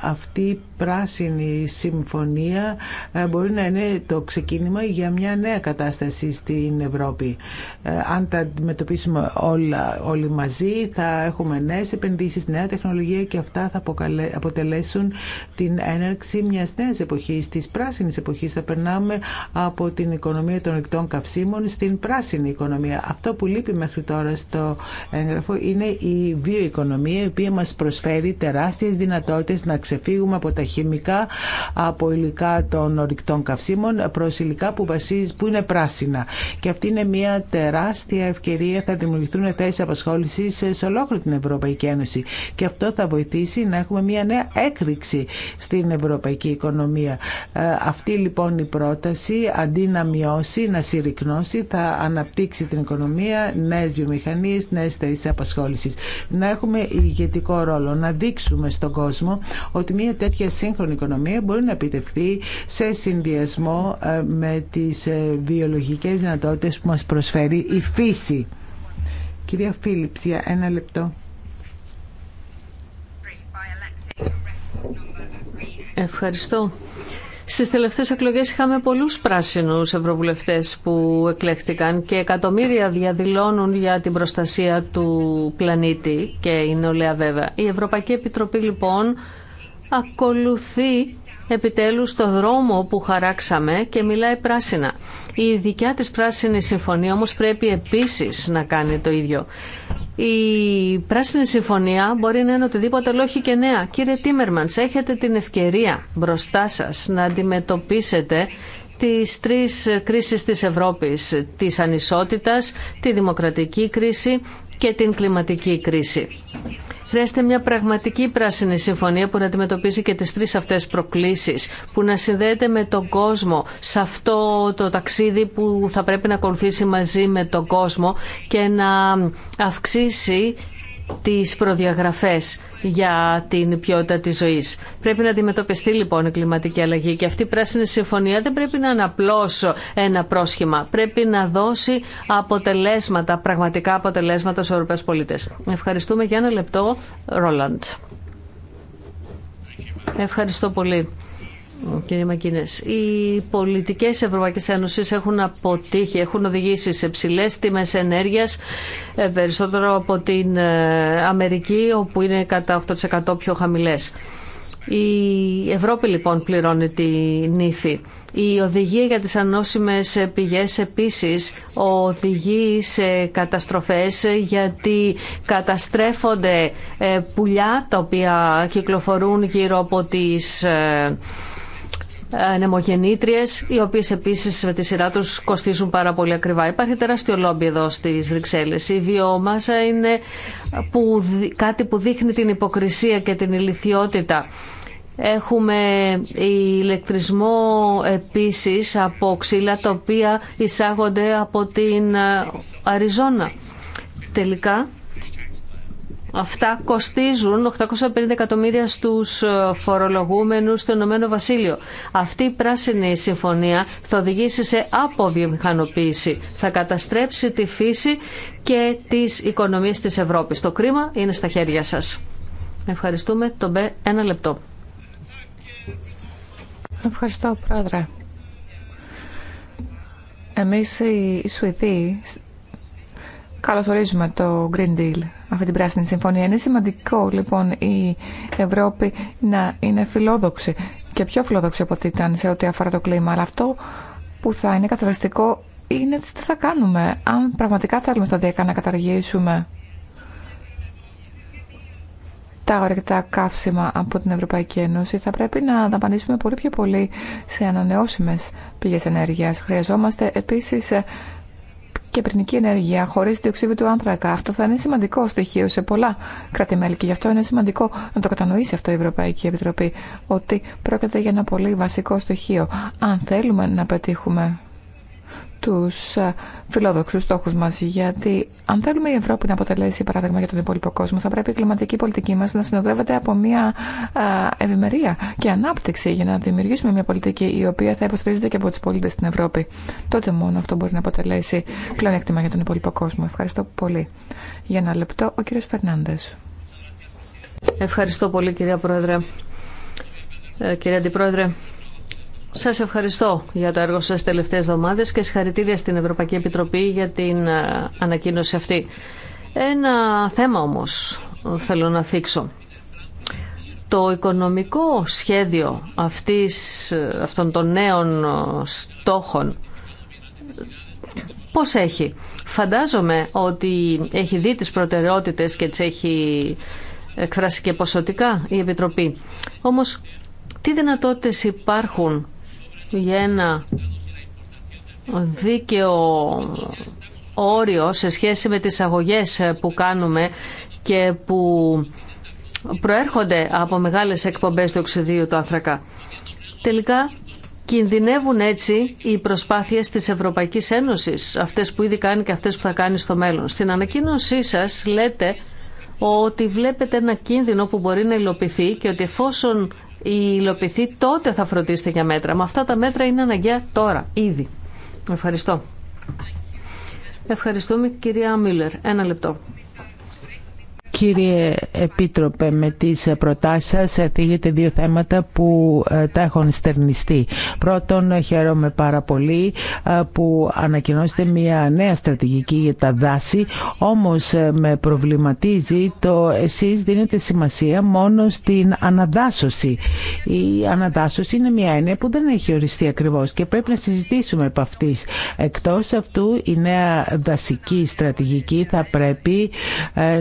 C: αυτή η πράσινη συμφωνία ε, μπορεί να είναι το ξεκίνημα για μια νέα κατάσταση στην Ευρώπη. Ε, αν τα αντιμετωπίσουμε όλα, όλοι μαζί θα έχουμε νέες επενδύσεις, νέα τεχνολογία και αυτά θα αποτελέσουν την έναρξη μιας νέας εποχής, της πράσινης εποχής. Θα περνάμε από την οικονομία των ρηκτών καυσίμων στην πράσινη οικονομία. Αυτό που λείπει μέχρι τώρα στο έγγραφο είναι η βιοοικονομία η οποία μας προσφέρει τεράστιες δυνατότητες να ξεφύγουμε από τα χημικά, από υλικά των ορυκτών καυσίμων προς υλικά που, είναι πράσινα. Και αυτή είναι μια τεράστια ευκαιρία, θα δημιουργηθούν θέσεις απασχόλησης σε ολόκληρη την Ευρωπαϊκή Ένωση. Και αυτό θα βοηθήσει να έχουμε μια νέα έκρηξη στην ευρωπαϊκή οικονομία. Ε, αυτή λοιπόν η πρόταση, αντί να μειώσει, να συρρυκνώσει, θα αναπτύξει την οικονομία, νέες βιομηχανίες, νέες θέσεις απασχόλησης. Να έχουμε ηγετικό ρόλο, να δείξουμε στον κόσμο ότι μια τέτοια σύγχρονη οικονομία μπορεί να επιτευχθεί σε συνδυασμό ε, με τις ε, βιολογικές δυνατότητες που μας προσφέρει η φύση.
A: Κυρία Φίλιπς, για ένα λεπτό. Ευχαριστώ. Στις τελευταίες εκλογές είχαμε πολλούς πράσινους ευρωβουλευτές που εκλέχτηκαν και εκατομμύρια διαδηλώνουν για την προστασία του πλανήτη και είναι όλα βέβαια. Η Ευρωπαϊκή Επιτροπή λοιπόν ακολουθεί επιτέλους το δρόμο που χαράξαμε και μιλάει πράσινα. Η δικιά της πράσινη συμφωνία όμως πρέπει επίσης να κάνει το ίδιο. Η πράσινη συμφωνία μπορεί να είναι οτιδήποτε, αλλά όχι και νέα. Κύριε Τίμερμαντς, έχετε την ευκαιρία μπροστά σας να αντιμετωπίσετε τις τρεις κρίσεις της Ευρώπης, της ανισότητας, τη δημοκρατική κρίση και την κλιματική κρίση. Χρειάζεται μια πραγματική πράσινη συμφωνία που να αντιμετωπίσει και τις τρεις αυτές προκλήσεις, που να συνδέεται με τον κόσμο, σε αυτό το ταξίδι που θα πρέπει να ακολουθήσει μαζί με τον κόσμο και να αυξήσει τις προδιαγραφές για την ποιότητα της ζωή. Πρέπει να αντιμετωπιστεί λοιπόν η κλιματική αλλαγή και αυτή η πράσινη συμφωνία δεν πρέπει να είναι ένα πρόσχημα. Πρέπει να δώσει αποτελέσματα, πραγματικά αποτελέσματα στου Ευρωπαίου πολίτες. Ευχαριστούμε για ένα λεπτό, Ρόλαντ. Ευχαριστώ πολύ. Κύριε Μακίνε, οι πολιτικές Ευρωπαϊκή Ένωση έχουν αποτύχει, έχουν οδηγήσει σε ψηλές τιμές ενέργειας, ε, περισσότερο από την ε, Αμερική, όπου είναι κατά 8% πιο χαμηλές. Η Ευρώπη λοιπόν πληρώνει τη νύφη. Η οδηγία για τις ανώσιμες πηγές επίσης οδηγεί σε καταστροφές γιατί καταστρέφονται ε, πουλιά τα οποία κυκλοφορούν γύρω από τις ε, ανεμογεννήτριε, οι οποίες επίσης με τη σειρά του κοστίζουν πάρα πολύ ακριβά. Υπάρχει τεράστιο λόμπι εδώ στις Βρυξέλλες. Η βιομάσα είναι που, κάτι που δείχνει την υποκρισία και την ηλικιότητα. Έχουμε ηλεκτρισμό επίσης από ξύλα τα οποία εισάγονται από την ε, Αριζόνα. Τελικά Αυτά κοστίζουν 850 εκατομμύρια στους ε, φορολογούμενους στο Ηνωμένο Βασίλειο. Αυτή η πράσινη συμφωνία θα οδηγήσει σε αποβιομηχανοποίηση. Θα καταστρέψει τη φύση και τις οικονομίες της Ευρώπης. Το κρίμα είναι στα χέρια σας. Ευχαριστούμε. Το Μπέ, ένα
D: λεπτό. Ευχαριστώ, Πρόεδρε. Εμείς οι Σουηδοί Καλωσορίζουμε το Green Deal, αυτή την πράσινη συμφωνία. Είναι σημαντικό λοιπόν η Ευρώπη να είναι φιλόδοξη και πιο φιλόδοξη από ό,τι ήταν σε ό,τι αφορά το κλίμα. Αλλά αυτό που θα είναι καθοριστικό είναι τι θα κάνουμε, αν πραγματικά θέλουμε σταδιακά να καταργήσουμε τα ορεικτά καύσιμα από την Ευρωπαϊκή Ένωση, θα πρέπει να δαπανίσουμε πολύ πιο πολύ σε ανανεώσιμες πηγές ενέργειας. Χρειαζόμαστε επίσης και πυρηνική ενέργεια χωρί διοξείδιο του άνθρακα. Αυτό θα είναι σημαντικό στοιχείο σε πολλά κράτη-μέλη και γι' αυτό είναι σημαντικό να το κατανοήσει αυτό η Ευρωπαϊκή Επιτροπή ότι πρόκειται για ένα πολύ βασικό στοιχείο αν θέλουμε να πετύχουμε τους ε, φιλόδοξους στόχους μας, γιατί αν θέλουμε η Ευρώπη να αποτελέσει παράδειγμα για τον υπόλοιπο κόσμο, θα πρέπει η κλιματική πολιτική μας να συνοδεύεται από μια ε, ευημερία και ανάπτυξη για να δημιουργήσουμε μια πολιτική η οποία θα υποστηρίζεται και από τους πολίτες στην Ευρώπη. Τότε μόνο αυτό μπορεί να αποτελέσει πλεονέκτημα για τον υπόλοιπο κόσμο. Ευχαριστώ πολύ. Για ένα λεπτό, ο κύριος Φερνάνδες.
A: Ευχαριστώ πολύ κυρία Πρόεδρε. Ε, κύριε Αντιπρόεδρε, σας ευχαριστώ για το έργο σας τελευταίες εβδομάδε και συγχαρητήρια στην Ευρωπαϊκή Επιτροπή για την ε, ανακοίνωση αυτή. Ένα θέμα όμως θέλω να θίξω. Το οικονομικό σχέδιο αυτής, αυτών των νέων στόχων πώς έχει. Φαντάζομαι ότι έχει δει τις προτεραιότητες και τις έχει εκφράσει και ποσοτικά η Επιτροπή. Όμως τι δυνατότητες υπάρχουν για ένα δίκαιο όριο σε σχέση με τις αγωγές που κάνουμε και που προέρχονται από μεγάλες εκπομπές του οξυδίου του άνθρακα. Τελικά κινδυνεύουν έτσι οι προσπάθειες της Ευρωπαϊκής Ένωσης, αυτές που ήδη κάνει και αυτές που θα κάνει στο μέλλον. Στην ανακοίνωσή σας λέτε ότι βλέπετε ένα κίνδυνο που μπορεί να υλοποιηθεί και ότι εφόσον η υλοποιηθεί, τότε θα φροντίσετε για μέτρα. Μα αυτά τα μέτρα είναι αναγκαία τώρα, ήδη. Ευχαριστώ. Ευχαριστούμε κυρία Μίλλερ. Ένα λεπτό.
C: Κύριε Επίτροπε, με τις προτάσεις σας θίγετε δύο θέματα που ε, τα έχουν στερνιστεί. Πρώτον, χαίρομαι πάρα πολύ ε, που ανακοινώσετε μια νέα στρατηγική για τα δάση, όμως ε, με προβληματίζει το εσείς δίνετε σημασία μόνο στην αναδάσωση. Η αναδάσωση είναι μια έννοια που δεν έχει οριστεί ακριβώς και πρέπει να συζητήσουμε επ' αυτής. Εκτός αυτού, η νέα δασική στρατηγική θα πρέπει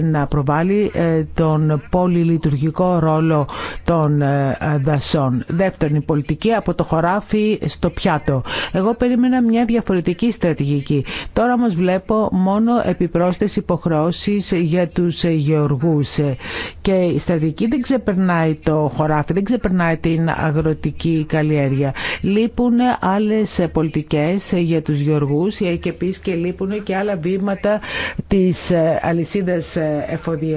C: να προβάλλει ε, τον πολυλειτουργικό ρόλο των ε, δασών. Δεύτερον, η πολιτική από το χωράφι στο πιάτο. Εγώ περίμενα μια διαφορετική στρατηγική. Τώρα όμως βλέπω μόνο επιπρόσθετες υποχρεώσεις για τους γεωργούς. Και η στρατηγική δεν ξεπερνάει το χωράφι, δεν ξεπερνάει την αγροτική καλλιέργεια. Λείπουν άλλες πολιτικές για τους γεωργούς ε, και επίση και λείπουν και άλλα βήματα της αλυσίδας εφοδιασμού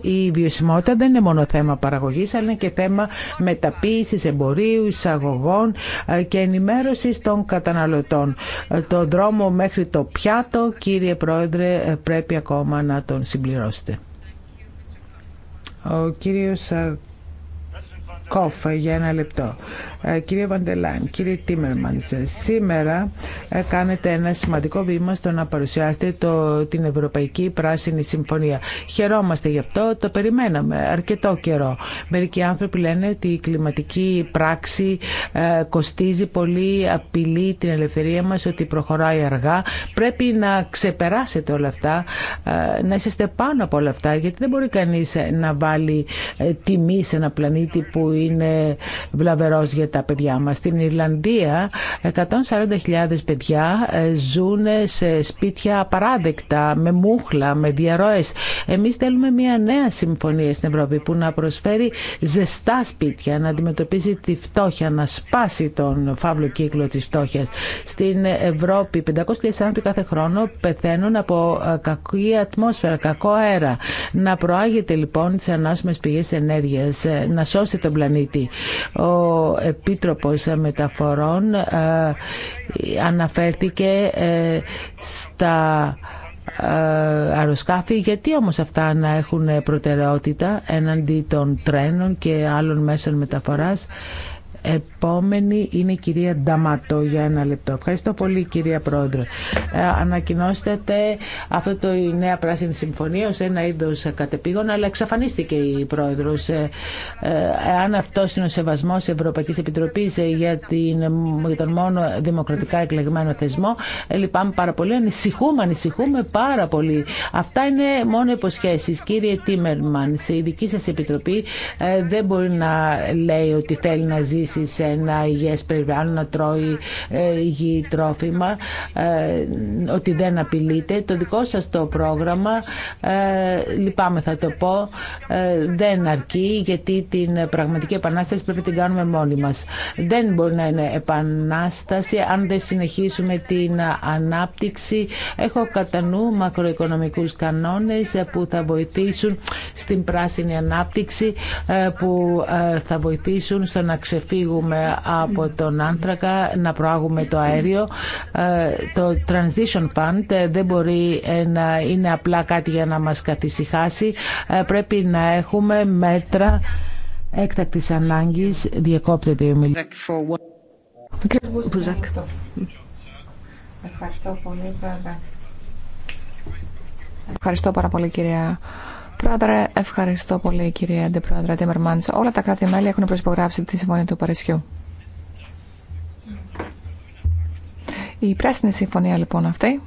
C: η βιωσιμότητα δεν είναι μόνο θέμα παραγωγής αλλά είναι και θέμα μεταποίησης εμπορίου, εισαγωγών ε, και ενημέρωσης των καταναλωτών. Ε, το δρόμο μέχρι το πιάτο κύριε Πρόεδρε ε, πρέπει ακόμα να τον συμπληρώσετε. Ο κύριος Κόφ για ένα λεπτό. Ε, κύριε Βαντελάν, κύριε Τίμερμαν, σήμερα ε, κάνετε ένα σημαντικό βήμα στο να παρουσιάσετε το, την Ευρωπαϊκή Πράσινη Συμφωνία. Χαιρόμαστε γι' αυτό, το περιμέναμε αρκετό καιρό. Μερικοί άνθρωποι λένε ότι η κλιματική πράξη ε, κοστίζει πολύ, απειλεί την ελευθερία μας, ότι προχωράει αργά. Πρέπει να ξεπεράσετε όλα αυτά, να είστε πάνω από όλα αυτά, γιατί δεν μπορεί κανείς να βάλει τιμή σε ένα πλανήτη που είναι βλαβερός για τα παιδιά μας. Στην Ιρλανδία 140.000 παιδιά ε, ζουν σε σπίτια απαράδεκτα, με μούχλα, με διαρροές. Εμείς θέλουμε μια νέα συμφωνία στην Ευρώπη που να προσφέρει ζεστά σπίτια, να αντιμετωπίσει τη φτώχεια, να σπάσει τον φαύλο κύκλο της φτώχειας. Στην Ευρώπη 500.000 άνθρωποι κάθε χρόνο πεθαίνουν από ε, κακή ατμόσφαιρα, κακό αέρα. Να προάγεται λοιπόν τις ανάσχημε πηγέ ενέργειας, ε, να σώσει τον ο Επίτροπος Μεταφορών ε, αναφέρθηκε ε, στα ε, αεροσκάφη. Γιατί όμως αυτά να έχουν προτεραιότητα έναντι των τρένων και άλλων μέσων μεταφοράς. Επόμενη είναι η κυρία Νταματό για ένα λεπτό. Ευχαριστώ πολύ κυρία Πρόεδρε. Ε, Ανακοινώστεται αυτό το η νέα πράσινη συμφωνία ως ένα είδος κατεπήγων, αλλά εξαφανίστηκε η Πρόεδρος. Αν ε, ε, αυτό είναι ο σεβασμός Ευρωπαϊκής Επιτροπής για, την, για τον μόνο δημοκρατικά εκλεγμένο θεσμό, λυπάμαι πάρα πολύ. Ανησυχούμε, ανησυχούμε πάρα πολύ. Αυτά είναι μόνο υποσχέσεις. Κύριε Τίμερμαν, η δική σας επιτροπή δεν μπορεί να λέει ότι θέλει να ζήσει σε ένα υγιές περιβάλλον, να τρώει ε, υγιή τρόφιμα, ε, ότι δεν απειλείται. Το δικό σας το πρόγραμμα, ε, λυπάμαι θα το πω, δεν αρκεί γιατί την πραγματική επανάσταση πρέπει να την κάνουμε μόνοι μας. Δεν μπορεί να είναι επανάσταση αν δεν συνεχίσουμε την ανάπτυξη. Έχω κατά νου μακροοικονομικούς κανόνες που θα βοηθήσουν στην πράσινη ανάπτυξη, που θα βοηθήσουν στο να φύγουμε από τον άνθρακα, να προάγουμε το αέριο. Ε, το Transition Fund ε, δεν μπορεί ε, να είναι απλά κάτι για να μας καθησυχάσει. Πρέπει να έχουμε μέτρα έκτακτης ανάγκης. Διακόπτεται η ομιλία.
D: Ευχαριστώ πολύ, Πρόεδρε. Ευχαριστώ πάρα πολύ, κυρία Πρόεδρε, ευχαριστώ πολύ κύριε Αντιπρόεδρε Τίμερμαντς. Όλα τα κράτη-μέλη έχουν προσυπογράψει τη Συμφωνία του Παρισιού. Η πράσινη συμφωνία λοιπόν αυτή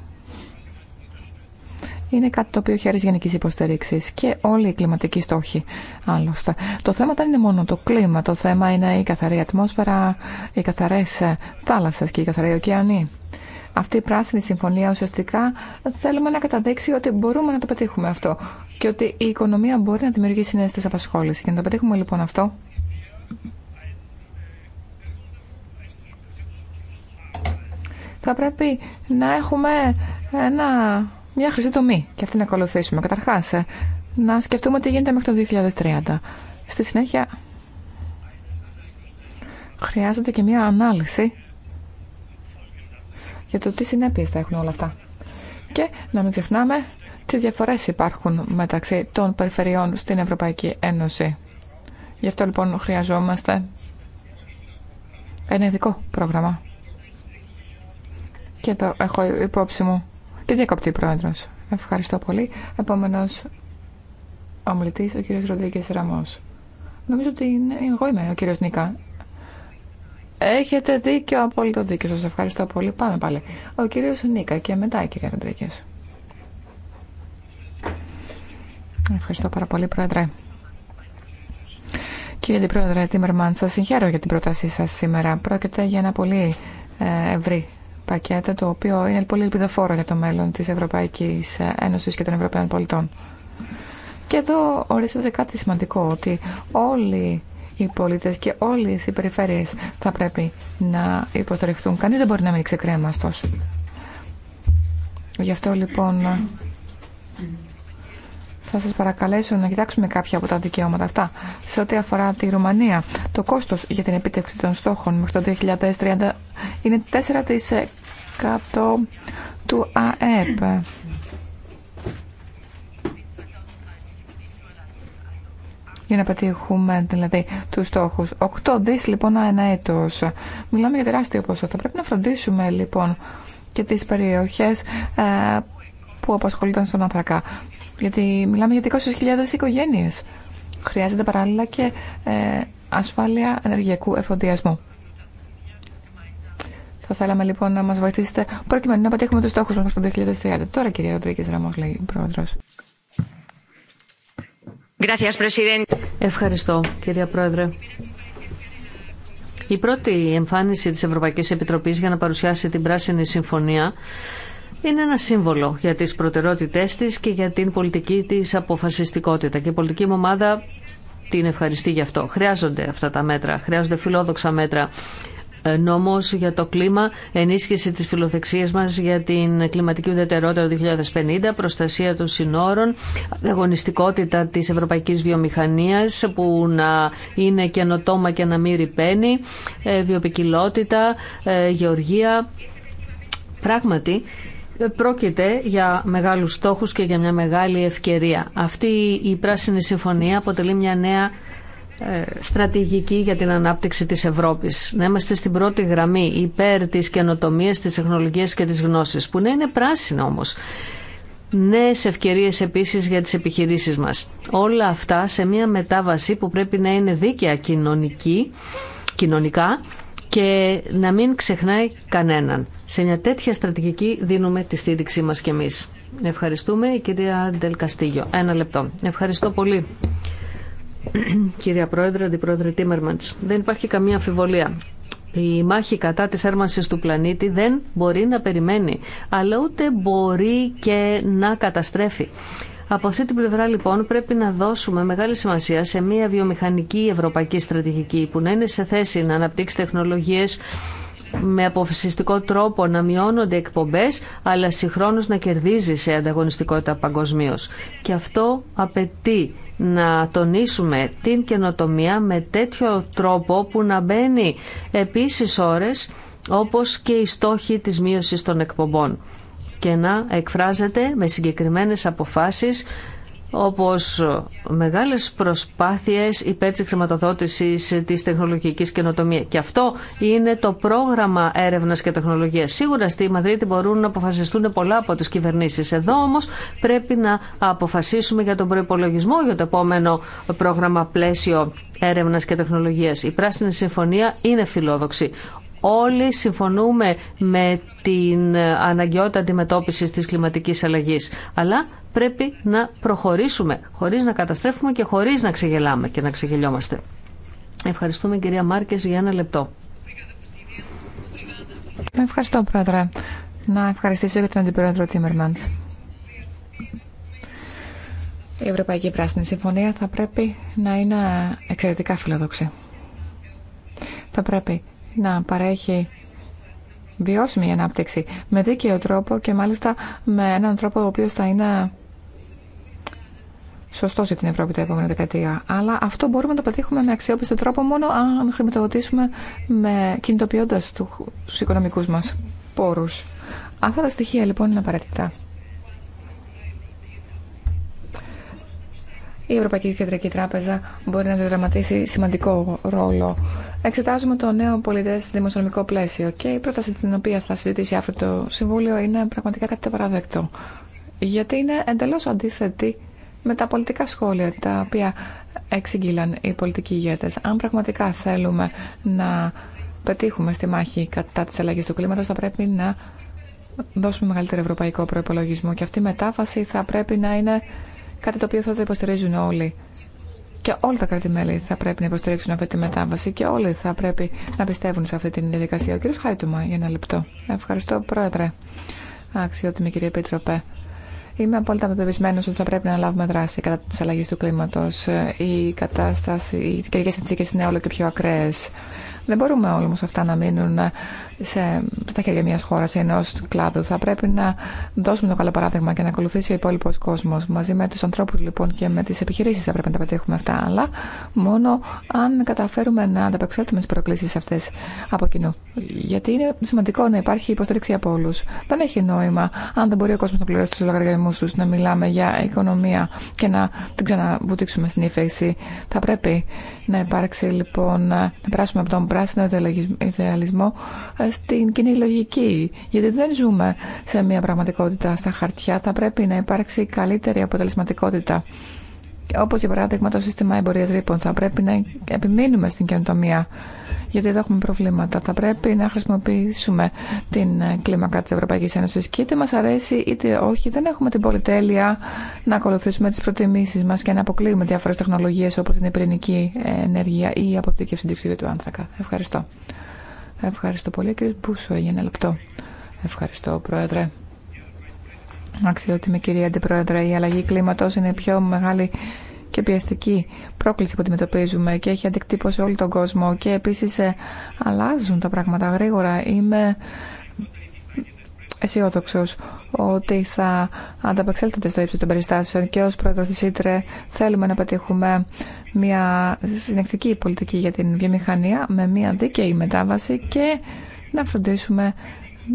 D: είναι κάτι το οποίο χαίρει γενική υποστήριξη και όλοι οι κλιματικοί στόχοι άλλωστε. Το θέμα δεν είναι μόνο το κλίμα, το θέμα είναι η καθαρή ατμόσφαιρα, οι καθαρέ ε, θάλασσε και οι καθαροί ωκεανοί. Αυτή η πράσινη συμφωνία ουσιαστικά θέλουμε να καταδείξει ότι μπορούμε να το πετύχουμε αυτό και ότι η οικονομία μπορεί να δημιουργήσει νέες θέσεις απασχόληση. Και να το πετύχουμε λοιπόν αυτό, θα πρέπει να έχουμε ένα, μια χρυσή τομή και αυτή να ακολουθήσουμε. Καταρχάς, να σκεφτούμε τι γίνεται μέχρι το 2030. Στη συνέχεια, χρειάζεται και μια ανάλυση για το τι συνέπειες θα έχουν όλα αυτά. Και να μην ξεχνάμε τι διαφορές υπάρχουν μεταξύ των περιφερειών στην Ευρωπαϊκή Ένωση. Γι' αυτό λοιπόν χρειαζόμαστε ένα ειδικό πρόγραμμα. Και το έχω υπόψη μου. Και διακοπτή πρόεδρος. Ευχαριστώ πολύ. Επόμενος ομιλητής, ο κύριος Ροντρίγκης Ραμός. Νομίζω ότι είναι, εγώ είμαι ο κύριος Νίκα. Έχετε δίκιο, απόλυτο δίκιο. Σας ευχαριστώ πολύ. Πάμε πάλι. Ο κύριος Νίκα και μετά η κυρία Ροντρίκης. Ευχαριστώ πάρα πολύ, Πρόεδρε. Κύριε Αντιπρόεδρε Τίμερμαν, σας συγχαίρω για την πρότασή σας σήμερα. Πρόκειται για ένα πολύ ε, ευρύ πακέτο, το οποίο είναι πολύ ελπιδοφόρο για το μέλλον της Ευρωπαϊκής Ένωσης και των Ευρωπαίων πολιτών. Και εδώ ορίζεται κάτι σημαντικό, ότι όλοι οι πολίτες και όλες οι περιφέρειες θα πρέπει να υποστηριχθούν. Κανείς δεν μπορεί να μην ξεκρέμαστος. Γι' αυτό λοιπόν θα σας παρακαλέσω να κοιτάξουμε κάποια από τα δικαιώματα αυτά. Σε ό,τι αφορά τη Ρουμανία, το κόστος για την επίτευξη των στόχων μέχρι το 2030 είναι 4% του ΑΕΠ. για να πετύχουμε δηλαδή τους στόχους. 8 δις λοιπόν ένα έτος. Μιλάμε για τεράστιο ποσό. Θα πρέπει να φροντίσουμε λοιπόν και τις περιοχές ε, που απασχολούνταν στον Ανθρακά γιατί μιλάμε για 200.000 οικογένειες. Χρειάζεται παράλληλα και ε, ασφάλεια ενεργειακού εφοδιασμού. Θα θέλαμε λοιπόν να μας βοηθήσετε προκειμένου να πετύχουμε τους στόχους μας το 2030. Τώρα κυρία Ροντρίκης Ραμός λέει πρόεδρος. Ευχαριστώ κυρία Πρόεδρε.
A: Η πρώτη εμφάνιση της Ευρωπαϊκής Επιτροπής για να παρουσιάσει την Πράσινη Συμφωνία είναι ένα σύμβολο για τις προτεραιότητές της και για την πολιτική της αποφασιστικότητα και η πολιτική μου ομάδα την ευχαριστεί γι' αυτό. Χρειάζονται αυτά τα μέτρα, χρειάζονται φιλόδοξα μέτρα. Ε, νόμος για το κλίμα, ενίσχυση της φιλοθεξίας μας για την κλιματική ουδετερότητα του 2050, προστασία των συνόρων, αγωνιστικότητα της ευρωπαϊκής βιομηχανίας που να είναι καινοτόμα και να μην ρηπαίνει, ε, βιοπικιλότητα, ε, γεωργία. Πράγματι, Πρόκειται για μεγάλους στόχους και για μια μεγάλη ευκαιρία. Αυτή η Πράσινη Συμφωνία αποτελεί μια νέα ε, στρατηγική για την ανάπτυξη της Ευρώπης. Να είμαστε στην πρώτη γραμμή υπέρ της καινοτομίας, της τεχνολογίας και της γνώσης, που να είναι πράσινο όμως. Νέες ευκαιρίες επίσης για τις επιχειρήσεις μας. Όλα αυτά σε μια μετάβαση που πρέπει να είναι δίκαια κοινωνική, κοινωνικά και να μην ξεχνάει κανέναν. Σε μια τέτοια στρατηγική δίνουμε τη στήριξή μας κι εμείς. Ευχαριστούμε η κυρία Καστίγιο. Ένα λεπτό. Ευχαριστώ πολύ. *clears throat* Κυρία Πρόεδρε, Αντιπρόεδρε Τίμερμαντς, δεν υπάρχει καμία αμφιβολία. Η μάχη κατά της έρμανσης του πλανήτη δεν μπορεί να περιμένει, αλλά ούτε μπορεί και να καταστρέφει. Από αυτή την πλευρά λοιπόν πρέπει να δώσουμε μεγάλη σημασία σε μια βιομηχανική ευρωπαϊκή στρατηγική που να είναι σε θέση να αναπτύξει τεχνολογίες με αποφασιστικό τρόπο να μειώνονται εκπομπές αλλά συγχρόνως να κερδίζει σε ανταγωνιστικότητα παγκοσμίω. Και αυτό απαιτεί να τονίσουμε την καινοτομία με τέτοιο τρόπο που να μπαίνει επίσης ώρες όπως και οι στόχοι της μείωσης των εκπομπών και να εκφράζεται με συγκεκριμένες αποφάσεις όπως μεγάλες προσπάθειες υπέρ της χρηματοδότησης της τεχνολογικής καινοτομίας. Και αυτό είναι το πρόγραμμα έρευνας και τεχνολογίας. Σίγουρα στη Μαδρίτη μπορούν να αποφασιστούν πολλά από τις κυβερνήσεις. Εδώ όμως πρέπει να αποφασίσουμε για τον προϋπολογισμό για το επόμενο πρόγραμμα πλαίσιο έρευνας και τεχνολογίας. Η Πράσινη Συμφωνία είναι φιλόδοξη. Όλοι συμφωνούμε με την αναγκαιότητα αντιμετώπισης της κλιματικής αλλαγής. Αλλά πρέπει να προχωρήσουμε χωρίς να καταστρέφουμε και χωρίς να ξεγελάμε και να ξεγελιόμαστε.
D: Ευχαριστούμε κυρία Μάρκες για ένα λεπτό. Ευχαριστώ πρόεδρε. Να ευχαριστήσω για τον αντιπρόεδρο Τίμερμαντς. Η Ευρωπαϊκή Πράσινη Συμφωνία θα πρέπει να είναι εξαιρετικά φιλοδόξη. Θα πρέπει να παρέχει βιώσιμη ανάπτυξη με δίκαιο τρόπο και μάλιστα με έναν τρόπο ο οποίος θα είναι σωστό για την Ευρώπη τα επόμενα δεκαετία. Αλλά αυτό μπορούμε να το πετύχουμε με αξιόπιστο τρόπο μόνο αν χρηματοδοτήσουμε με κινητοποιώντα του οικονομικού μα πόρου. Αυτά τα στοιχεία λοιπόν είναι απαραίτητα. Η Ευρωπαϊκή Κεντρική Τράπεζα μπορεί να διαδραματίσει σημαντικό ρόλο. Εξετάζουμε το νέο πολιτέ δημοσιονομικό πλαίσιο και η πρόταση την οποία θα συζητήσει αυτό το Συμβούλιο είναι πραγματικά κάτι παραδεκτό. Γιατί είναι εντελώ αντίθετη με τα πολιτικά σχόλια τα οποία εξήγηλαν οι πολιτικοί ηγέτες. Αν πραγματικά θέλουμε να πετύχουμε στη μάχη κατά της αλλαγής του κλίματος θα πρέπει να δώσουμε μεγαλύτερο ευρωπαϊκό προπολογισμό και αυτή η μετάβαση θα πρέπει να είναι κάτι το οποίο θα το υποστηρίζουν όλοι. Και όλα τα κράτη-μέλη θα πρέπει να υποστηρίξουν αυτή τη μετάβαση και όλοι θα πρέπει να πιστεύουν σε αυτή τη διαδικασία. Ο κ. Χάιτουμα, για ένα λεπτό. Ευχαριστώ, Πρόεδρε. Αξιότιμη κυρία Επίτροπε. Είμαι απόλυτα πεπισμένο ότι θα πρέπει να λάβουμε δράση κατά τη αλλαγή του κλίματο. Η κατάσταση, οι καιρικέ συνθήκε είναι όλο και πιο ακραίε. Δεν μπορούμε όμω αυτά να μείνουν σε, στα χέρια μιας χώρας ή ενός κλάδου. Θα πρέπει να δώσουμε το καλό παράδειγμα και να ακολουθήσει ο υπόλοιπο κόσμος. Μαζί με τους ανθρώπους λοιπόν και με τις επιχειρήσεις θα πρέπει να τα πετύχουμε αυτά. Αλλά μόνο αν καταφέρουμε να ανταπεξέλθουμε στις προκλήσεις αυτές από κοινού. Γιατί είναι σημαντικό να υπάρχει υποστήριξη από όλου. Δεν έχει νόημα αν δεν μπορεί ο κόσμος να πληρώσει τους λογαριασμού τους, να μιλάμε για οικονομία και να την ξαναβουτήξουμε στην ύφεση. Θα πρέπει να υπάρξει λοιπόν, να περάσουμε από τον πράσινο ιδεαλισμό ε, στην κοινή λογική. Γιατί δεν ζούμε σε μια πραγματικότητα στα χαρτιά. Θα πρέπει να υπάρξει καλύτερη αποτελεσματικότητα. Όπω για παράδειγμα το σύστημα εμπορία ρήπων. Θα πρέπει να επιμείνουμε στην καινοτομία. Γιατί εδώ έχουμε προβλήματα. Θα πρέπει να χρησιμοποιήσουμε την ε, κλίμακα τη Ευρωπαϊκή Ένωση. Και είτε μα αρέσει είτε όχι, δεν έχουμε την πολυτέλεια να ακολουθήσουμε τι προτιμήσει μα και να αποκλείουμε διάφορε τεχνολογίε όπω την πυρηνική ενέργεια ή η αποθήκευση του άνθρακα. Ευχαριστώ. Ευχαριστώ πολύ κύριε Πούσο, για έγινε λεπτό. Ευχαριστώ πρόεδρε. Αξιότιμη κυρία Αντιπρόεδρε, η αλλαγή κλίματος είναι η πιο μεγάλη και πιεστική πρόκληση που αντιμετωπίζουμε και έχει αντικτύπωση όλο τον κόσμο και επίσης ε, αλλάζουν τα πράγματα γρήγορα. Είμαι αισιόδοξο ότι θα ανταπεξέλθετε στο ύψο των περιστάσεων και ω πρόεδρο τη ΣΥΤΡΕ θέλουμε να πετύχουμε μια συνεκτική πολιτική για την βιομηχανία με μια δίκαιη μετάβαση και να φροντίσουμε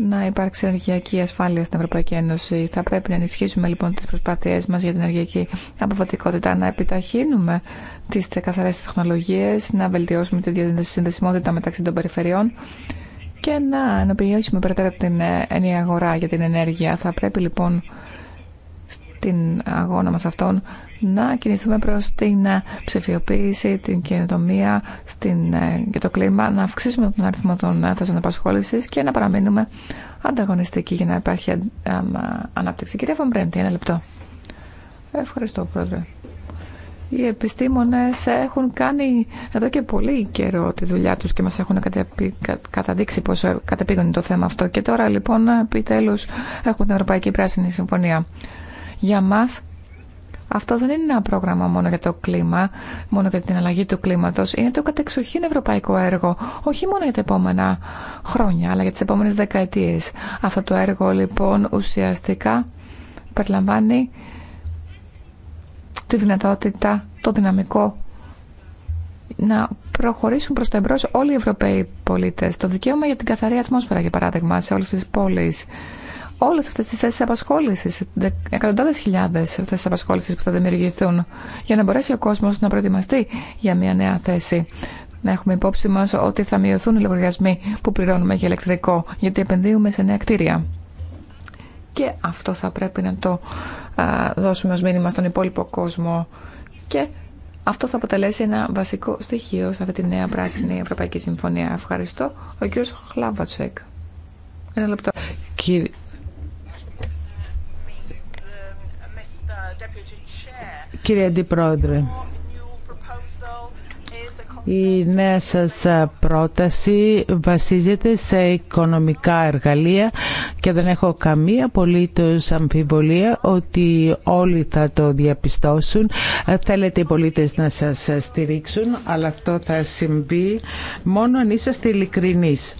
D: να υπάρξει ενεργειακή ασφάλεια στην Ευρωπαϊκή Ένωση. Θα πρέπει να ενισχύσουμε λοιπόν τι προσπάθειέ μα για την ενεργειακή αποβατικότητα, να επιταχύνουμε τι καθαρέ τεχνολογίε, να βελτιώσουμε τη διασυνδεσιμότητα μεταξύ των περιφερειών και να ενοποιήσουμε περαιτέρω την ε, ενιαία αγορά για την ενέργεια. Θα πρέπει λοιπόν στην αγώνα μας αυτόν να κινηθούμε προς την ε, ψηφιοποίηση, την καινοτομία στην, και ε, το κλίμα, να αυξήσουμε τον αριθμό των θέσεων απασχόληση και να παραμείνουμε ανταγωνιστικοί για να υπάρχει ανάπτυξη. Κυρία Φαμπρέμπτη, ένα λεπτό. Ευχαριστώ, Πρόεδρε οι επιστήμονες έχουν κάνει εδώ και πολύ καιρό τη δουλειά τους και μας έχουν καταδείξει πόσο κατεπήγονται το θέμα αυτό. Και τώρα λοιπόν επιτέλους έχουμε την Ευρωπαϊκή Πράσινη Συμφωνία. Για μας αυτό δεν είναι ένα πρόγραμμα μόνο για το κλίμα, μόνο για την αλλαγή του κλίματος. Είναι το κατεξοχήν ευρωπαϊκό έργο, όχι μόνο για τα επόμενα χρόνια, αλλά για τις επόμενες δεκαετίες. Αυτό το έργο λοιπόν ουσιαστικά περιλαμβάνει τη δυνατότητα, το δυναμικό να προχωρήσουν προς το εμπρός όλοι οι Ευρωπαίοι πολίτες. Το δικαίωμα για την καθαρή ατμόσφαιρα, για παράδειγμα, σε όλες τις πόλεις. Όλες αυτές τις θέσεις απασχόλησης, εκατοντάδες χιλιάδες θέσεις απασχόλησης που θα δημιουργηθούν για να μπορέσει ο κόσμος να προετοιμαστεί για μια νέα θέση. Να έχουμε υπόψη μας ότι θα μειωθούν οι λογαριασμοί που πληρώνουμε για ηλεκτρικό, γιατί επενδύουμε σε νέα κτίρια. Και αυτό θα πρέπει να το δώσουμε ως μήνυμα στον υπόλοιπο κόσμο και αυτό θα αποτελέσει ένα βασικό στοιχείο σε αυτή τη νέα πράσινη Ευρωπαϊκή Συμφωνία. Ευχαριστώ. Ο κύριος Χλάβατσεκ. Ένα λεπτό. Κύριε...
C: Κύριε Αντιπρόεδρε, η νέα σας πρόταση βασίζεται σε οικονομικά εργαλεία και δεν έχω καμία απολύτως αμφιβολία ότι όλοι θα το διαπιστώσουν. Ε, θέλετε οι πολίτες να σας στηρίξουν, αλλά αυτό θα συμβεί μόνο αν είσαστε ειλικρινείς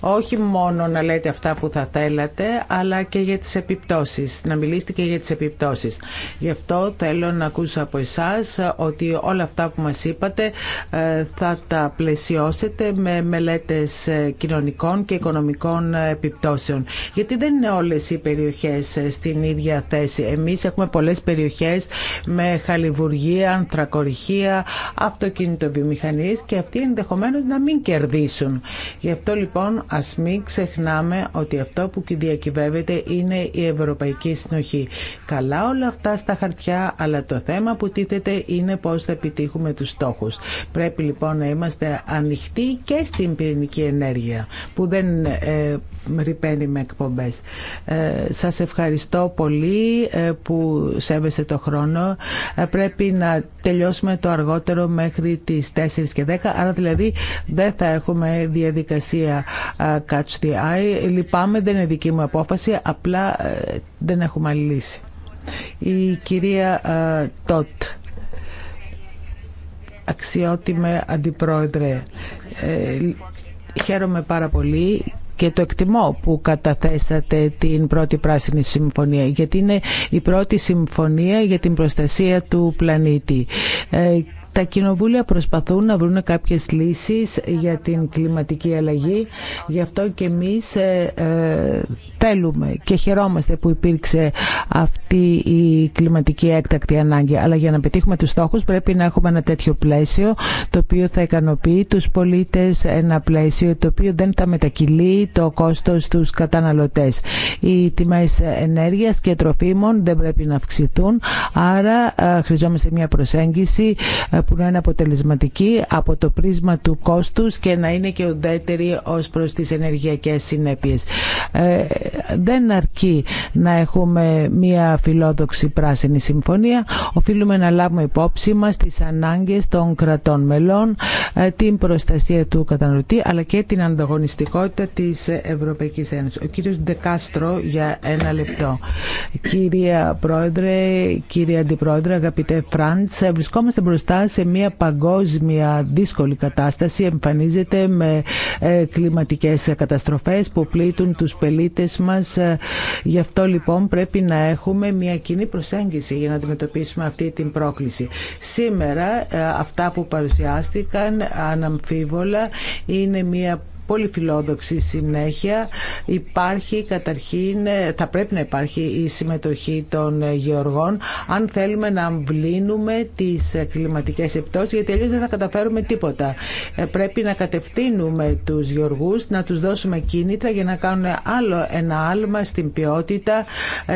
C: όχι μόνο να λέτε αυτά που θα θέλατε, αλλά και για τις επιπτώσεις, να μιλήσετε και για τις επιπτώσεις. Γι' αυτό θέλω να ακούσω από εσάς ότι όλα αυτά που μας είπατε ε, θα τα πλαισιώσετε με μελέτες ε, κοινωνικών και οικονομικών ε, επιπτώσεων. Γιατί δεν είναι όλες οι περιοχές στην ίδια θέση. Εμείς έχουμε πολλές περιοχές με χαλιβουργία, ανθρακοριχεία, αυτοκινητοβιομηχανίες και αυτοί ενδεχομένως να μην κερδίσουν. Γι' αυτό λοιπόν λοιπόν ας μην ξεχνάμε ότι αυτό που διακυβεύεται είναι η Ευρωπαϊκή Συνοχή. Καλά όλα αυτά στα χαρτιά, αλλά το θέμα που τίθεται είναι πώς θα επιτύχουμε τους στόχους. Πρέπει λοιπόν να είμαστε ανοιχτοί και στην πυρηνική ενέργεια που δεν ε, ρηπαίνει με εκπομπές. Ε, σας ευχαριστώ πολύ ε, που σέβεστε το χρόνο. Ε, πρέπει να τελειώσουμε το αργότερο μέχρι τις 4 και 10, άρα δηλαδή δεν θα έχουμε διαδικασία Catch the Eye. Λυπάμαι, δεν είναι δική μου απόφαση, απλά ε, δεν έχουμε άλλη λύση. Η κυρία ε, Τότ. Αξιότιμε Αντιπρόεδρε, ε, χαίρομαι πάρα πολύ και το εκτιμώ που καταθέσατε την πρώτη πράσινη συμφωνία γιατί είναι η πρώτη συμφωνία για την προστασία του πλανήτη τα κοινοβούλια προσπαθούν να βρουν κάποιες λύσεις για την κλιματική αλλαγή. Γι' αυτό και εμείς ε, ε, θέλουμε και χαιρόμαστε που υπήρξε αυτή η κλιματική έκτακτη ανάγκη. Αλλά για να πετύχουμε τους στόχους πρέπει να έχουμε ένα τέτοιο πλαίσιο το οποίο θα ικανοποιεί τους πολίτες, ένα πλαίσιο το οποίο δεν θα μετακυλεί το κόστος στους καταναλωτές. Οι τιμές ενέργειας και τροφίμων δεν πρέπει να αυξηθούν, άρα ε, χρειαζόμαστε μια προσέγγιση που να είναι αποτελεσματική από το πρίσμα του κόστους και να είναι και ουδέτερη ως προς τις ενεργειακές συνέπειες. Ε, δεν αρκεί να έχουμε μια φιλόδοξη πράσινη συμφωνία. Οφείλουμε να λάβουμε υπόψη μας τις ανάγκες των κρατών μελών, ε, την προστασία του καταναλωτή αλλά και την ανταγωνιστικότητα της Ευρωπαϊκής Ένωσης. Ο κύριος Ντεκάστρο για ένα λεπτό. Κυρία Πρόεδρε, κύριε Αντιπρόεδρε, αγαπητέ Φραντς, ε, βρισκόμαστε μπροστά σε μια παγκόσμια δύσκολη κατάσταση εμφανίζεται με ε, κλιματικές καταστροφές που πλήττουν τους πελίτες μας. Ε, γι' αυτό λοιπόν πρέπει να έχουμε μια κοινή προσέγγιση για να αντιμετωπίσουμε αυτή την πρόκληση. Σήμερα ε, αυτά που παρουσιάστηκαν αναμφίβολα είναι μια πολύ φιλόδοξη συνέχεια. Υπάρχει καταρχήν, ε, θα πρέπει να υπάρχει η συμμετοχή των ε, γεωργών αν θέλουμε να αμβλύνουμε τις ε, κλιματικές επιπτώσεις γιατί αλλιώς δεν θα καταφέρουμε τίποτα. Πρέπει να κατευθύνουμε τους γεωργούς, να τους δώσουμε κίνητρα για να κάνουν άλλο ένα άλμα στην ποιότητα,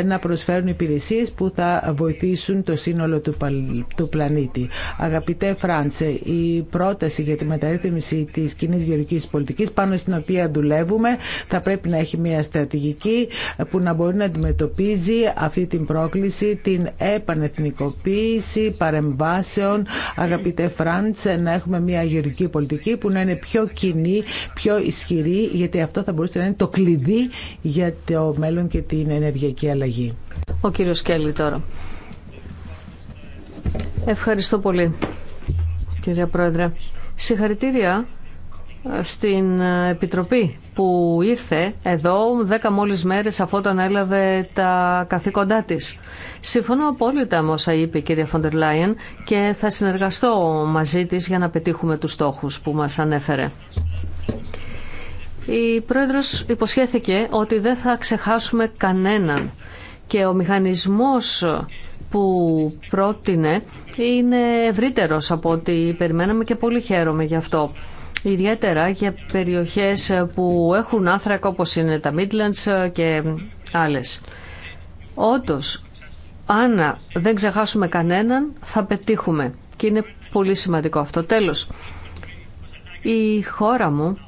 C: να προσφέρουν υπηρεσίες που θα βοηθήσουν το σύνολο του πλανήτη. Αγαπητέ Φράντσε, η πρόταση για τη μεταρρύθμιση της κοινή γεωργικής πολιτικής πάνω στην οποία δουλεύουμε. Θα πρέπει να έχει μια στρατηγική που να μπορεί να αντιμετωπίζει αυτή την πρόκληση, την επανεθνικοποίηση παρεμβάσεων. Αγαπητέ Φραντς, να έχουμε μια γεωργική πολιτική που να είναι πιο κοινή, πιο ισχυρή, γιατί αυτό θα μπορούσε να είναι το κλειδί για
A: το μέλλον και την ενεργειακή αλλαγή. Ο κύριος Κέλλη τώρα. Ευχαριστώ πολύ, κυρία Πρόεδρε. Συγχαρητήρια στην Επιτροπή που ήρθε εδώ δέκα μόλις μέρες αφού όταν έλαβε τα καθήκοντά της. Συμφωνώ απόλυτα με όσα είπε η κυρία Φοντερ Λάιεν και θα συνεργαστώ μαζί της για να πετύχουμε τους στόχους που μας ανέφερε. Η Πρόεδρος υποσχέθηκε ότι δεν θα ξεχάσουμε κανέναν και ο μηχανισμός που πρότεινε είναι ευρύτερος από ό,τι περιμέναμε και πολύ χαίρομαι γι' αυτό ιδιαίτερα για περιοχές που έχουν άνθρακα όπως είναι τα Midlands και άλλες. Όντως, αν δεν ξεχάσουμε κανέναν θα πετύχουμε και είναι πολύ σημαντικό αυτό. Τέλος, η χώρα μου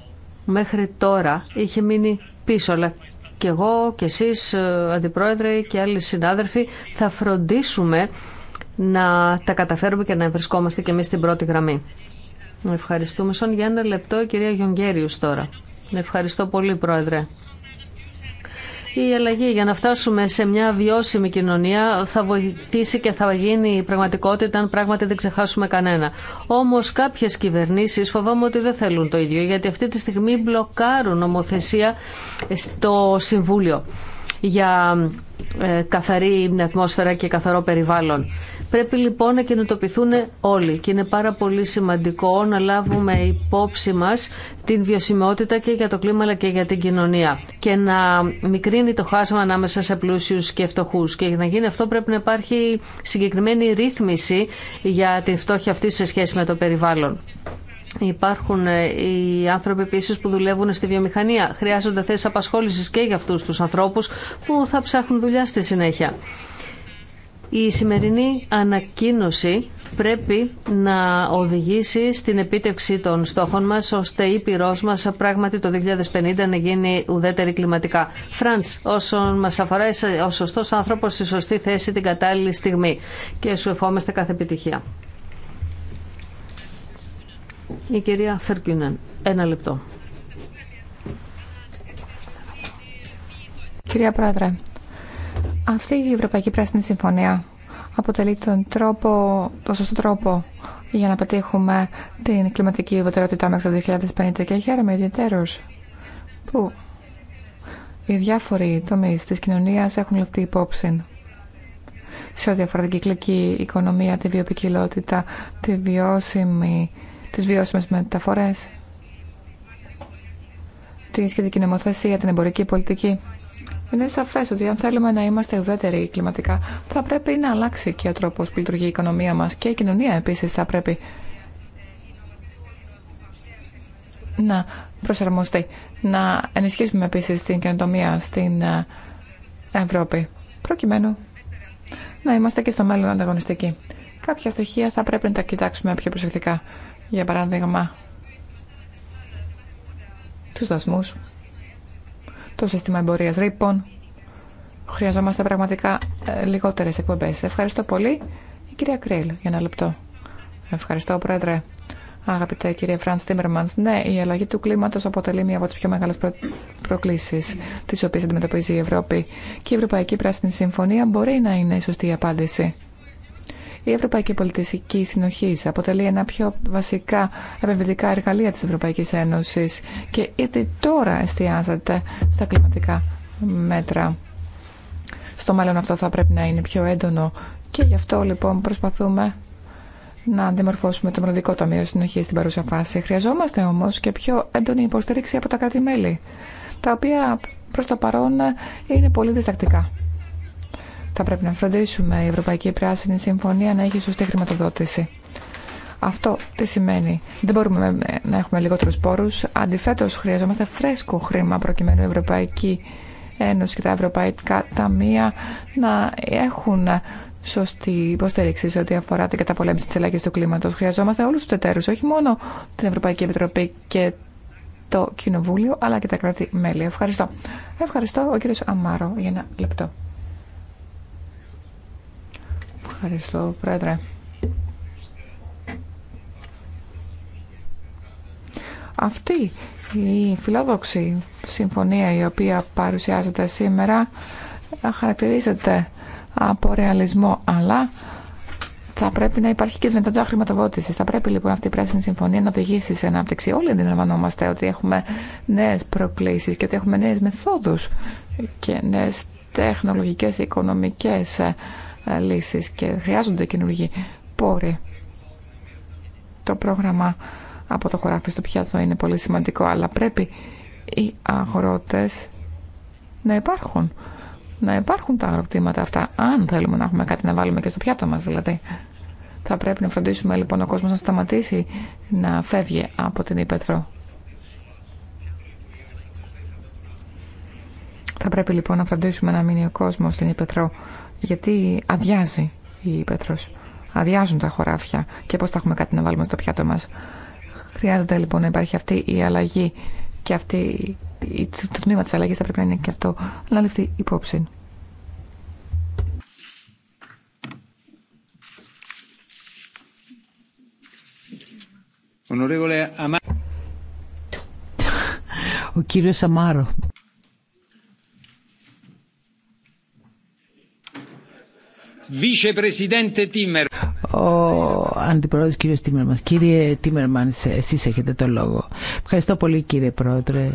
A: μέχρι τώρα είχε μείνει πίσω, αλλά και εγώ και εσείς ε, αντιπρόεδρε και άλλοι συνάδελφοι θα φροντίσουμε να τα καταφέρουμε και να βρισκόμαστε και εμείς στην πρώτη γραμμή. Ευχαριστούμε. Σαν για ένα λεπτό η κυρία Γιονγκέριους τώρα. Ευχαριστώ πολύ Πρόεδρε. Η αλλαγή για να φτάσουμε σε μια βιώσιμη κοινωνία θα βοηθήσει και θα γίνει πραγματικότητα αν πράγματι δεν ξεχάσουμε κανένα. Όμω κάποιε κυβερνήσει φοβάμαι ότι δεν θέλουν το ίδιο γιατί αυτή τη στιγμή μπλοκάρουν νομοθεσία στο Συμβούλιο για ε, καθαρή ατμόσφαιρα και καθαρό περιβάλλον. Πρέπει λοιπόν να κινητοποιηθούν όλοι και είναι πάρα πολύ σημαντικό να λάβουμε υπόψη μας την βιωσιμότητα και για το κλίμα αλλά και για την κοινωνία και να μικρύνει το χάσμα ανάμεσα σε πλούσιους και φτωχούς και για να γίνει αυτό πρέπει να υπάρχει συγκεκριμένη ρύθμιση για την φτώχεια αυτή σε σχέση με το περιβάλλον. Υπάρχουν ε, οι άνθρωποι επίση που δουλεύουν στη βιομηχανία. Χρειάζονται θέσει απασχόληση και για αυτού του ανθρώπου που θα ψάχνουν δουλειά στη συνέχεια. Η σημερινή ανακοίνωση πρέπει να οδηγήσει στην επίτευξη των στόχων μας ώστε η πυρός μας πράγματι το 2050 να γίνει ουδέτερη κλιματικά. Φραντς, όσον μας αφορά είσαι ο σωστός άνθρωπος στη σωστή θέση την κατάλληλη στιγμή και σου ευχόμαστε κάθε επιτυχία. Η κυρία Φερκίνεν, ένα λεπτό.
D: Κυρία Πρόεδρε, αυτή η Ευρωπαϊκή Πράσινη Συμφωνία αποτελεί τον, τρόπο, τον σωστό τρόπο για να πετύχουμε την κλιματική ουδετερότητά μέχρι το 2050 και χαίρομαι ιδιαίτερως που οι διάφοροι τομεί της κοινωνίας έχουν λεφτεί υπόψη σε ό,τι αφορά την κυκλική οικονομία, τη βιοπικιλότητα, τη βιώσιμη, τις βιώσιμες μεταφορές, τη σχετική νομοθεσία, την εμπορική πολιτική. Είναι σαφέ ότι αν θέλουμε να είμαστε ουδέτεροι κλιματικά, θα πρέπει να αλλάξει και ο τρόπο που λειτουργεί η οικονομία μα και η κοινωνία επίση θα πρέπει να προσαρμοστεί. Να ενισχύσουμε επίση την καινοτομία στην ε, Ευρώπη, προκειμένου να είμαστε και στο μέλλον ανταγωνιστικοί. Κάποια στοιχεία θα πρέπει να τα κοιτάξουμε πιο προσεκτικά. Για παράδειγμα, τους δασμούς, το σύστημα εμπορίας ρήπων. Λοιπόν, χρειαζόμαστε πραγματικά ε, λιγότερες εκπομπές. Ευχαριστώ πολύ. Η κυρία Κρέλ, για ένα λεπτό. Ευχαριστώ, Πρόεδρε. Αγαπητέ κυρία Φραν Τίμερμαν, ναι, η αλλαγή του κλίματο αποτελεί μία από τι πιο μεγάλε προ... προκλήσει τι οποίε αντιμετωπίζει η Ευρώπη. Και η Ευρωπαϊκή Πράσινη Συμφωνία μπορεί να είναι η σωστή απάντηση. Η Ευρωπαϊκή Πολιτιστική Συνοχή αποτελεί ένα πιο βασικά επενδυτικά εργαλεία τη Ευρωπαϊκή Ένωση και ήδη τώρα εστιάζεται στα κλιματικά μέτρα. Στο μέλλον αυτό θα πρέπει να είναι πιο έντονο και γι' αυτό λοιπόν προσπαθούμε να αντιμορφώσουμε το Μελλοντικό Ταμείο Συνοχή στην παρούσα φάση. Χρειαζόμαστε όμω και πιο έντονη υποστήριξη από τα κράτη-μέλη, τα οποία προ το παρόν είναι πολύ διστακτικά. Θα πρέπει να φροντίσουμε η Ευρωπαϊκή Πράσινη Συμφωνία να έχει σωστή χρηματοδότηση. Αυτό τι σημαίνει. Δεν μπορούμε να έχουμε λιγότερου πόρου. Αντιθέτω, χρειαζόμαστε φρέσκο χρήμα προκειμένου η Ευρωπαϊκή Ένωση και τα Ευρωπαϊκά Ταμεία να έχουν σωστή υποστήριξη σε ό,τι αφορά την καταπολέμηση τη αλλαγή του κλίματο. Χρειαζόμαστε όλου του εταίρου, όχι μόνο την Ευρωπαϊκή Επιτροπή και το Κοινοβούλιο, αλλά και τα κράτη-μέλη. Ευχαριστώ. Ευχαριστώ ο κύριο Αμάρο για ένα λεπτό. Ευχαριστώ, Πρόεδρε. Αυτή η φιλόδοξη συμφωνία η οποία παρουσιάζεται σήμερα χαρακτηρίζεται από ρεαλισμό, αλλά θα πρέπει να υπάρχει και δυνατότητα χρηματοδότηση. Θα πρέπει λοιπόν αυτή η πράσινη συμφωνία να οδηγήσει σε ανάπτυξη. Όλοι αντιλαμβανόμαστε ότι έχουμε νέε προκλήσει και ότι έχουμε νέε μεθόδου και νέε τεχνολογικέ, οικονομικέ ε, λύσεις και χρειάζονται καινούργιοι πόροι. Το πρόγραμμα από το χωράφι στο πιάτο είναι πολύ σημαντικό, αλλά πρέπει οι αγρότες να υπάρχουν. Να υπάρχουν τα αγροκτήματα αυτά, αν θέλουμε να έχουμε κάτι να βάλουμε και στο πιάτο μας δηλαδή. Θα πρέπει να φροντίσουμε λοιπόν ο κόσμος να σταματήσει να φεύγει από την Ήπεθρο. Θα πρέπει λοιπόν να φροντίσουμε να μείνει ο κόσμος στην Ήπεθρο γιατί αδειάζει η πέτρος. Αδειάζουν τα χωράφια και πώς θα έχουμε κάτι να βάλουμε στο πιάτο μας. Χρειάζεται λοιπόν να υπάρχει αυτή η αλλαγή και αυτή, το τμήμα της αλλαγής θα πρέπει να είναι και αυτό να ληφθεί υπόψη.
C: Ο κύριος Αμάρο.
D: Vicepresidente Timmer
C: ο Αντιπρόεδρος κύριος Τίμερμαν Κύριε Τίμερμαν, εσείς έχετε το λόγο. Ευχαριστώ πολύ κύριε Πρόεδρε.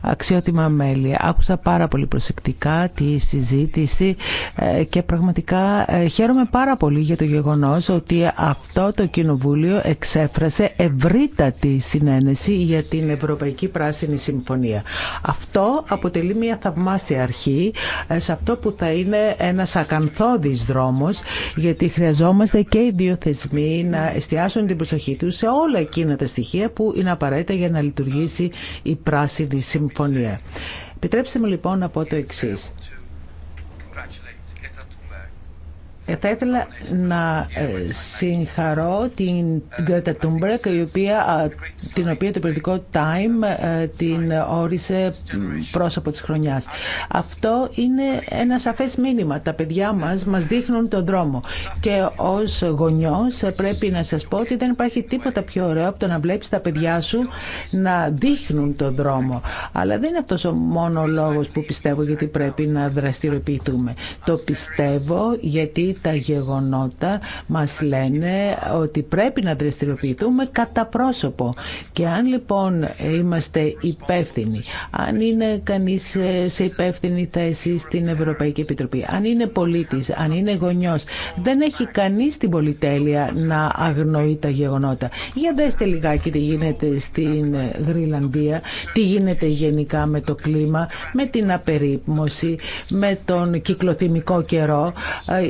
C: Αξιότιμα μέλη. Άκουσα πάρα πολύ προσεκτικά τη συζήτηση ε, και πραγματικά ε, χαίρομαι πάρα πολύ για το γεγονός ότι αυτό το Κοινοβούλιο εξέφρασε ευρύτατη συνένεση για την Ευρωπαϊκή Πράσινη Συμφωνία. Αυτό αποτελεί μια θαυμάσια αρχή ε, σε αυτό που θα είναι ένας ακαθόδη δρόμος γιατί χρειαζόμαστε και οι δύο θεσμοί να εστιάσουν την προσοχή τους σε όλα εκείνα τα στοιχεία που είναι απαραίτητα για να λειτουργήσει η Πράσινη Συμφωνία. Επιτρέψτε μου λοιπόν να πω το εξής. Ε, θα ήθελα να ε, συγχαρώ την Γκρέτα Τούμπερκ, την οποία το περιοδικό Time ε, την όρισε πρόσωπο της χρονιάς. Αυτό είναι ένα σαφές μήνυμα. Τα παιδιά μας μας δείχνουν τον δρόμο. Και ως γονιός πρέπει να σας πω ότι δεν υπάρχει τίποτα πιο ωραίο από το να βλέπεις τα παιδιά σου να δείχνουν τον δρόμο. Αλλά δεν είναι αυτός ο μόνο λόγος που πιστεύω γιατί πρέπει να δραστηριοποιηθούμε. Το πιστεύω γιατί τα γεγονότα μας λένε ότι πρέπει να δραστηριοποιηθούμε κατά πρόσωπο. Και αν λοιπόν είμαστε υπεύθυνοι, αν είναι κανείς σε υπεύθυνη θέση στην Ευρωπαϊκή Επιτροπή, αν είναι πολίτης, αν είναι γονιός, δεν έχει κανείς την πολυτέλεια να αγνοεί τα γεγονότα. Για δέστε λιγάκι τι γίνεται στην Γρυλανδία, τι γίνεται γενικά με το κλίμα, με την απερίπμωση, με τον κυκλοθυμικό καιρό.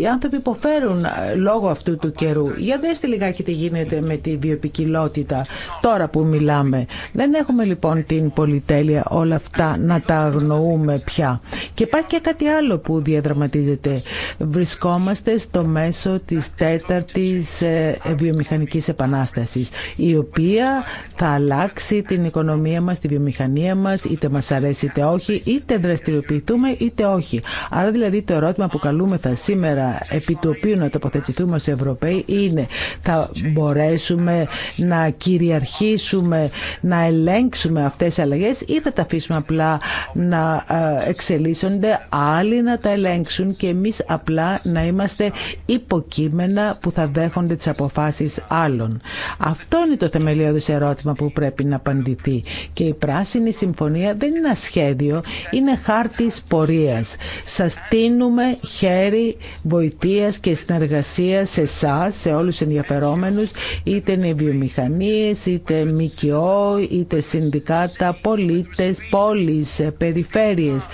C: Οι υποφέρουν ε, λόγω αυτού του καιρού. Για δέστε λιγάκι τι γίνεται με τη βιοπικιλότητα τώρα που μιλάμε. Δεν έχουμε λοιπόν την πολυτέλεια όλα αυτά να τα αγνοούμε πια. Και υπάρχει και κάτι άλλο που διαδραματίζεται. Βρισκόμαστε στο μέσο της τέταρτης ε, βιομηχανικής επανάστασης, η οποία θα αλλάξει την οικονομία μας, τη βιομηχανία μας, είτε μας αρέσει είτε όχι, είτε δραστηριοποιηθούμε είτε όχι. Άρα δηλαδή το ερώτημα που καλούμεθα σήμερα επί του οποίου να τοποθετηθούμε ως Ευρωπαίοι είναι θα μπορέσουμε να κυριαρχήσουμε, να ελέγξουμε αυτές τις αλλαγές ή θα τα αφήσουμε απλά να ε, εξελίσσονται, άλλοι να τα ελέγξουν και εμείς απλά να είμαστε υποκείμενα που θα δέχονται τις αποφάσεις άλλων. Αυτό είναι το θεμελιώδης ερώτημα που πρέπει να απαντηθεί. Και η Πράσινη Συμφωνία δεν είναι ένα σχέδιο, είναι χάρτης πορείας. Σας τίνουμε χέρι βοηθεία και συνεργασία σε εσά, σε όλους τους ενδιαφερόμενους, είτε είναι βιομηχανίες, είτε ΜΚΟ, είτε συνδικάτα, πολίτες, πόλεις, περιφέρειες.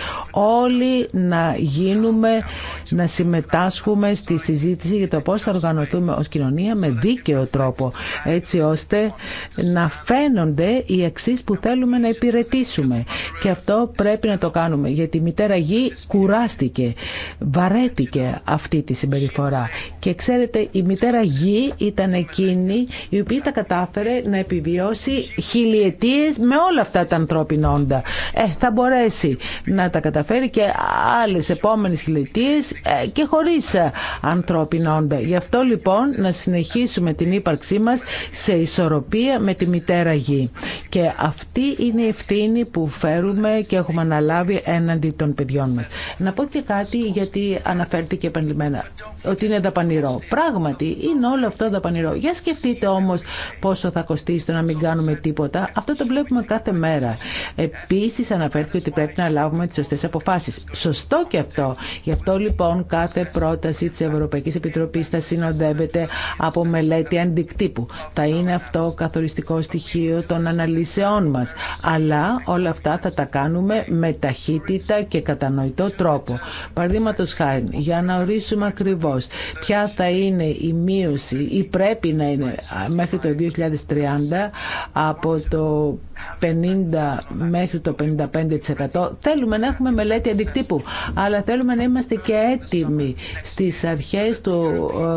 C: Όλοι να γίνουμε, να συμμετάσχουμε στη συζήτηση για το πώς θα οργανωθούμε ως κοινωνία με δίκαιο τρόπο, έτσι ώστε να φαίνονται οι αξίες που θέλουμε να υπηρετήσουμε. Και αυτό πρέπει να το κάνουμε, γιατί η μητέρα γη κουράστηκε, βαρέθηκε αυτή τη και ξέρετε, η μητέρα γη ήταν εκείνη η οποία τα κατάφερε να επιβιώσει χιλιετίες με όλα αυτά τα ανθρώπινα όντα. Ε, θα μπορέσει να τα καταφέρει και άλλες επόμενες χιλιετίες ε, και χωρίς ε, ανθρώπινα όντα. Γι' αυτό λοιπόν να συνεχίσουμε την ύπαρξή μας σε ισορροπία με τη μητέρα γη. Και αυτή είναι η ευθύνη που φέρουμε και έχουμε αναλάβει έναντι των παιδιών μας. Να πω και κάτι γιατί αναφέρθηκε επανειλημμένα ότι είναι δαπανηρό. Πράγματι, είναι όλο αυτό δαπανηρό. Για σκεφτείτε όμως πόσο θα κοστίσει το να μην κάνουμε τίποτα. Αυτό το βλέπουμε κάθε μέρα. Επίσης αναφέρθηκε ότι πρέπει να λάβουμε τις σωστές αποφάσεις. Σωστό και αυτό. Γι' αυτό λοιπόν κάθε πρόταση της Ευρωπαϊκής Επιτροπής θα συνοδεύεται από μελέτη αντικτύπου. Θα είναι αυτό καθοριστικό στοιχείο των αναλύσεών μας. Αλλά όλα αυτά θα τα κάνουμε με ταχύτητα και κατανοητό τρόπο. Παραδείγματος χάρη, για να ορίσουμε ακριβώς, ποια θα είναι η μείωση ή πρέπει να είναι μέχρι το 2030 από το 50 μέχρι το 55% θέλουμε να έχουμε μελέτη αντικτύπου αλλά θέλουμε να είμαστε και έτοιμοι στις αρχές του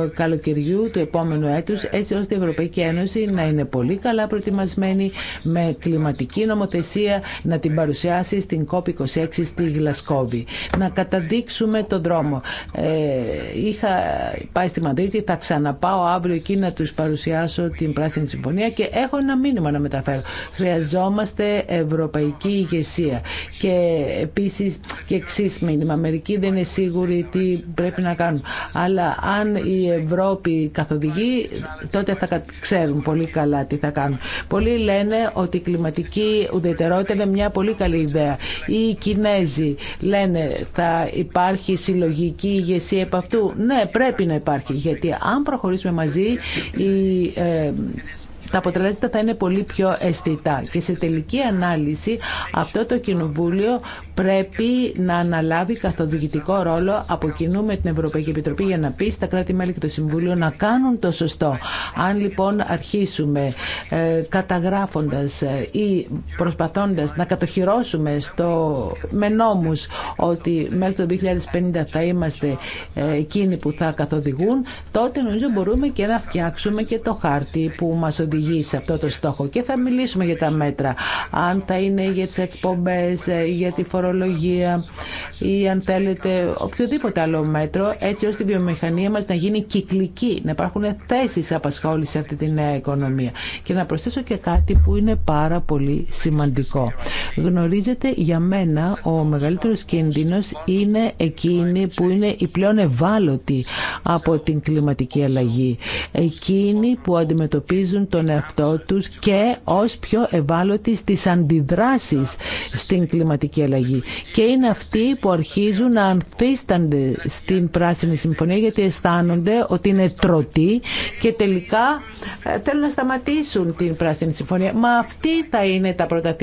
C: ε, καλοκαιριού του επόμενου έτους έτσι ώστε η Ευρωπαϊκή Ένωση να είναι πολύ καλά προετοιμασμένη με κλιματική νομοθεσία να την παρουσιάσει στην COP26 στη Γλασκόβη να καταδείξουμε τον δρόμο ε, είχα πάει στη Μαδρίτη, θα ξαναπάω αύριο εκεί να τους παρουσιάσω την Πράσινη Συμφωνία και έχω ένα μήνυμα να μεταφέρω. Χρειαζόμαστε ευρωπαϊκή ηγεσία και επίσης και εξή μήνυμα. Μερικοί δεν είναι σίγουροι τι πρέπει να κάνουν. Αλλά αν η Ευρώπη καθοδηγεί, τότε θα ξέρουν πολύ καλά τι θα κάνουν. Πολλοί λένε ότι η κλιματική ουδετερότητα είναι μια πολύ καλή ιδέα. Οι Κινέζοι λένε θα υπάρχει συλλογική ηγεσία επ' αυτού. Ναι, πρέπει να υπάρχει, γιατί αν προχωρήσουμε μαζί, η ε, τα αποτελέσματα θα είναι πολύ πιο αισθητά. Και σε τελική ανάλυση αυτό το Κοινοβούλιο πρέπει να αναλάβει καθοδηγητικό ρόλο από κοινού με την Ευρωπαϊκή Επιτροπή για να πει στα κράτη-μέλη και το Συμβούλιο να κάνουν το σωστό. Αν λοιπόν αρχίσουμε ε, καταγράφοντας ε, ή προσπαθώντας να κατοχυρώσουμε στο, με νόμους ότι μέχρι το 2050 θα είμαστε ε, εκείνοι που θα καθοδηγούν, τότε νομίζω μπορούμε και να φτιάξουμε και το χάρτη που μας οδηγεί οδηγεί σε αυτό το στόχο και θα μιλήσουμε για τα μέτρα. Αν θα είναι για τις εκπομπές, για τη φορολογία ή αν θέλετε οποιοδήποτε άλλο μέτρο έτσι ώστε η βιομηχανία μας να γίνει κυκλική, να υπάρχουν θέσεις απασχόλησης σε αυτή τη νέα οικονομία. Και να προσθέσω και κάτι που είναι πάρα πολύ σημαντικό. Γνωρίζετε για μένα ο μεγαλύτερος κίνδυνος είναι εκείνοι που είναι οι πλέον ευάλωτοι από την κλιματική αλλαγή. Εκείνοι που αντιμετωπίζουν τον τον τους και ως πιο ευάλωτοι στις αντιδράσεις στην κλιματική αλλαγή. Και είναι αυτοί που αρχίζουν να ανθίστανται στην Πράσινη Συμφωνία γιατί αισθάνονται ότι είναι τρωτοί και τελικά ε, θέλουν να σταματήσουν την Πράσινη Συμφωνία. Μα αυτοί θα είναι τα πρώτα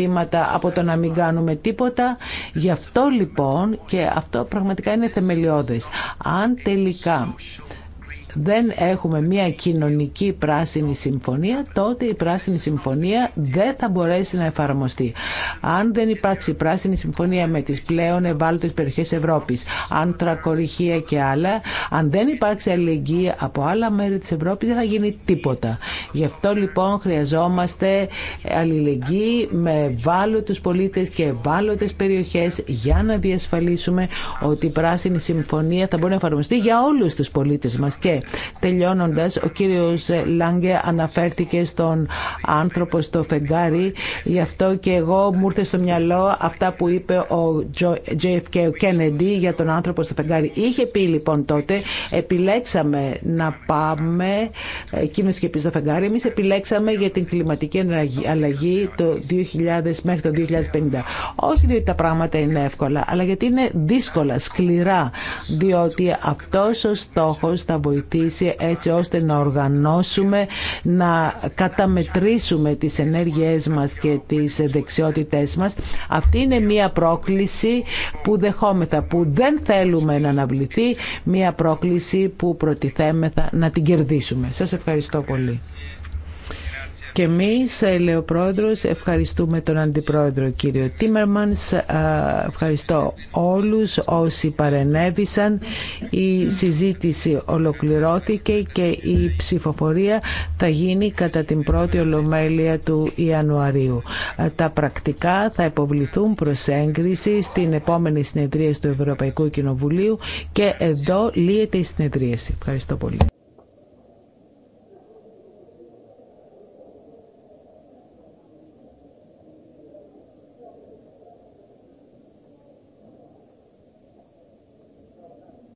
C: από το να μην κάνουμε τίποτα. Γι' αυτό λοιπόν και αυτό πραγματικά είναι θεμελιώδες. Αν τελικά δεν έχουμε μια κοινωνική πράσινη συμφωνία, τότε η πράσινη συμφωνία δεν θα μπορέσει να εφαρμοστεί. Αν δεν υπάρξει πράσινη συμφωνία με τις πλέον ευάλωτες περιοχές Ευρώπης, αν και άλλα, αν δεν υπάρξει αλληλεγγύη από άλλα μέρη της Ευρώπης δεν θα γίνει τίποτα. Γι' αυτό λοιπόν χρειαζόμαστε αλληλεγγύη με ευάλωτους πολίτες και ευάλωτες περιοχές για να διασφαλίσουμε ότι η πράσινη συμφωνία θα μπορεί να εφαρμοστεί για όλους τους πολίτες μας και Τελειώνοντας, ο κύριος Λάγκε αναφέρθηκε στον άνθρωπο στο φεγγάρι, γι' αυτό και εγώ μου ήρθε στο μυαλό αυτά που είπε ο JFK, ο Kennedy για τον άνθρωπο στο φεγγάρι. Είχε πει λοιπόν τότε, επιλέξαμε να πάμε, εκείνο και πει στο φεγγάρι, εμείς επιλέξαμε για την κλιματική αλλαγή το 2000 μέχρι το 2050. Όχι διότι τα πράγματα είναι εύκολα, αλλά γιατί είναι δύσκολα, σκληρά, διότι αυτός ο στόχος θα βοηθήσει έτσι ώστε να οργανώσουμε, να καταμετρήσουμε τις ενέργειές μας και τις δεξιότητές μας. Αυτή είναι μια πρόκληση που δεχόμεθα, που δεν θέλουμε να αναβληθεί, μια πρόκληση που προτιθέμεθα να την κερδίσουμε. Σας ευχαριστώ πολύ. Και εμεί, ε, λέει ο ευχαριστούμε τον Αντιπρόεδρο κύριο Τίμερμαν. Ε, ευχαριστώ όλους όσοι παρενέβησαν. Η συζήτηση ολοκληρώθηκε και η ψηφοφορία θα γίνει κατά την πρώτη ολομέλεια του Ιανουαρίου. Ε, τα πρακτικά θα υποβληθούν προς έγκριση στην επόμενη συνεδρία του Ευρωπαϊκού Κοινοβουλίου και εδώ λύεται η συνεδρίαση. Ευχαριστώ πολύ.